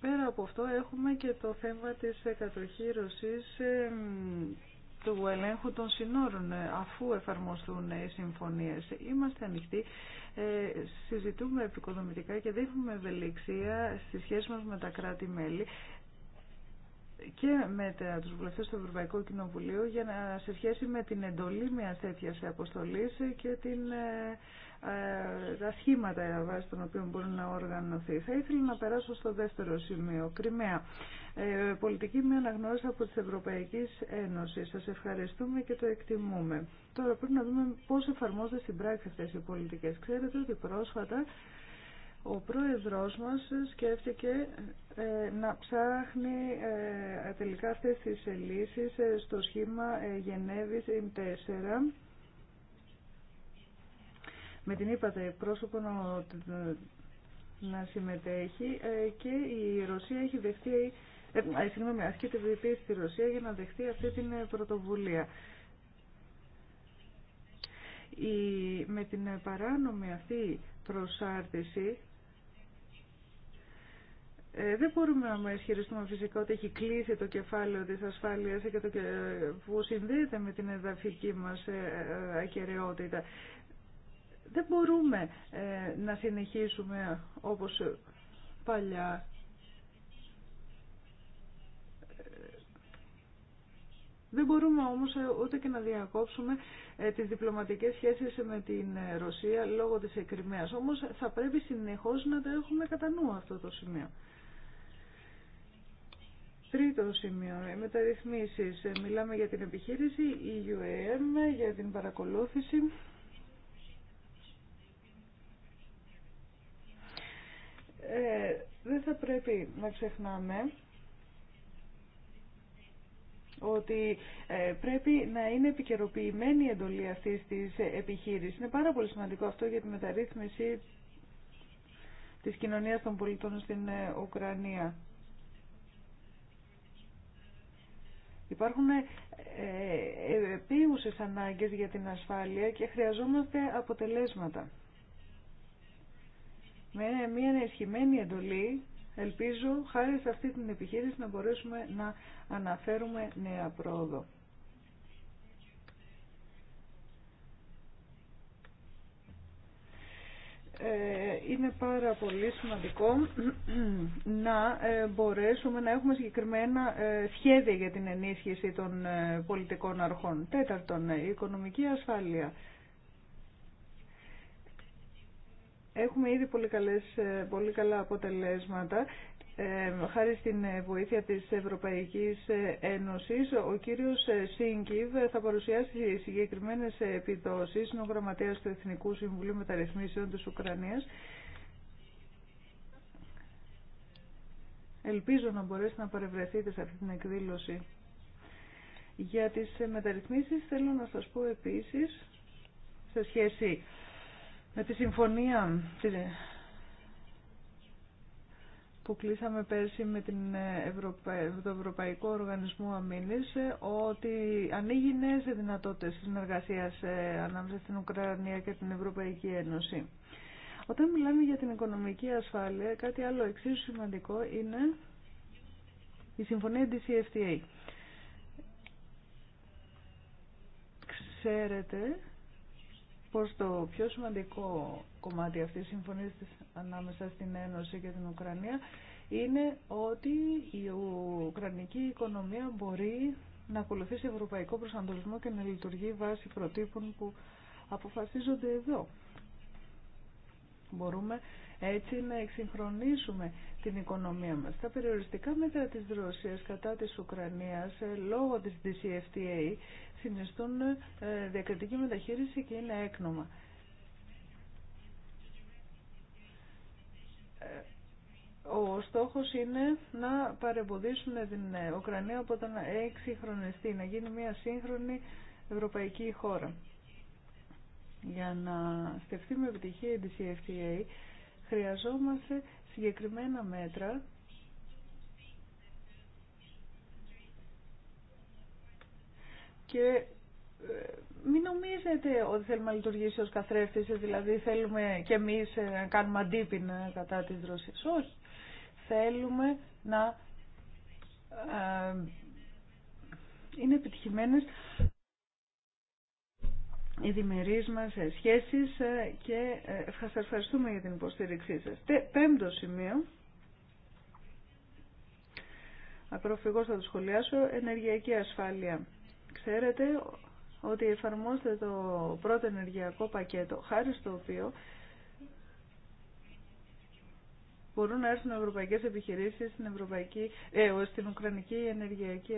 Πέρα από αυτό έχουμε και το θέμα της κατοχήρωσης του ελέγχου των συνόρων ε, αφού εφαρμοστούν οι συμφωνίες. Είμαστε ανοιχτοί, ε, συζητούμε επικοδομητικά και δείχνουμε ευελιξία στη σχέση μας με τα κράτη-μέλη και με τους βουλευτές του Ευρωπαϊκού Κοινοβουλίου για να, σε σχέση με την εντολή μιας τέτοιας αποστολής και την ε, ε, τα σχήματα βάσει των οποίων μπορεί να οργανωθεί. Θα ήθελα να περάσω στο δεύτερο σημείο. Κρυμαία. Ε, πολιτική με αναγνώριση από τη Ευρωπαϊκή Ένωση. Σα ευχαριστούμε και το εκτιμούμε. Τώρα πρέπει να δούμε πώ εφαρμόζονται στην πράξη αυτέ οι πολιτικέ. Ξέρετε ότι πρόσφατα ο πρόεδρός μας σκέφτηκε ε, να ψάχνει ε, τελικά αυτές τις λύσεις στο σχήμα Γενέβης 4 με την είπατε πρόσωπο να συμμετέχει ε, και η Ρωσία έχει δεχτεί, ε, ε, συγγνώμη, ασκείται βοηθή στη Ρωσία για να δεχτεί αυτή την πρωτοβουλία. με την παράνομη αυτή προσάρτηση ε, δεν μπορούμε να ισχυριστούμε φυσικά ότι έχει κλείσει το κεφάλαιο της ασφάλειας και το, ε, που συνδέεται με την εδαφική μας ακεραιότητα. Δεν μπορούμε ε, να συνεχίσουμε όπως παλιά. Δεν μπορούμε όμως ε, ούτε και να διακόψουμε ε, τις διπλωματικές σχέσεις με την Ρωσία λόγω της εκκριμέας. Όμως θα πρέπει συνεχώς να το έχουμε κατά νου αυτό το σημείο. Τρίτο σημείο, μεταρρυθμίσεις. Μιλάμε για την επιχείρηση, η UAM, για την παρακολούθηση ε, δεν θα πρέπει να ξεχνάμε ότι ε, πρέπει να είναι επικαιροποιημένη η εντολή αυτή τη επιχείρηση. Είναι πάρα πολύ σημαντικό αυτό για τη μεταρρύθμιση της κοινωνίας των πολιτών στην ε, Ουκρανία. Υπάρχουν ε, επίουσες ανάγκες για την ασφάλεια και χρειαζόμαστε αποτελέσματα με μια ενισχυμένη εντολή ελπίζω χάρη σε αυτή την επιχείρηση να μπορέσουμε να αναφέρουμε νέα πρόοδο. Ε, είναι πάρα πολύ σημαντικό [CLEARS THROAT] να ε, μπορέσουμε να έχουμε συγκεκριμένα ε, σχέδια για την ενίσχυση των πολιτικών αρχών. Τέταρτον, η οικονομική ασφάλεια. Έχουμε ήδη πολύ, καλές, ε, πολύ καλά αποτελέσματα. Ε, χάρη στην ε, βοήθεια της Ευρωπαϊκής Ένωσης, ο κύριος Σίνκιβ θα παρουσιάσει συγκεκριμένες επιδόσεις, είναι ο γραμματέας του Εθνικού Συμβουλίου Μεταρρυθμίσεων της Ουκρανίας. Ελπίζω να μπορέσετε να παρευρεθείτε σε αυτή την εκδήλωση. Για τις μεταρρυθμίσεις θέλω να σας πω επίσης, σε σχέση με τη συμφωνία που κλείσαμε πέρσι με, την ε, Ευρωπαϊκό Οργανισμό Αμήνης ε, ότι ανοίγει νέες δυνατότητες συνεργασίας ε, ανάμεσα στην Ουκρανία και την Ευρωπαϊκή Ένωση. Όταν μιλάμε για την οικονομική ασφάλεια, κάτι άλλο εξίσου σημαντικό είναι η συμφωνία DCFTA. Ξέρετε πως το πιο σημαντικό κομμάτι αυτής της συμφωνίας ανάμεσα στην Ένωση και την Ουκρανία είναι ότι η Ουκρανική οικονομία μπορεί να ακολουθήσει ευρωπαϊκό προσανατολισμό και να λειτουργεί βάσει προτύπων που αποφασίζονται εδώ. Μπορούμε έτσι να εξυγχρονίσουμε την οικονομία μας. Τα περιοριστικά μέτρα της Ρωσίας κατά της Ουκρανίας ε, λόγω της DCFTA συνιστούν ε, διακριτική μεταχείριση και είναι έκνομα. Ε, ο στόχος είναι να παρεμποδίσουν την Ουκρανία από το να εξυγχρονιστεί, να γίνει μια σύγχρονη ευρωπαϊκή χώρα. Για να στεφτεί με επιτυχία η DCFTA Χρειαζόμαστε συγκεκριμένα μέτρα και ε, μην νομίζετε ότι θέλουμε να λειτουργήσει ως καθρέφτης, δηλαδή θέλουμε και εμείς ε, να κάνουμε αντίπινα κατά της Ρωσίας. Όχι. Θέλουμε να ε, είναι επιτυχημένες οι διμερείς μας ε, σχέσεις ε, και ε, ευχαριστούμε για την υποστήριξή σας. Πέμπτο σημείο, απροφυγώς θα το σχολιάσω, ενεργειακή ασφάλεια. Ξέρετε ότι εφαρμόστε το πρώτο ενεργειακό πακέτο, χάρη στο οποίο μπορούν να έρθουν ευρωπαϊκές επιχειρήσεις στην, ευρωπαϊκή, ε, στην Ουκρανική ενεργειακή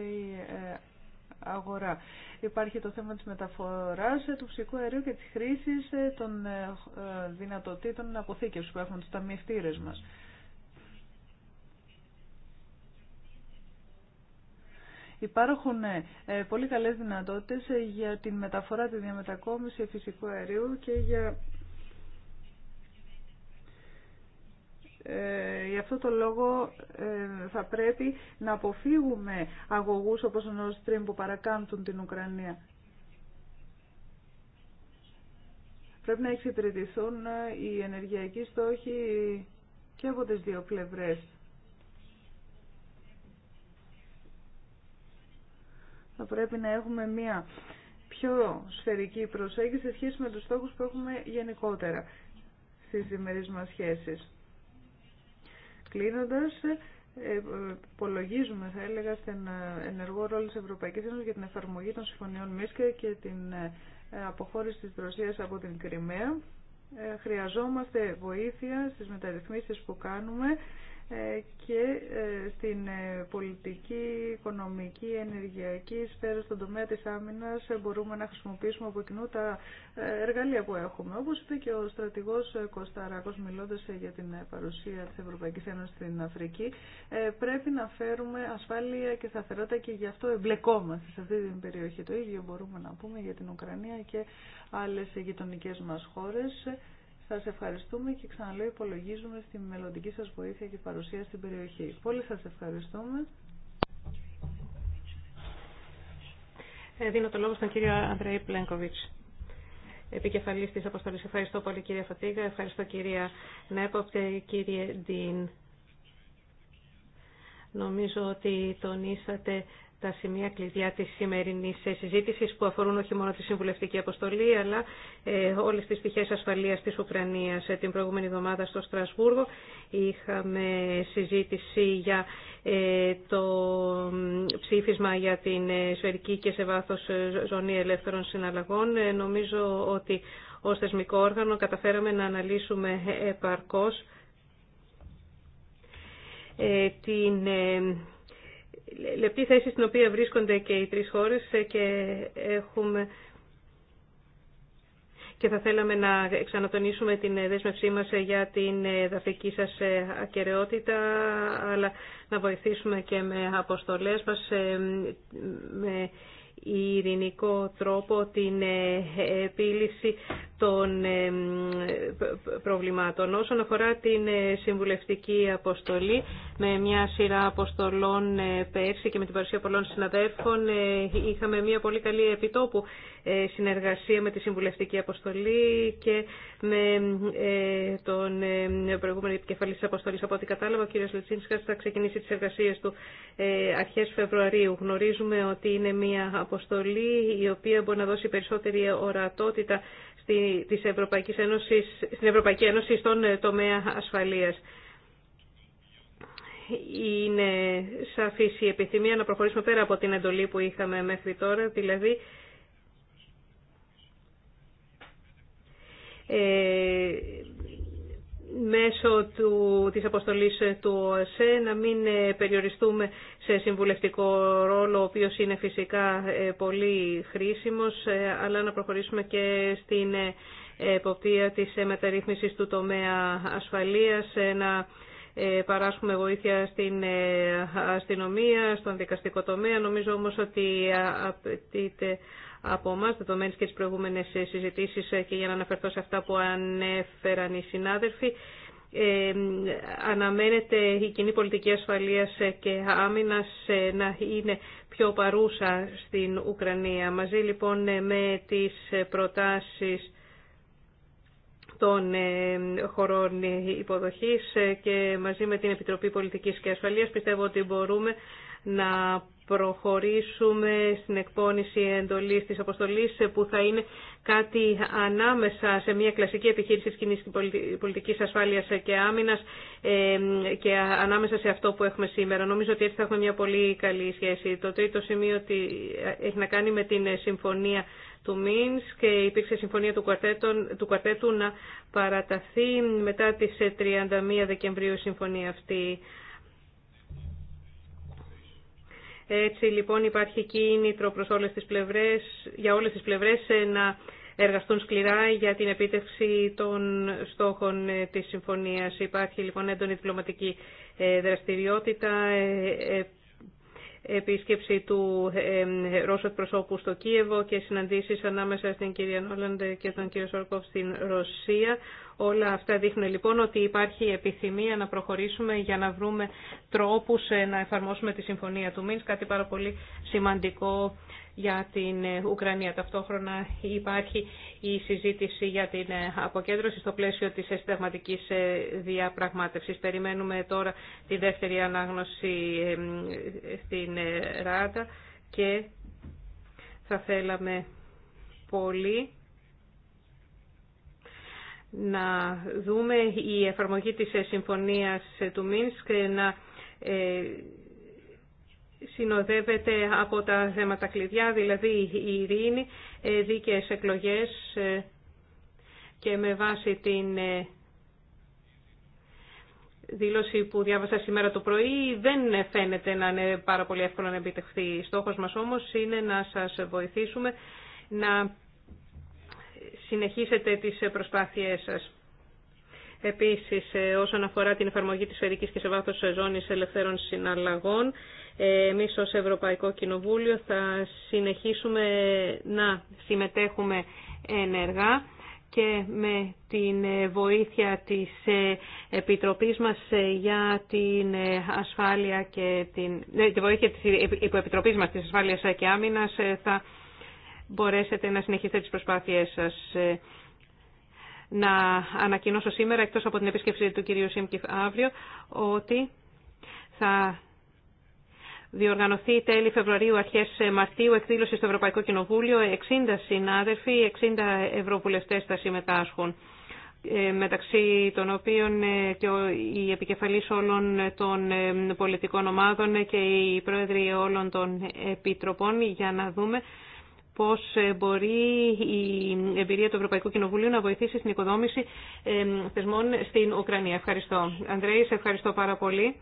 αγορά. Υπάρχει το θέμα της μεταφοράς του φυσικού αερίου και της χρήσης ε, των ε, ε, δυνατοτήτων αποθήκευση που έχουν τα ταμιευτήρες μας. Υπάρχουν πολύ καλές δυνατότητες για την μεταφορά, τη διαμετακόμιση φυσικού αερίου και για Ε, γι' αυτό το λόγο ε, θα πρέπει να αποφύγουμε αγωγούς όπως ο Nord Stream που παρακάμπτουν την Ουκρανία. Πρέπει να εξυπηρετηθούν ε, οι ενεργειακοί στόχοι και από τις δύο πλευρές. Θα πρέπει να έχουμε μία πιο σφαιρική προσέγγιση σε σχέση με τους στόχους που έχουμε γενικότερα στις διμερείς μας σχέσεις. Κλείνοντας, ε, ε, υπολογίζουμε, θα έλεγα, στην ε, ενεργό ρόλο της Ευρωπαϊκής Ένωσης για την εφαρμογή των συμφωνιών ΜΙΣΚΕ και την αποχώρηση της Ρωσίας από την Κρυμαία. Χρειαζόμαστε βοήθεια στις μεταρρυθμίσεις που κάνουμε ε, και ε, στην ε, πολιτική, οικονομική, ενεργειακή σφαίρα στον τομέα της άμυνας μπορούμε να χρησιμοποιήσουμε από κοινού τα εργαλεία που έχουμε. Όπως είπε και ο στρατηγός Κωνσταράκος μιλώντας για την παρουσία της Ευρωπαϊκής Ένωσης στην Αφρική, πρέπει να φέρουμε ασφάλεια και σταθερότητα και γι' αυτό εμπλεκόμαστε σε αυτή την περιοχή. Το ίδιο μπορούμε να πούμε για την Ουκρανία και άλλες γειτονικέ μας χώρες. Σας ευχαριστούμε και ξαναλέω υπολογίζουμε στη μελλοντική σας βοήθεια και παρουσία στην περιοχή. Πολύ σας ευχαριστούμε. Ε, δίνω το λόγο στον κύριο Ανδρέη Πλένκοβιτς. επικεφαλή τη Αποστολή. Ευχαριστώ πολύ κυρία Φατίγα, ευχαριστώ κυρία Νέποπτε, κύριε Ντίν. Νομίζω ότι τονίσατε τα σημεία κλειδιά τη σημερινή συζήτησης που αφορούν όχι μόνο τη συμβουλευτική αποστολή αλλά ε, όλες τις πτυχές ασφαλείας της Ουκρανίας. Ε, την προηγούμενη εβδομάδα στο Στρασβούργο είχαμε συζήτηση για ε, το ψήφισμα για την σφαιρική και σε βάθος ζωνή ελεύθερων συναλλαγών. Νομίζω ότι ως θεσμικό όργανο καταφέραμε να αναλύσουμε επαρκώς την λεπτή θέση στην οποία βρίσκονται και οι τρεις χώρες και έχουμε και θα θέλαμε να εξανατονίσουμε την δέσμευσή μας για την δαφική σας ακαιρεότητα, αλλά να βοηθήσουμε και με αποστολές μας, ε, με ειρηνικό τρόπο την ε, επίλυση των ε, προβλημάτων. Όσον αφορά την ε, συμβουλευτική αποστολή, με μια σειρά αποστολών πέρσι και με την παρουσία πολλών συναδέλφων, είχαμε μια πολύ καλή επιτόπου ε, συνεργασία με τη Συμβουλευτική Αποστολή και με ε, τον ε, προηγούμενο επικεφαλής της Αποστολής. Από ό,τι κατάλαβα, ο κ. Λετσίνσκας θα ξεκινήσει τις εργασίες του αρχές Φεβρουαρίου. Γνωρίζουμε ότι είναι μια αποστολή η οποία μπορεί να δώσει περισσότερη ορατότητα της Ευρωπαϊκής Ένωσης, στην Ευρωπαϊκή Ένωση στον τομέα ασφαλείας είναι σαφής η επιθυμία να προχωρήσουμε πέρα από την εντολή που είχαμε μέχρι τώρα, δηλαδή Ε, μέσω του, της αποστολής του ΟΣΕ να μην ε, περιοριστούμε σε συμβουλευτικό ρόλο, ο οποίος είναι φυσικά ε, πολύ χρήσιμος, αλλά να προχωρήσουμε και στην εποπτεία της μεταρρύθμισης του τομέα ασφαλείας, να παράσχουμε βοήθεια στην αστυνομία, στον δικαστικό τομέα. Νομίζω όμως ότι απαιτείται από εμά, δεδομένε και τι προηγούμενε ε, συζητήσει, ε, και για να αναφερθώ σε αυτά που ανέφεραν οι συνάδελφοι, ε, αναμένεται η κοινή πολιτική ασφαλείας και άμυνας να είναι πιο παρούσα στην Ουκρανία. Μαζί λοιπόν με τις προτάσεις των χωρών υποδοχής και μαζί με την Επιτροπή Πολιτικής και Ασφαλείας πιστεύω ότι μπορούμε να προχωρήσουμε στην εκπόνηση εντολής της αποστολής που θα είναι κάτι ανάμεσα σε μια κλασική επιχείρηση της κοινής πολιτικής ασφάλειας και άμυνας ε, και ανάμεσα σε αυτό που έχουμε σήμερα. Νομίζω ότι έτσι θα έχουμε μια πολύ καλή σχέση. Το τρίτο σημείο έχει να κάνει με την συμφωνία του Μίνς και υπήρξε συμφωνία του κουαρτέτου, του να παραταθεί μετά τις 31 Δεκεμβρίου η συμφωνία αυτή. Έτσι λοιπόν υπάρχει κίνητρο προς όλες τις πλευρές, για όλες τις πλευρές ε, να εργαστούν σκληρά για την επίτευξη των στόχων ε, της συμφωνίας. Υπάρχει λοιπόν έντονη διπλωματική ε, δραστηριότητα, επίσκεψη του Ρώσου εκπροσώπου στο Κίεβο και συναντήσεις ανάμεσα στην κυρία Νόλαντ και τον κύριο Σόρκοφ στην Ρωσία. Όλα αυτά δείχνουν λοιπόν ότι υπάρχει επιθυμία να προχωρήσουμε για να βρούμε τρόπους ε, να εφαρμόσουμε τη συμφωνία του Μίνς, κάτι πάρα πολύ σημαντικό για την ε, Ουκρανία. Ταυτόχρονα υπάρχει η συζήτηση για την ε, αποκέντρωση στο πλαίσιο της συνταγματικής διαπραγμάτευσης. Περιμένουμε τώρα τη δεύτερη ανάγνωση στην Ράτα και θα θέλαμε πολύ να δούμε η εφαρμογή της ε, συμφωνίας ε, του Μίνσκ ε, να συνοδεύεται από τα θέματα κλειδιά, δηλαδή η ειρήνη, δίκαιες εκλογές και με βάση την δήλωση που διάβασα σήμερα το πρωί δεν φαίνεται να είναι πάρα πολύ εύκολο να επιτευχθεί. Στόχος μας όμως είναι να σας βοηθήσουμε να συνεχίσετε τις προσπάθειές σας. Επίσης, ε, όσον αφορά την εφαρμογή της σφαιρικής και σε βάθος ζώνης ελευθέρων συναλλαγών, ε, εμείς ως Ευρωπαϊκό Κοινοβούλιο θα συνεχίσουμε να συμμετέχουμε ενεργά και με την βοήθεια της ε, Επιτροπής μας για την ασφάλεια και την... τη βοήθεια της Επιτροπής μας της Ασφάλειας και Άμυνας θα μπορέσετε να συνεχίσετε τις προσπάθειές σας. Ε, να ανακοινώσω σήμερα, εκτός από την επίσκεψη του κυρίου Σίμκιφ αύριο, ότι θα διοργανωθεί τέλη Φεβρουαρίου, αρχέ Μαρτίου, εκδήλωση στο Ευρωπαϊκό Κοινοβούλιο. 60 συνάδελφοι, 60 ευρωβουλευτές θα συμμετάσχουν ε, μεταξύ των οποίων ε, και οι επικεφαλής όλων των πολιτικών ομάδων και οι πρόεδροι όλων των επιτροπών για να δούμε πώς ε, μπορεί η εμπειρία του Ευρωπαϊκού Κοινοβουλίου να βοηθήσει στην οικοδόμηση ε, θεσμών στην Ουκρανία. Ευχαριστώ. Ανδρέη, σε ευχαριστώ πάρα πολύ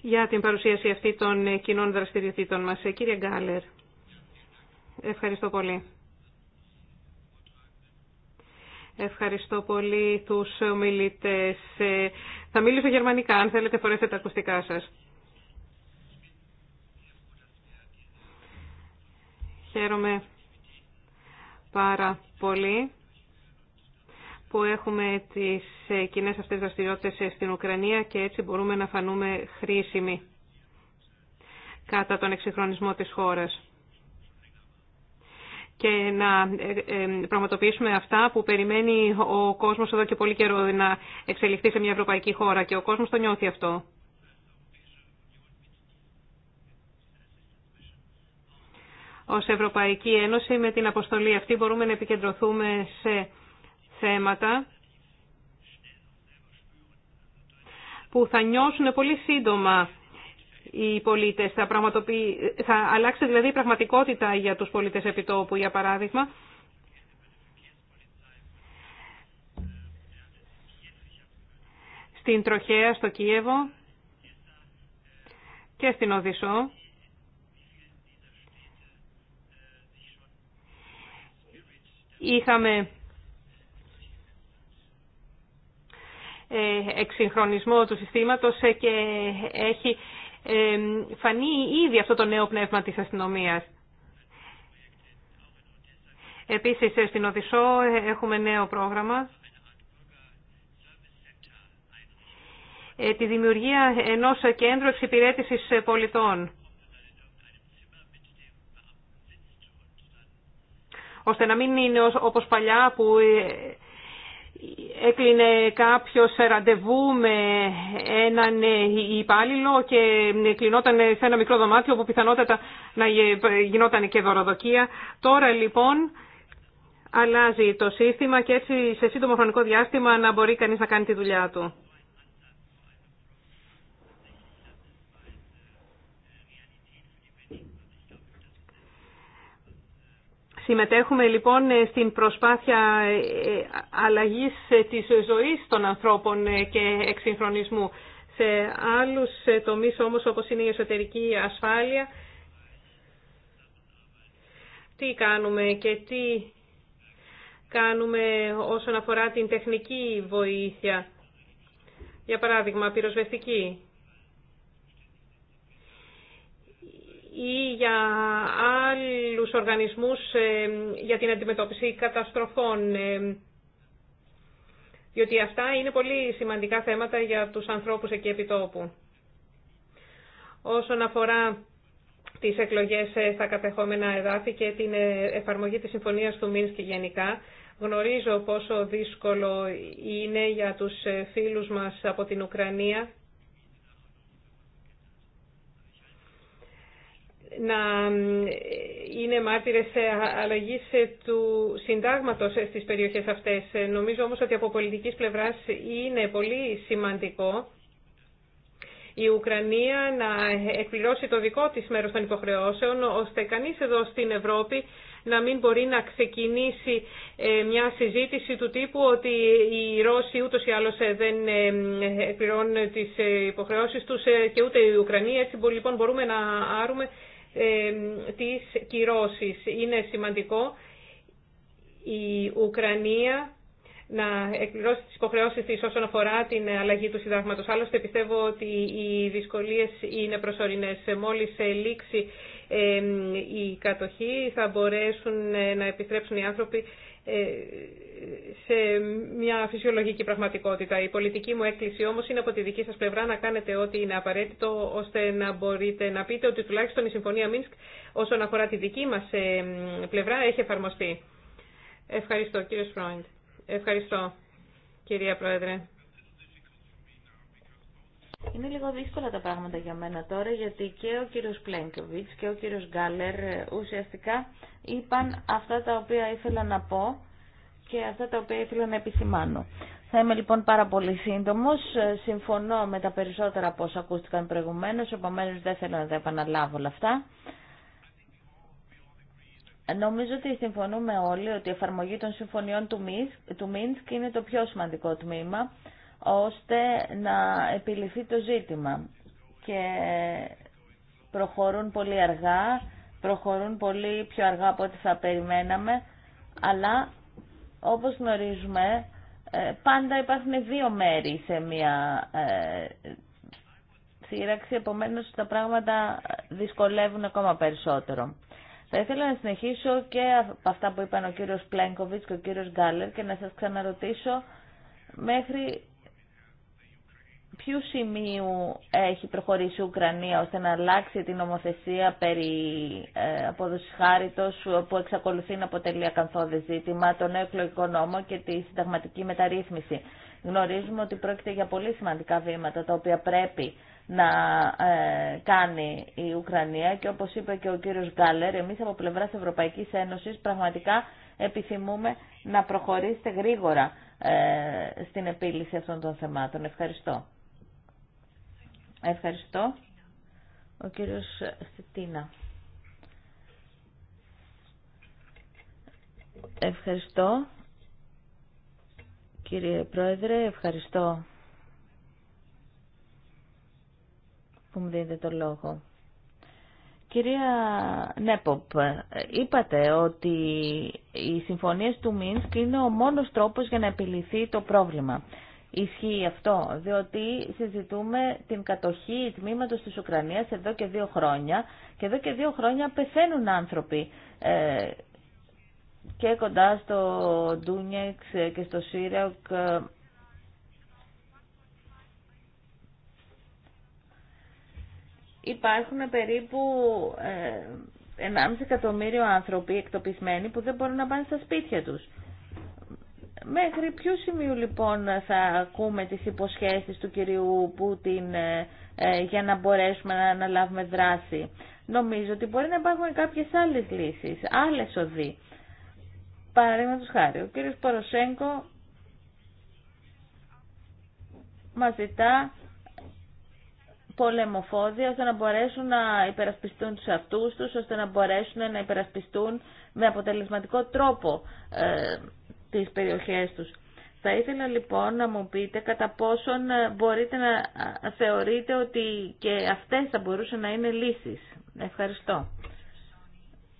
για την παρουσίαση αυτή των κοινών δραστηριοτήτων μας. Ε, κύριε Γκάλερ, ευχαριστώ πολύ. Ευχαριστώ πολύ τους ομιλητές. Θα μιλήσω γερμανικά, αν θέλετε φορέστε τα ακουστικά σας. Χαίρομαι πάρα πολύ που έχουμε τις ε, κοινέ αυτές δραστηριότητες ε, στην Ουκρανία και έτσι μπορούμε να φανούμε χρήσιμοι κατά τον εξυγχρονισμό της χώρας και να ε, πραγματοποιήσουμε αυτά που περιμένει ο κόσμος εδώ και πολύ καιρό να εξελιχθεί σε μια ευρωπαϊκή χώρα και ο κόσμος το νιώθει αυτό. ως Ευρωπαϊκή Ένωση με την αποστολή αυτή μπορούμε να επικεντρωθούμε σε θέματα που θα νιώσουν πολύ σύντομα οι πολίτες. Θα, πραγματοποιη... θα αλλάξει δηλαδή η πραγματικότητα για τους πολίτες επιτόπου, για παράδειγμα. Στην Τροχέα, στο Κίεβο και στην Οδυσσό. Είχαμε ε, εξυγχρονισμό του συστήματος ε, και έχει ε, φανεί ήδη αυτό το νέο πνεύμα της αστυνομίας. Επίσης, στην Οδυσσό έχουμε νέο πρόγραμμα. Τη δημιουργία ενός κέντρου εξυπηρέτησης πολιτών. ώστε να μην είναι όπως παλιά που ε, έκλεινε κάποιος ραντεβού με έναν ε, υπάλληλο και ε, κλεινόταν σε ένα μικρό δωμάτιο που πιθανότατα να γινόταν και δωροδοκία. Τώρα λοιπόν αλλάζει το σύστημα και έτσι σε σύντομο χρονικό διάστημα να μπορεί κανείς να κάνει τη δουλειά του. Συμμετέχουμε λοιπόν στην προσπάθεια ε, αλλαγής ε, της ζωής των ανθρώπων ε, και εξυγχρονισμού. Σε άλλους τομείς όμως όπως είναι η εσωτερική ασφάλεια, τι κάνουμε και τι κάνουμε όσον αφορά την τεχνική βοήθεια. Για παράδειγμα, πυροσβεστική. ή για άλλους οργανισμούς ε, για την αντιμετώπιση καταστροφών. Ε, διότι αυτά είναι πολύ σημαντικά θέματα για τους ανθρώπους εκεί επί τόπου. Όσον αφορά τις εκλογές ε, στα κατεχόμενα εδάφη και την εφαρμογή της Συμφωνίας του και γενικά, γνωρίζω πόσο δύσκολο είναι για τους φίλους μας από την Ουκρανία να είναι μάρτυρες ε, αλλαγής ε, του συντάγματος ε, στις περιοχές αυτές. Νομίζω όμως ότι από πολιτικής πλευράς είναι πολύ σημαντικό η Ουκρανία να εκπληρώσει το δικό της μέρος των υποχρεώσεων, ώστε κανείς εδώ στην Ευρώπη να μην μπορεί να ξεκινήσει μια συζήτηση του τύπου ότι οι Ρώσοι ούτως ή άλλως δεν εκπληρώνουν τις υποχρεώσεις τους και ούτε η Ουκρανοί. Έτσι λοιπόν μπορούμε να άρουμε τις κυρώσεις. Είναι σημαντικό η Ουκρανία να εκπληρώσει τις υποχρεώσεις της όσον αφορά την αλλαγή του συντάγματος. Άλλωστε πιστεύω ότι οι δυσκολίες είναι προσωρινές. Μόλις λήξει η κατοχή θα μπορέσουν να επιστρέψουν οι άνθρωποι ε, σε μια φυσιολογική πραγματικότητα. Η πολιτική μου έκκληση όμως είναι από τη δική σας πλευρά να κάνετε ό,τι είναι απαραίτητο ώστε να μπορείτε να πείτε ότι τουλάχιστον η Συμφωνία Μίνσκ όσον αφορά τη δική μας ε, πλευρά έχει εφαρμοστεί. Ευχαριστώ κύριε Σφρόιντ. Ευχαριστώ κυρία Πρόεδρε. Είναι λίγο δύσκολα τα πράγματα για μένα τώρα, γιατί και ο κύριος Πλένκοβιτς και ο κύριος Γκάλερ ε, ουσιαστικά είπαν αυτά τα οποία ήθελα να πω και αυτά τα οποία ήθελα να επισημάνω. Θα είμαι λοιπόν πάρα πολύ σύντομο. Ε, συμφωνώ με τα περισσότερα από όσα ακούστηκαν προηγουμένως. επομένω δεν θέλω να τα επαναλάβω όλα αυτά. Νομίζω ότι συμφωνούμε όλοι ότι η εφαρμογή των συμφωνιών του Μίνσκ είναι το πιο σημαντικό τμήμα ώστε να επιληθεί το ζήτημα. Και προχωρούν πολύ αργά, προχωρούν πολύ πιο αργά από ό,τι θα περιμέναμε, αλλά όπως γνωρίζουμε ε, πάντα υπάρχουν δύο μέρη σε μια ε, σύραξη, επομένως τα πράγματα δυσκολεύουν ακόμα περισσότερο. Θα ήθελα να συνεχίσω και από αυτά που είπαν ο κύριος Πλένκοβιτς και ο κύριος Γκάλερ και να σας ξαναρωτήσω μέχρι ποιου σημείου έχει προχωρήσει η Ουκρανία ώστε να αλλάξει την νομοθεσία περί ε, απόδοσης χάριτος που εξακολουθεί να αποτελεί ακαθόδε ζήτημα, τον εκλογικό νόμο και τη συνταγματική μεταρρύθμιση. Γνωρίζουμε ότι πρόκειται για πολύ σημαντικά βήματα τα οποία πρέπει να ε, κάνει η Ουκρανία και όπως είπε και ο κύριος Γκάλερ, εμείς από πλευράς Ευρωπαϊκής Ένωσης πραγματικά επιθυμούμε να προχωρήσετε γρήγορα ε, στην επίλυση αυτών των θεμάτων. Ευχαριστώ. Ευχαριστώ. Ο κύριος Στιτίνα. Ευχαριστώ. Κύριε Πρόεδρε, ευχαριστώ που μου δίνετε το λόγο. Κυρία Νέποπ, είπατε ότι οι συμφωνίες του Μίνσκ είναι ο μόνος τρόπος για να επιληθεί το πρόβλημα ισχύει αυτό, διότι συζητούμε την κατοχή τμήματος της Ουκρανίας εδώ και δύο χρόνια και εδώ και δύο χρόνια πεθαίνουν άνθρωποι ε, και κοντά στο Ντούνιεξ και στο Σύριακ ε, υπάρχουν περίπου 1,5 ε, εκατομμύριο άνθρωποι εκτοπισμένοι που δεν μπορούν να πάνε στα σπίτια τους. Μέχρι ποιο σημείο λοιπόν θα ακούμε τις υποσχέσεις του κυρίου Πούτιν ε, ε, για να μπορέσουμε να αναλάβουμε δράση. Νομίζω ότι μπορεί να υπάρχουν κάποιες άλλες λύσεις, άλλες οδοί. Παραδείγματος χάρη, ο κύριος Ποροσέγκο μας ζητά πολεμοφόδια ώστε να μπορέσουν να υπερασπιστούν τους αυτούς τους, ώστε να μπορέσουν να υπερασπιστούν με αποτελεσματικό τρόπο ε, τις περιοχές τους. Θα ήθελα λοιπόν να μου πείτε κατά πόσον ε, μπορείτε να θεωρείτε ότι και αυτές θα μπορούσαν να είναι λύσεις. Ευχαριστώ.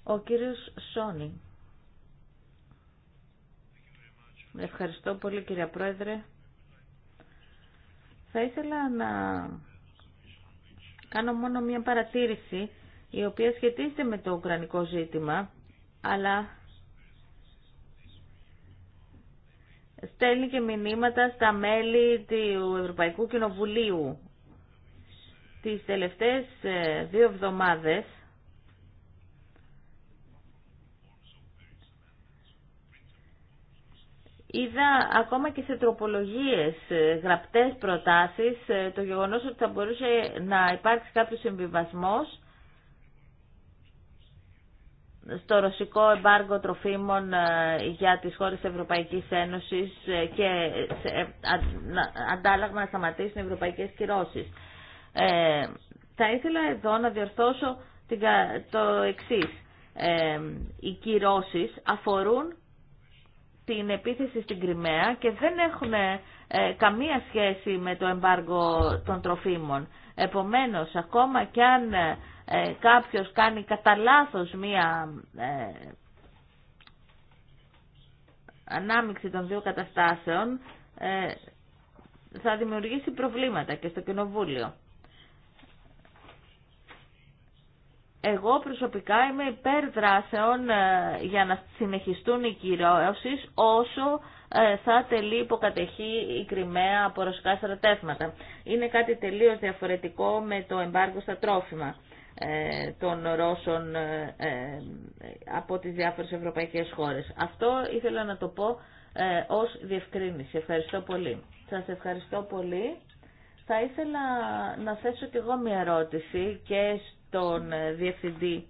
Ο κύριος Σόνι. Ευχαριστώ πολύ κύριε Πρόεδρε. Θα ήθελα να κάνω μόνο μία παρατήρηση η οποία σχετίζεται με το ουκρανικό ζήτημα, αλλά στέλνει και μηνύματα στα μέλη του Ευρωπαϊκού Κοινοβουλίου. Τις τελευταίες ε, δύο εβδομάδες Είδα ακόμα και σε τροπολογίες, ε, γραπτές προτάσεις, ε, το γεγονός ότι θα μπορούσε να υπάρξει κάποιος συμβιβασμός στο ρωσικό εμπάργο τροφίμων ε, για τις χώρες της Ευρωπαϊκής Ένωσης ε, και ε, αντάλλαγμα να σταματήσουν οι ευρωπαϊκές κυρώσεις. Ε, θα ήθελα εδώ να διορθώσω το εξής. οι κυρώσεις αφορούν την επίθεση στην Κρυμαία και δεν έχουν καμία σχέση με το εμπάργο των τροφίμων. Επομένως, ακόμα κι αν ε, κάποιος κάνει κατά λάθο μία ε, ανάμειξη των δύο καταστάσεων ε, θα δημιουργήσει προβλήματα και στο κοινοβούλιο. Εγώ προσωπικά είμαι υπέρ δράσεων ε, για να συνεχιστούν οι κυρώσεις όσο ε, θα τελεί υποκατεχεί η Κρυμαία από ρωσικά στρατεύματα. Είναι κάτι τελείως διαφορετικό με το εμπάργκο στα τρόφιμα. Ε, των Ρώσων ε, ε, από τις διάφορες ευρωπαϊκές χώρες. Αυτό ήθελα να το πω ως διευκρίνηση. Ευχαριστώ πολύ. Σας ευχαριστώ πολύ. Θα ήθελα να θέσω και εγώ μια ερώτηση και στον Διευθυντή,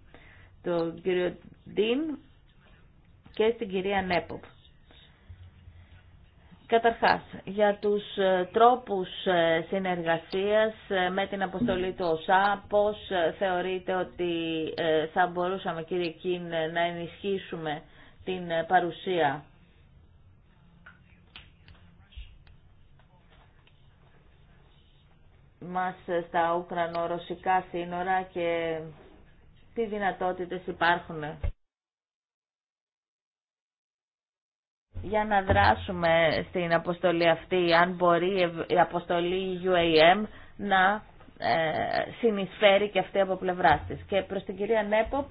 τον κύριο Ντίν και στην κυρία Νέποπ. Καταρχάς, για τους ε, τρόπους ε, συνεργασίας ε, με την αποστολή του ΟΣΑ, πώς θεωρείτε ότι θα μπορούσαμε κύριε Κίν να ενισχύσουμε την παρουσία μας στα Ουκρανο-Ρωσικά σύνορα και τι δυνατότητες υπάρχουν. για να δράσουμε στην αποστολή αυτή, αν μπορεί η αποστολή UAM να ε, συνεισφέρει και αυτή από πλευρά της. Και προς την κυρία Νέποπ,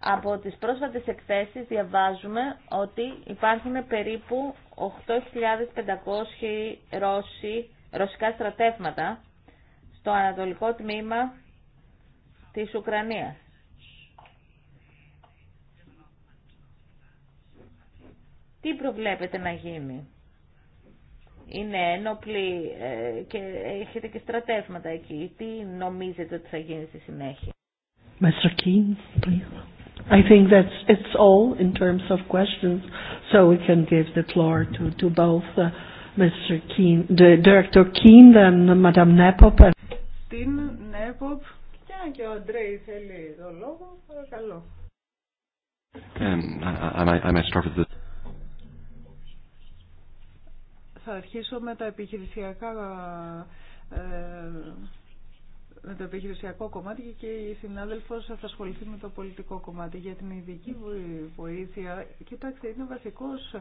από τις πρόσφατες εκθέσεις διαβάζουμε ότι υπάρχουν περίπου 8.500 ρωσικά στρατεύματα στο ανατολικό τμήμα της Ουκρανίας. Τι προβλέπετε να γίνει. Είναι ένοπλοι ε, και έχετε και στρατεύματα εκεί. Τι νομίζετε ότι θα γίνει στη συνέχεια. Mr. Keane, please. I think that's it's all in terms of questions, so we can give the floor to, to both uh, Mr. Keane, the Director Keane and Madame Nepop. Στην Nepop και αν και ο Αντρέη θέλει το λόγο, παρακαλώ. Um, I, I, I might start with the... Θα αρχίσω με τα επιχειρησιακά ε, με το επιχειρησιακό κομμάτι και η συνάδελφος θα ασχοληθεί με το πολιτικό κομμάτι. Για την ειδική βοήθεια, κοιτάξτε, είναι βασικός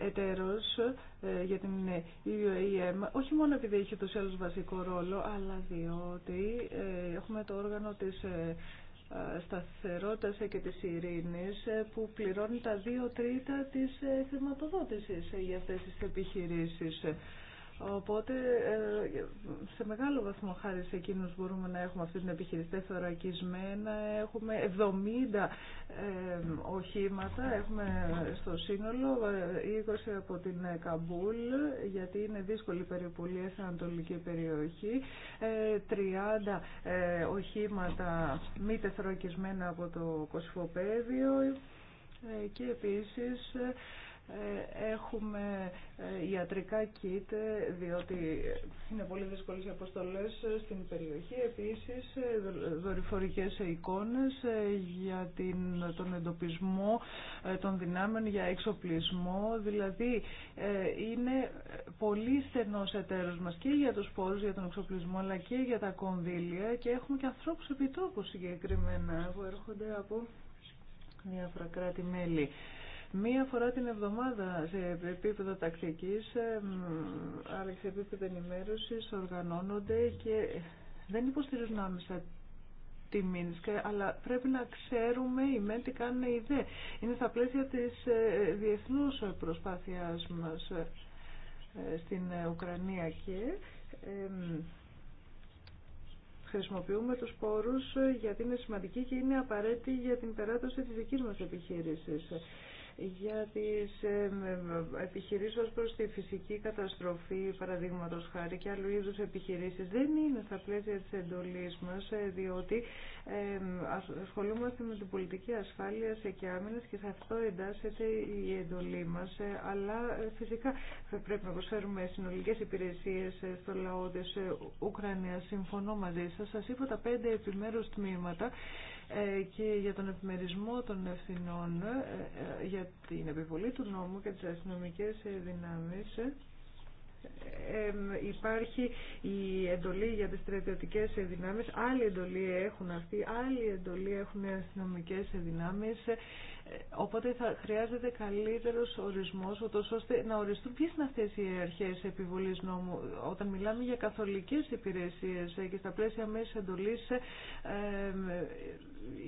ε, εταίρος ε, για την EUAM, όχι μόνο επειδή έχει τους άλλους βασικό ρόλο, αλλά διότι έχουμε το όργανο της ε, σταθερότητας και της ειρήνης ε, που πληρώνει τα δύο τρίτα της ε, χρηματοδότησης για αυτές τις επιχειρήσεις. Οπότε ε, σε μεγάλο βαθμό χάρη σε εκείνους μπορούμε να έχουμε αυτή την επιχειρηστές θωρακισμένα. Έχουμε 70 ε, οχήματα, έχουμε στο σύνολο 20 ε, από την Καμπούλ, γιατί είναι δύσκολη περιπολία στην ανατολική περιοχή. 30 οχήματα μη τεθωρακισμένα από το Κοσφοπέδιο και επίσης ε, έχουμε ε, ιατρικά κίτ, ε, διότι είναι πολύ δύσκολε οι αποστολέ στην περιοχή. Επίση, δορυφορικέ εικόνε για την, τον εντοπισμό των δυνάμεων για εξοπλισμό. Δηλαδή, είναι πολύ στενό εταίρο μα και για του πόρου, για τον εξοπλισμό, αλλά και για τα κονδύλια. Και έχουμε και ανθρώπου επιτόπου συγκεκριμένα που έρχονται από διάφορα κράτη-μέλη. Μία φορά την εβδομάδα σε επίπεδο τακτικής, αλλά και σε επίπεδο οργανώνονται και δεν υποστηρίζουν άμεσα τη Μίνσκα, αλλά πρέπει να ξέρουμε οι μεν τι κάνουν οι δε. Είναι στα πλαίσια της ε, διεθνούς προσπάθειάς μας ε, στην Ουκρανία και χρησιμοποιούμε τους πόρους ε, γιατί είναι σημαντική και είναι απαραίτητη για την περάτωση της δικής μας επιχείρησης για τις επιχειρήσεις προς τη φυσική καταστροφή, παραδείγματο χάρη και άλλου είδους επιχειρήσεις. Δεν είναι στα πλαίσια της εντολής μας, ε, διότι ασχολούμαστε με την πολιτική ασφάλεια και άμυνας και σε αυτό εντάσσεται η εντολή μας. Ε, αλλά ε, φυσικά θα πρέπει να προσφέρουμε συνολικές υπηρεσίες στο λαό της Ουκρανίας. Συμφωνώ μαζί σας. Σας είπα τα πέντε επιμέρους τμήματα ε, και για τον επιμερισμό των ευθυνών ε, ε, για την επιβολή του νόμου και τις αστυνομικές δυνάμεις υπάρχει η εντολή για τις στρατιωτικές δυνάμεις άλλη εντολή έχουν αυτοί άλλη εντολή έχουν οι αστυνομικές δυνάμεις Οπότε θα χρειάζεται καλύτερο ορισμός, ώστε να οριστούν ποιε είναι αυτέ οι αρχές επιβολή νόμου. Όταν μιλάμε για καθολικές υπηρεσίε ε, και στα πλαίσια μέσης εντολής ε,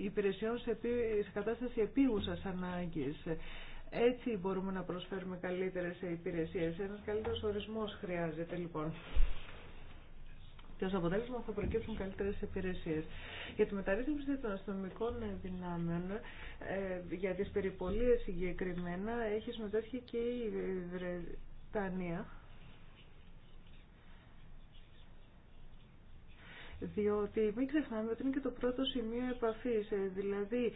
υπηρεσιών σε, κατάσταση επίγουσα ανάγκη. Έτσι μπορούμε να προσφέρουμε καλύτερες υπηρεσίες. Ένας καλύτερος ορισμός χρειάζεται λοιπόν και ως αποτέλεσμα θα προκύψουν καλύτερες υπηρεσίε. Για τη μεταρρύθμιση των αστυνομικών δυνάμεων, ε, για τις περιπολίες συγκεκριμένα, έχει συμμετέχει και η Βρετανία. Διότι μην ξεχνάμε ότι είναι και το πρώτο σημείο επαφής, ε, δηλαδή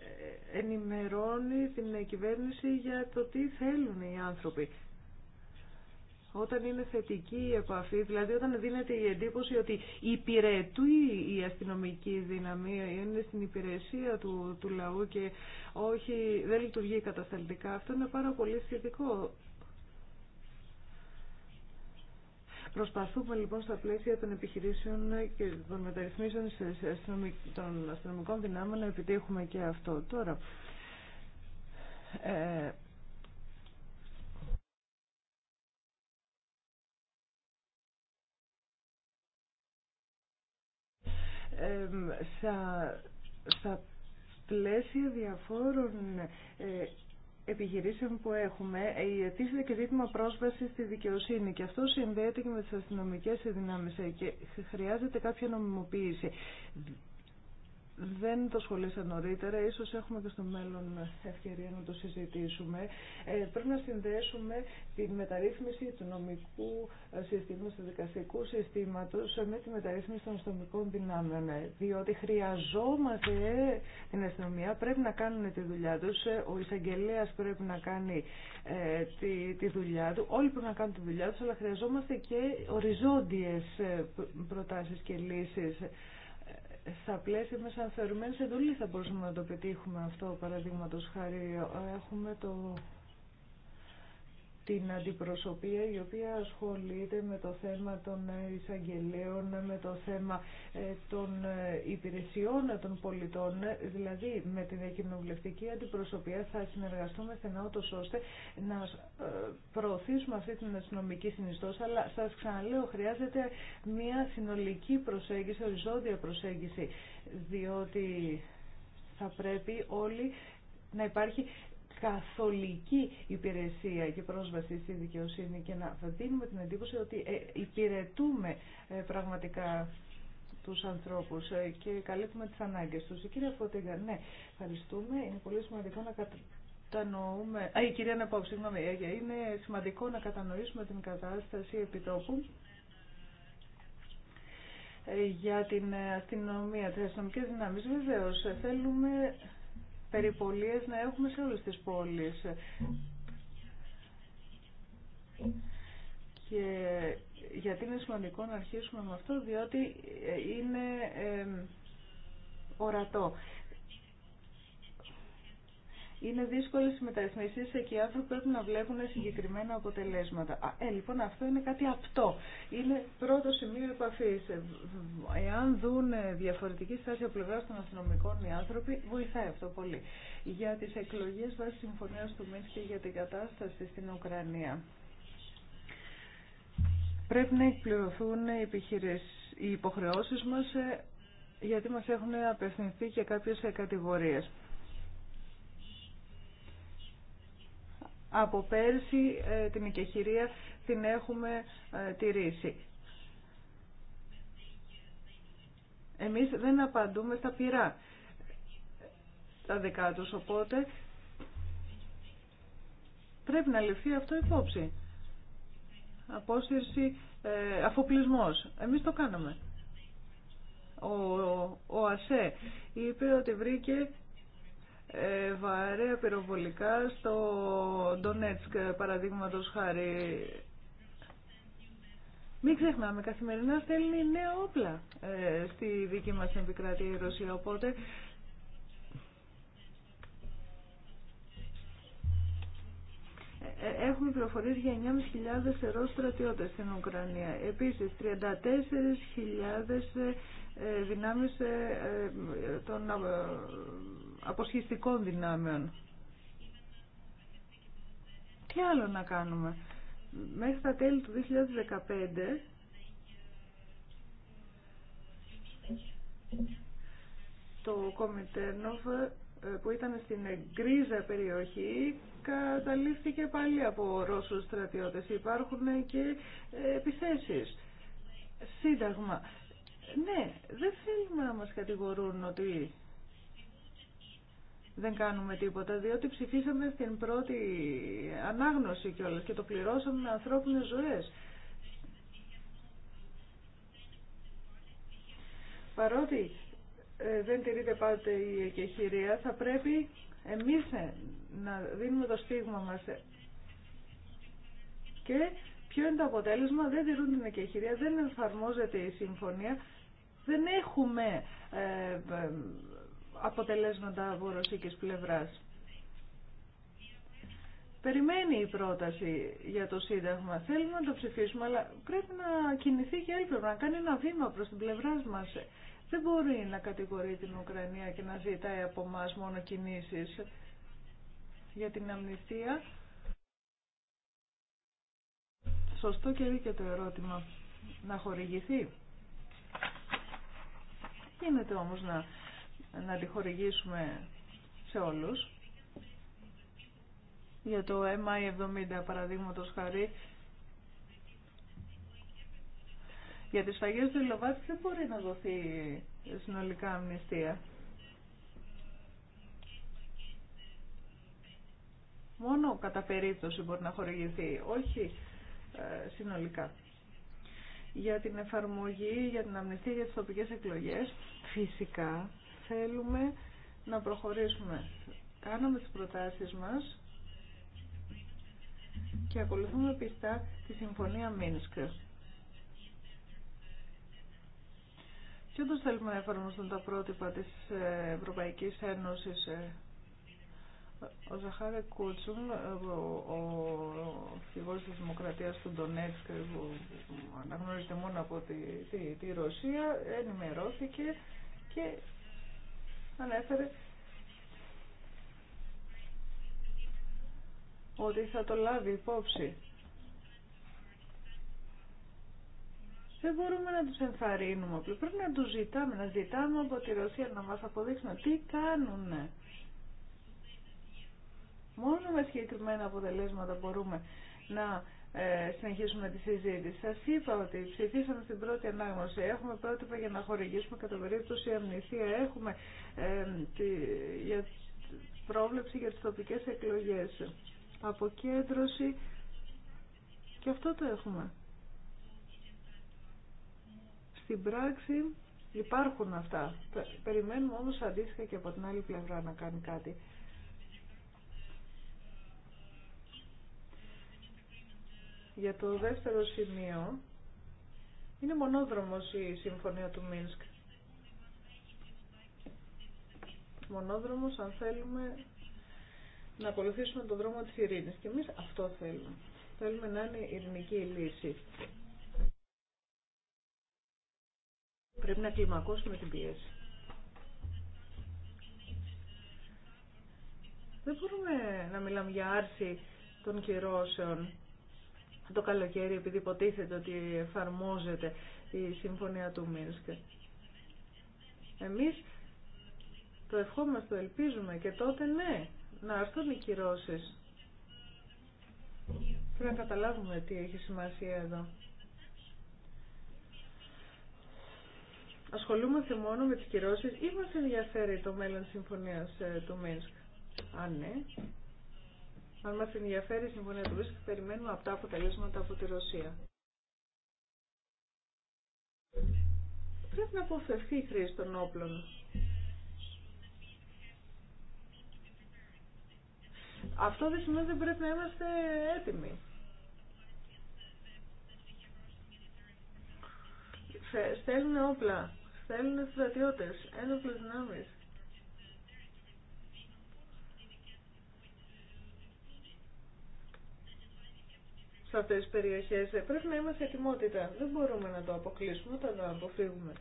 ε, ενημερώνει την κυβέρνηση για το τι θέλουν οι άνθρωποι όταν είναι θετική η επαφή, δηλαδή όταν δίνεται η εντύπωση ότι υπηρετεί η αστυνομική δύναμη, είναι στην υπηρεσία του, του λαού και όχι, δεν λειτουργεί κατασταλτικά, αυτό είναι πάρα πολύ σχετικό. Προσπαθούμε λοιπόν στα πλαίσια των επιχειρήσεων και των μεταρρυθμίσεων των αστυνομικών δυνάμεων να επιτύχουμε και αυτό. Τώρα, ε, στα πλαίσια διαφόρων ε, επιχειρήσεων που έχουμε, ε, η και ζήτημα πρόσβαση στη δικαιοσύνη και αυτό συνδέεται και με τις αστυνομικές δυνάμεις ε, και χρειάζεται κάποια νομιμοποίηση δεν το σχολήσα νωρίτερα, ίσως έχουμε και στο μέλλον ευκαιρία να το συζητήσουμε. Ε, πρέπει να συνδέσουμε τη μεταρρύθμιση του νομικού ε, συστήματος, του δικαστικού συστήματος ε, με τη μεταρρύθμιση των αστυνομικών δυνάμεων, ε, διότι χρειαζόμαστε την αστυνομία, πρέπει να κάνουν τη δουλειά τους, ο εισαγγελέα πρέπει να κάνει ε, τη, δουλειά του, όλοι πρέπει να κάνουν τη δουλειά τους, αλλά χρειαζόμαστε και οριζόντιες προτάσεις και λύσεις στα πλαίσια μιας σε εντολή θα μπορούσαμε να το πετύχουμε αυτό, παραδείγματος χάρη. Έχουμε το την αντιπροσωπεία η οποία ασχολείται με το θέμα των εισαγγελέων, με το θέμα ε, των ε, υπηρεσιών των πολιτών, δηλαδή με την κοινοβουλευτική αντιπροσωπεία θα συνεργαστούμε στενά ούτως ώστε να ε, προωθήσουμε αυτή την αστυνομική συνιστόση αλλά σας ξαναλέω χρειάζεται μια συνολική προσέγγιση, οριζόντια προσέγγιση, διότι θα πρέπει όλοι να υπάρχει καθολική υπηρεσία και πρόσβαση στη δικαιοσύνη και να δίνουμε την εντύπωση ότι ε, υπηρετούμε ε, πραγματικά τους ανθρώπους ε, και καλύπτουμε τις ανάγκες τους. Η κυρία Φωτήγα, ναι, ευχαριστούμε. Είναι πολύ σημαντικό να κατανοούμε... Α, η κυρία Νεπόψη, συγγνώμη. Είναι σημαντικό να κατανοήσουμε την κατάσταση επιτόπου για την αστυνομία, τις αστυνομικές δυνάμεις. Βεβαίως, θέλουμε περιπολίες να έχουμε σε όλες τις πόλεις. Και γιατί είναι σημαντικό να αρχίσουμε με αυτό, διότι είναι ε, ορατό. Είναι δύσκολε οι μεταρρυθμίσει και οι άνθρωποι πρέπει να βλέπουν συγκεκριμένα αποτελέσματα. Ε, λοιπόν, αυτό είναι κάτι απτό. Είναι πρώτο σημείο επαφή. Ε, εάν δουν ε, διαφορετική στάση από πλευρά των αστυνομικών οι άνθρωποι, βοηθάει αυτό πολύ. Για τι εκλογέ βάσει συμφωνία του Μίνσκ και για την κατάσταση στην Ουκρανία. Πρέπει να εκπληρωθούν οι υποχρεώσει μα ε, γιατί μας έχουν απευθυνθεί και κάποιες κατηγορίες. Από πέρσι ε, την οικεχηρία την έχουμε ε, τηρήσει. Εμείς δεν απαντούμε στα πυρά. τα δικά τους, οπότε πρέπει να ληφθεί αυτό υπόψη. Απόσυρση, ε, αφοπλισμός. Εμείς το κάναμε. Ο, ο, ο ΑΣΕ είπε ότι βρήκε ε, βαρέα πυροβολικά στο Ντονέτσκ, παραδείγματος χάρη. Μην ξεχνάμε, καθημερινά στέλνει νέα όπλα ε, στη δική μας επικράτεια η Ρωσία, οπότε Ε, έχουμε πληροφορίες για 9.500 Ρώσους στρατιώτες στην Ουκρανία. Επίσης, 34.000 ε, ε, δυνάμεις των αποσχιστικών δυνάμεων. Τι άλλο να κάνουμε. Μέχρι τα τέλη του 2015 το Κομιτέρνοφ που ήταν στην γκρίζα περιοχή καταλήφθηκε πάλι από Ρώσους στρατιώτες. Υπάρχουν και ε, επιθέσεις. Σύνταγμα. Ναι, δεν θέλουμε να μας κατηγορούν ότι δεν κάνουμε τίποτα, διότι ψηφίσαμε στην πρώτη ανάγνωση κιόλας και το πληρώσαμε με ανθρώπινες ζωές. Παρότι ε, δεν τηρείται πάντοτε η εκεχηρία, θα πρέπει εμείς ε, να δίνουμε το στίγμα μας και ποιο είναι το αποτέλεσμα, δεν τηρούν την εκεχηρία, δεν εφαρμόζεται η συμφωνία, δεν έχουμε ε, αποτελέσματα από ρωσικής πλευράς. Περιμένει η πρόταση για το Σύνταγμα. Θέλουμε να το ψηφίσουμε, αλλά πρέπει να κινηθεί και έλπρεπε να κάνει ένα βήμα προς την πλευρά μας δεν μπορεί να κατηγορεί την Ουκρανία και να ζητάει από εμά μόνο κινήσει για την αμνηστία. Σωστό και δίκαιο το ερώτημα. Να χορηγηθεί. Γίνεται όμως να, να τη χορηγήσουμε σε όλους. Για το MI70 παραδείγματος χαρή Για τις φαγές του Λοβάτ δεν μπορεί να δοθεί συνολικά αμνηστία. Μόνο κατά περίπτωση μπορεί να χορηγηθεί, όχι ε, συνολικά. Για την εφαρμογή, για την αμνηστία για τις τοπικές εκλογές, φυσικά θέλουμε να προχωρήσουμε. Κάναμε τις προτάσεις μας και ακολουθούμε πιστά τη Συμφωνία Μίνσκ. Και όντως θέλουμε να εφαρμοστούν τα πρότυπα της Ευρωπαϊκής Ένωσης. Ε? Ο Ζαχάρε Κούτσουμ, ο, φυγός της Δημοκρατίας του Ντονέτσκ, ε, που αναγνωρίζεται μόνο από τη, τη, τη Ρωσία, ενημερώθηκε και ανέφερε ότι θα το λάβει υπόψη Δεν μπορούμε να τους ενθαρρύνουμε, πρέπει να τους ζητάμε, να ζητάμε από τη Ρωσία να μας αποδείξουν τι κάνουν. Μόνο με συγκεκριμένα αποτελέσματα μπορούμε να ε, συνεχίσουμε τη συζήτηση. Σα είπα ότι ψηφίσαμε στην πρώτη ανάγνωση. Έχουμε πρότυπα για να χορηγήσουμε κατά περίπτωση αμνηθία. Έχουμε ε, για, πρόβλεψη για τις τοπικές εκλογές. Αποκέντρωση. Και αυτό το έχουμε. Στην πράξη υπάρχουν αυτά. Περιμένουμε όμως αντίστοιχα και από την άλλη πλευρά να κάνει κάτι. Για το δεύτερο σημείο, είναι μονόδρομος η Συμφωνία του Μίνσκ. Μονόδρομος αν θέλουμε να ακολουθήσουμε τον δρόμο της ειρήνης. Και εμείς αυτό θέλουμε. Θέλουμε να είναι ειρηνική η λύση. Πρέπει να κλιμακώσουμε την πίεση. Δεν μπορούμε να μιλάμε για άρση των κυρώσεων το καλοκαίρι επειδή υποτίθεται ότι εφαρμόζεται η Συμφωνία του Μίνσκ. Εμείς το ευχόμαστε, το ελπίζουμε και τότε ναι, να έρθουν οι κυρώσεις. Πρέπει να καταλάβουμε τι έχει σημασία εδώ. ασχολούμαστε μόνο με τις κυρώσεις ή μας ενδιαφέρει το μέλλον συμφωνίας ε, του Μίνσκ. Αν ναι, αν μας ενδιαφέρει η συμφωνία του Μίνσκ, περιμένουμε από τα αποτελέσματα από τη Ρωσία. Πρέπει να αποφευθεί η χρήση των όπλων. Αυτό δεν σημαίνει ότι πρέπει να είμαστε έτοιμοι. Στέλνουν όπλα Θέλουν στρατιώτες, ένοπλες δυνάμεις. Σε αυτές τις περιοχές ε, πρέπει να είμαστε ετοιμότητα. Δεν μπορούμε να το αποκλείσουμε, θα το αποφύγουμε.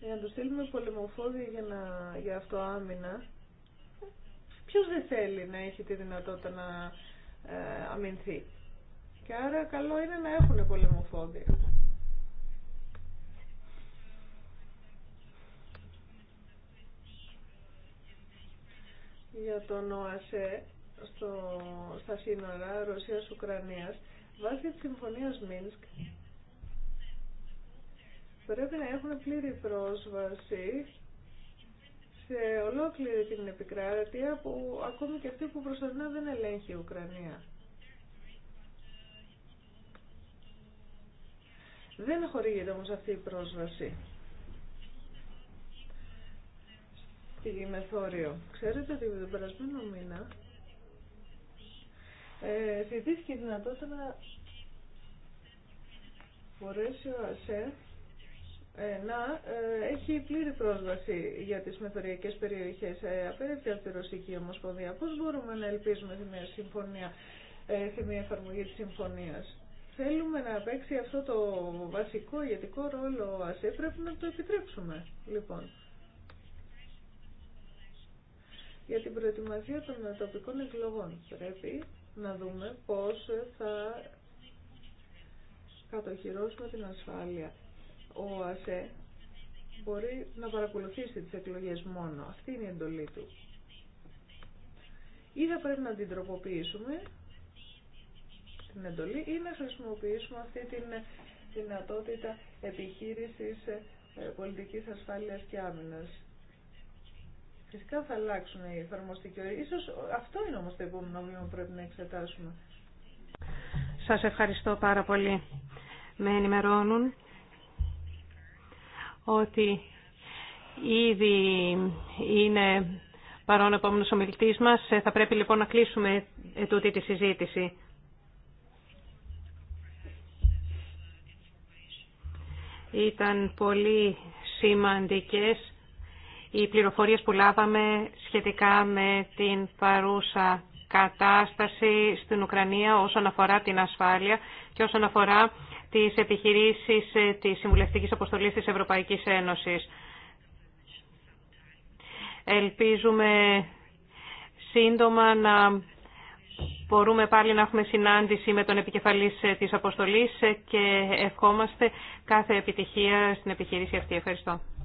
Για να το στείλουμε πολεμοφόδια για, να, για αυτοάμυνα, ποιος δεν θέλει να έχει τη δυνατότητα να ε, αμυνθεί. Και άρα καλό είναι να έχουν πολεμοφόδια. Για τον ΟΑΣΕ στο, στα σύνορα Ρωσίας-Ουκρανίας βάσει της Συμφωνίας Μίνσκ πρέπει να έχουν πλήρη πρόσβαση σε ολόκληρη την επικράτεια που ακόμη και αυτή που προσωρινά δεν ελέγχει η Ουκρανία. Δεν χορηγείται όμως αυτή η πρόσβαση στη μεθόριο. Ξέρετε ότι τον περασμένο μήνα ε, συζητήθηκε η δυνατότητα να μπορέσει ο ΑΣΕ ε, να ε, έχει πλήρη πρόσβαση για τις μεθοριακές περιοχές ε, απέριφθη από τη Ρωσική Ομοσπονδία. Πώς μπορούμε να ελπίζουμε σε μια συμφωνία, ε, σε μια εφαρμογή της συμφωνίας θέλουμε να παίξει αυτό το βασικό ηγετικό ρόλο ο ΑΣΕ, πρέπει να το επιτρέψουμε, λοιπόν. Για την προετοιμασία των τοπικών εκλογών πρέπει να δούμε πώς θα κατοχυρώσουμε την ασφάλεια. Ο ΑΣΕ μπορεί να παρακολουθήσει τις εκλογές μόνο. Αυτή είναι η εντολή του. Ή θα πρέπει να την τροποποιήσουμε την εντολή ή να χρησιμοποιήσουμε αυτή τη δυνατότητα επιχείρησης ε, πολιτικής ασφάλειας και άμυνας. Φυσικά θα αλλάξουν οι εφαρμοστικοί όροι. Ίσως αυτό είναι όμως το επόμενο βήμα που πρέπει να εξετάσουμε. Σας ευχαριστώ πάρα πολύ. Με ενημερώνουν ότι ήδη είναι παρόν ο επόμενος ομιλητής μας. Ε, θα πρέπει λοιπόν να κλείσουμε ε, τούτη τη συζήτηση. Ήταν πολύ σημαντικές οι πληροφορίες που λάβαμε σχετικά με την παρούσα κατάσταση στην Ουκρανία όσον αφορά την ασφάλεια και όσον αφορά τις επιχειρήσεις ε, της Συμβουλευτικής Αποστολής της Ευρωπαϊκής Ένωσης. Ελπίζουμε σύντομα να μπορούμε πάλι να έχουμε συνάντηση με τον επικεφαλής ε, της αποστολής ε, και ευχόμαστε κάθε επιτυχία στην επιχείρηση αυτή. Ευχαριστώ.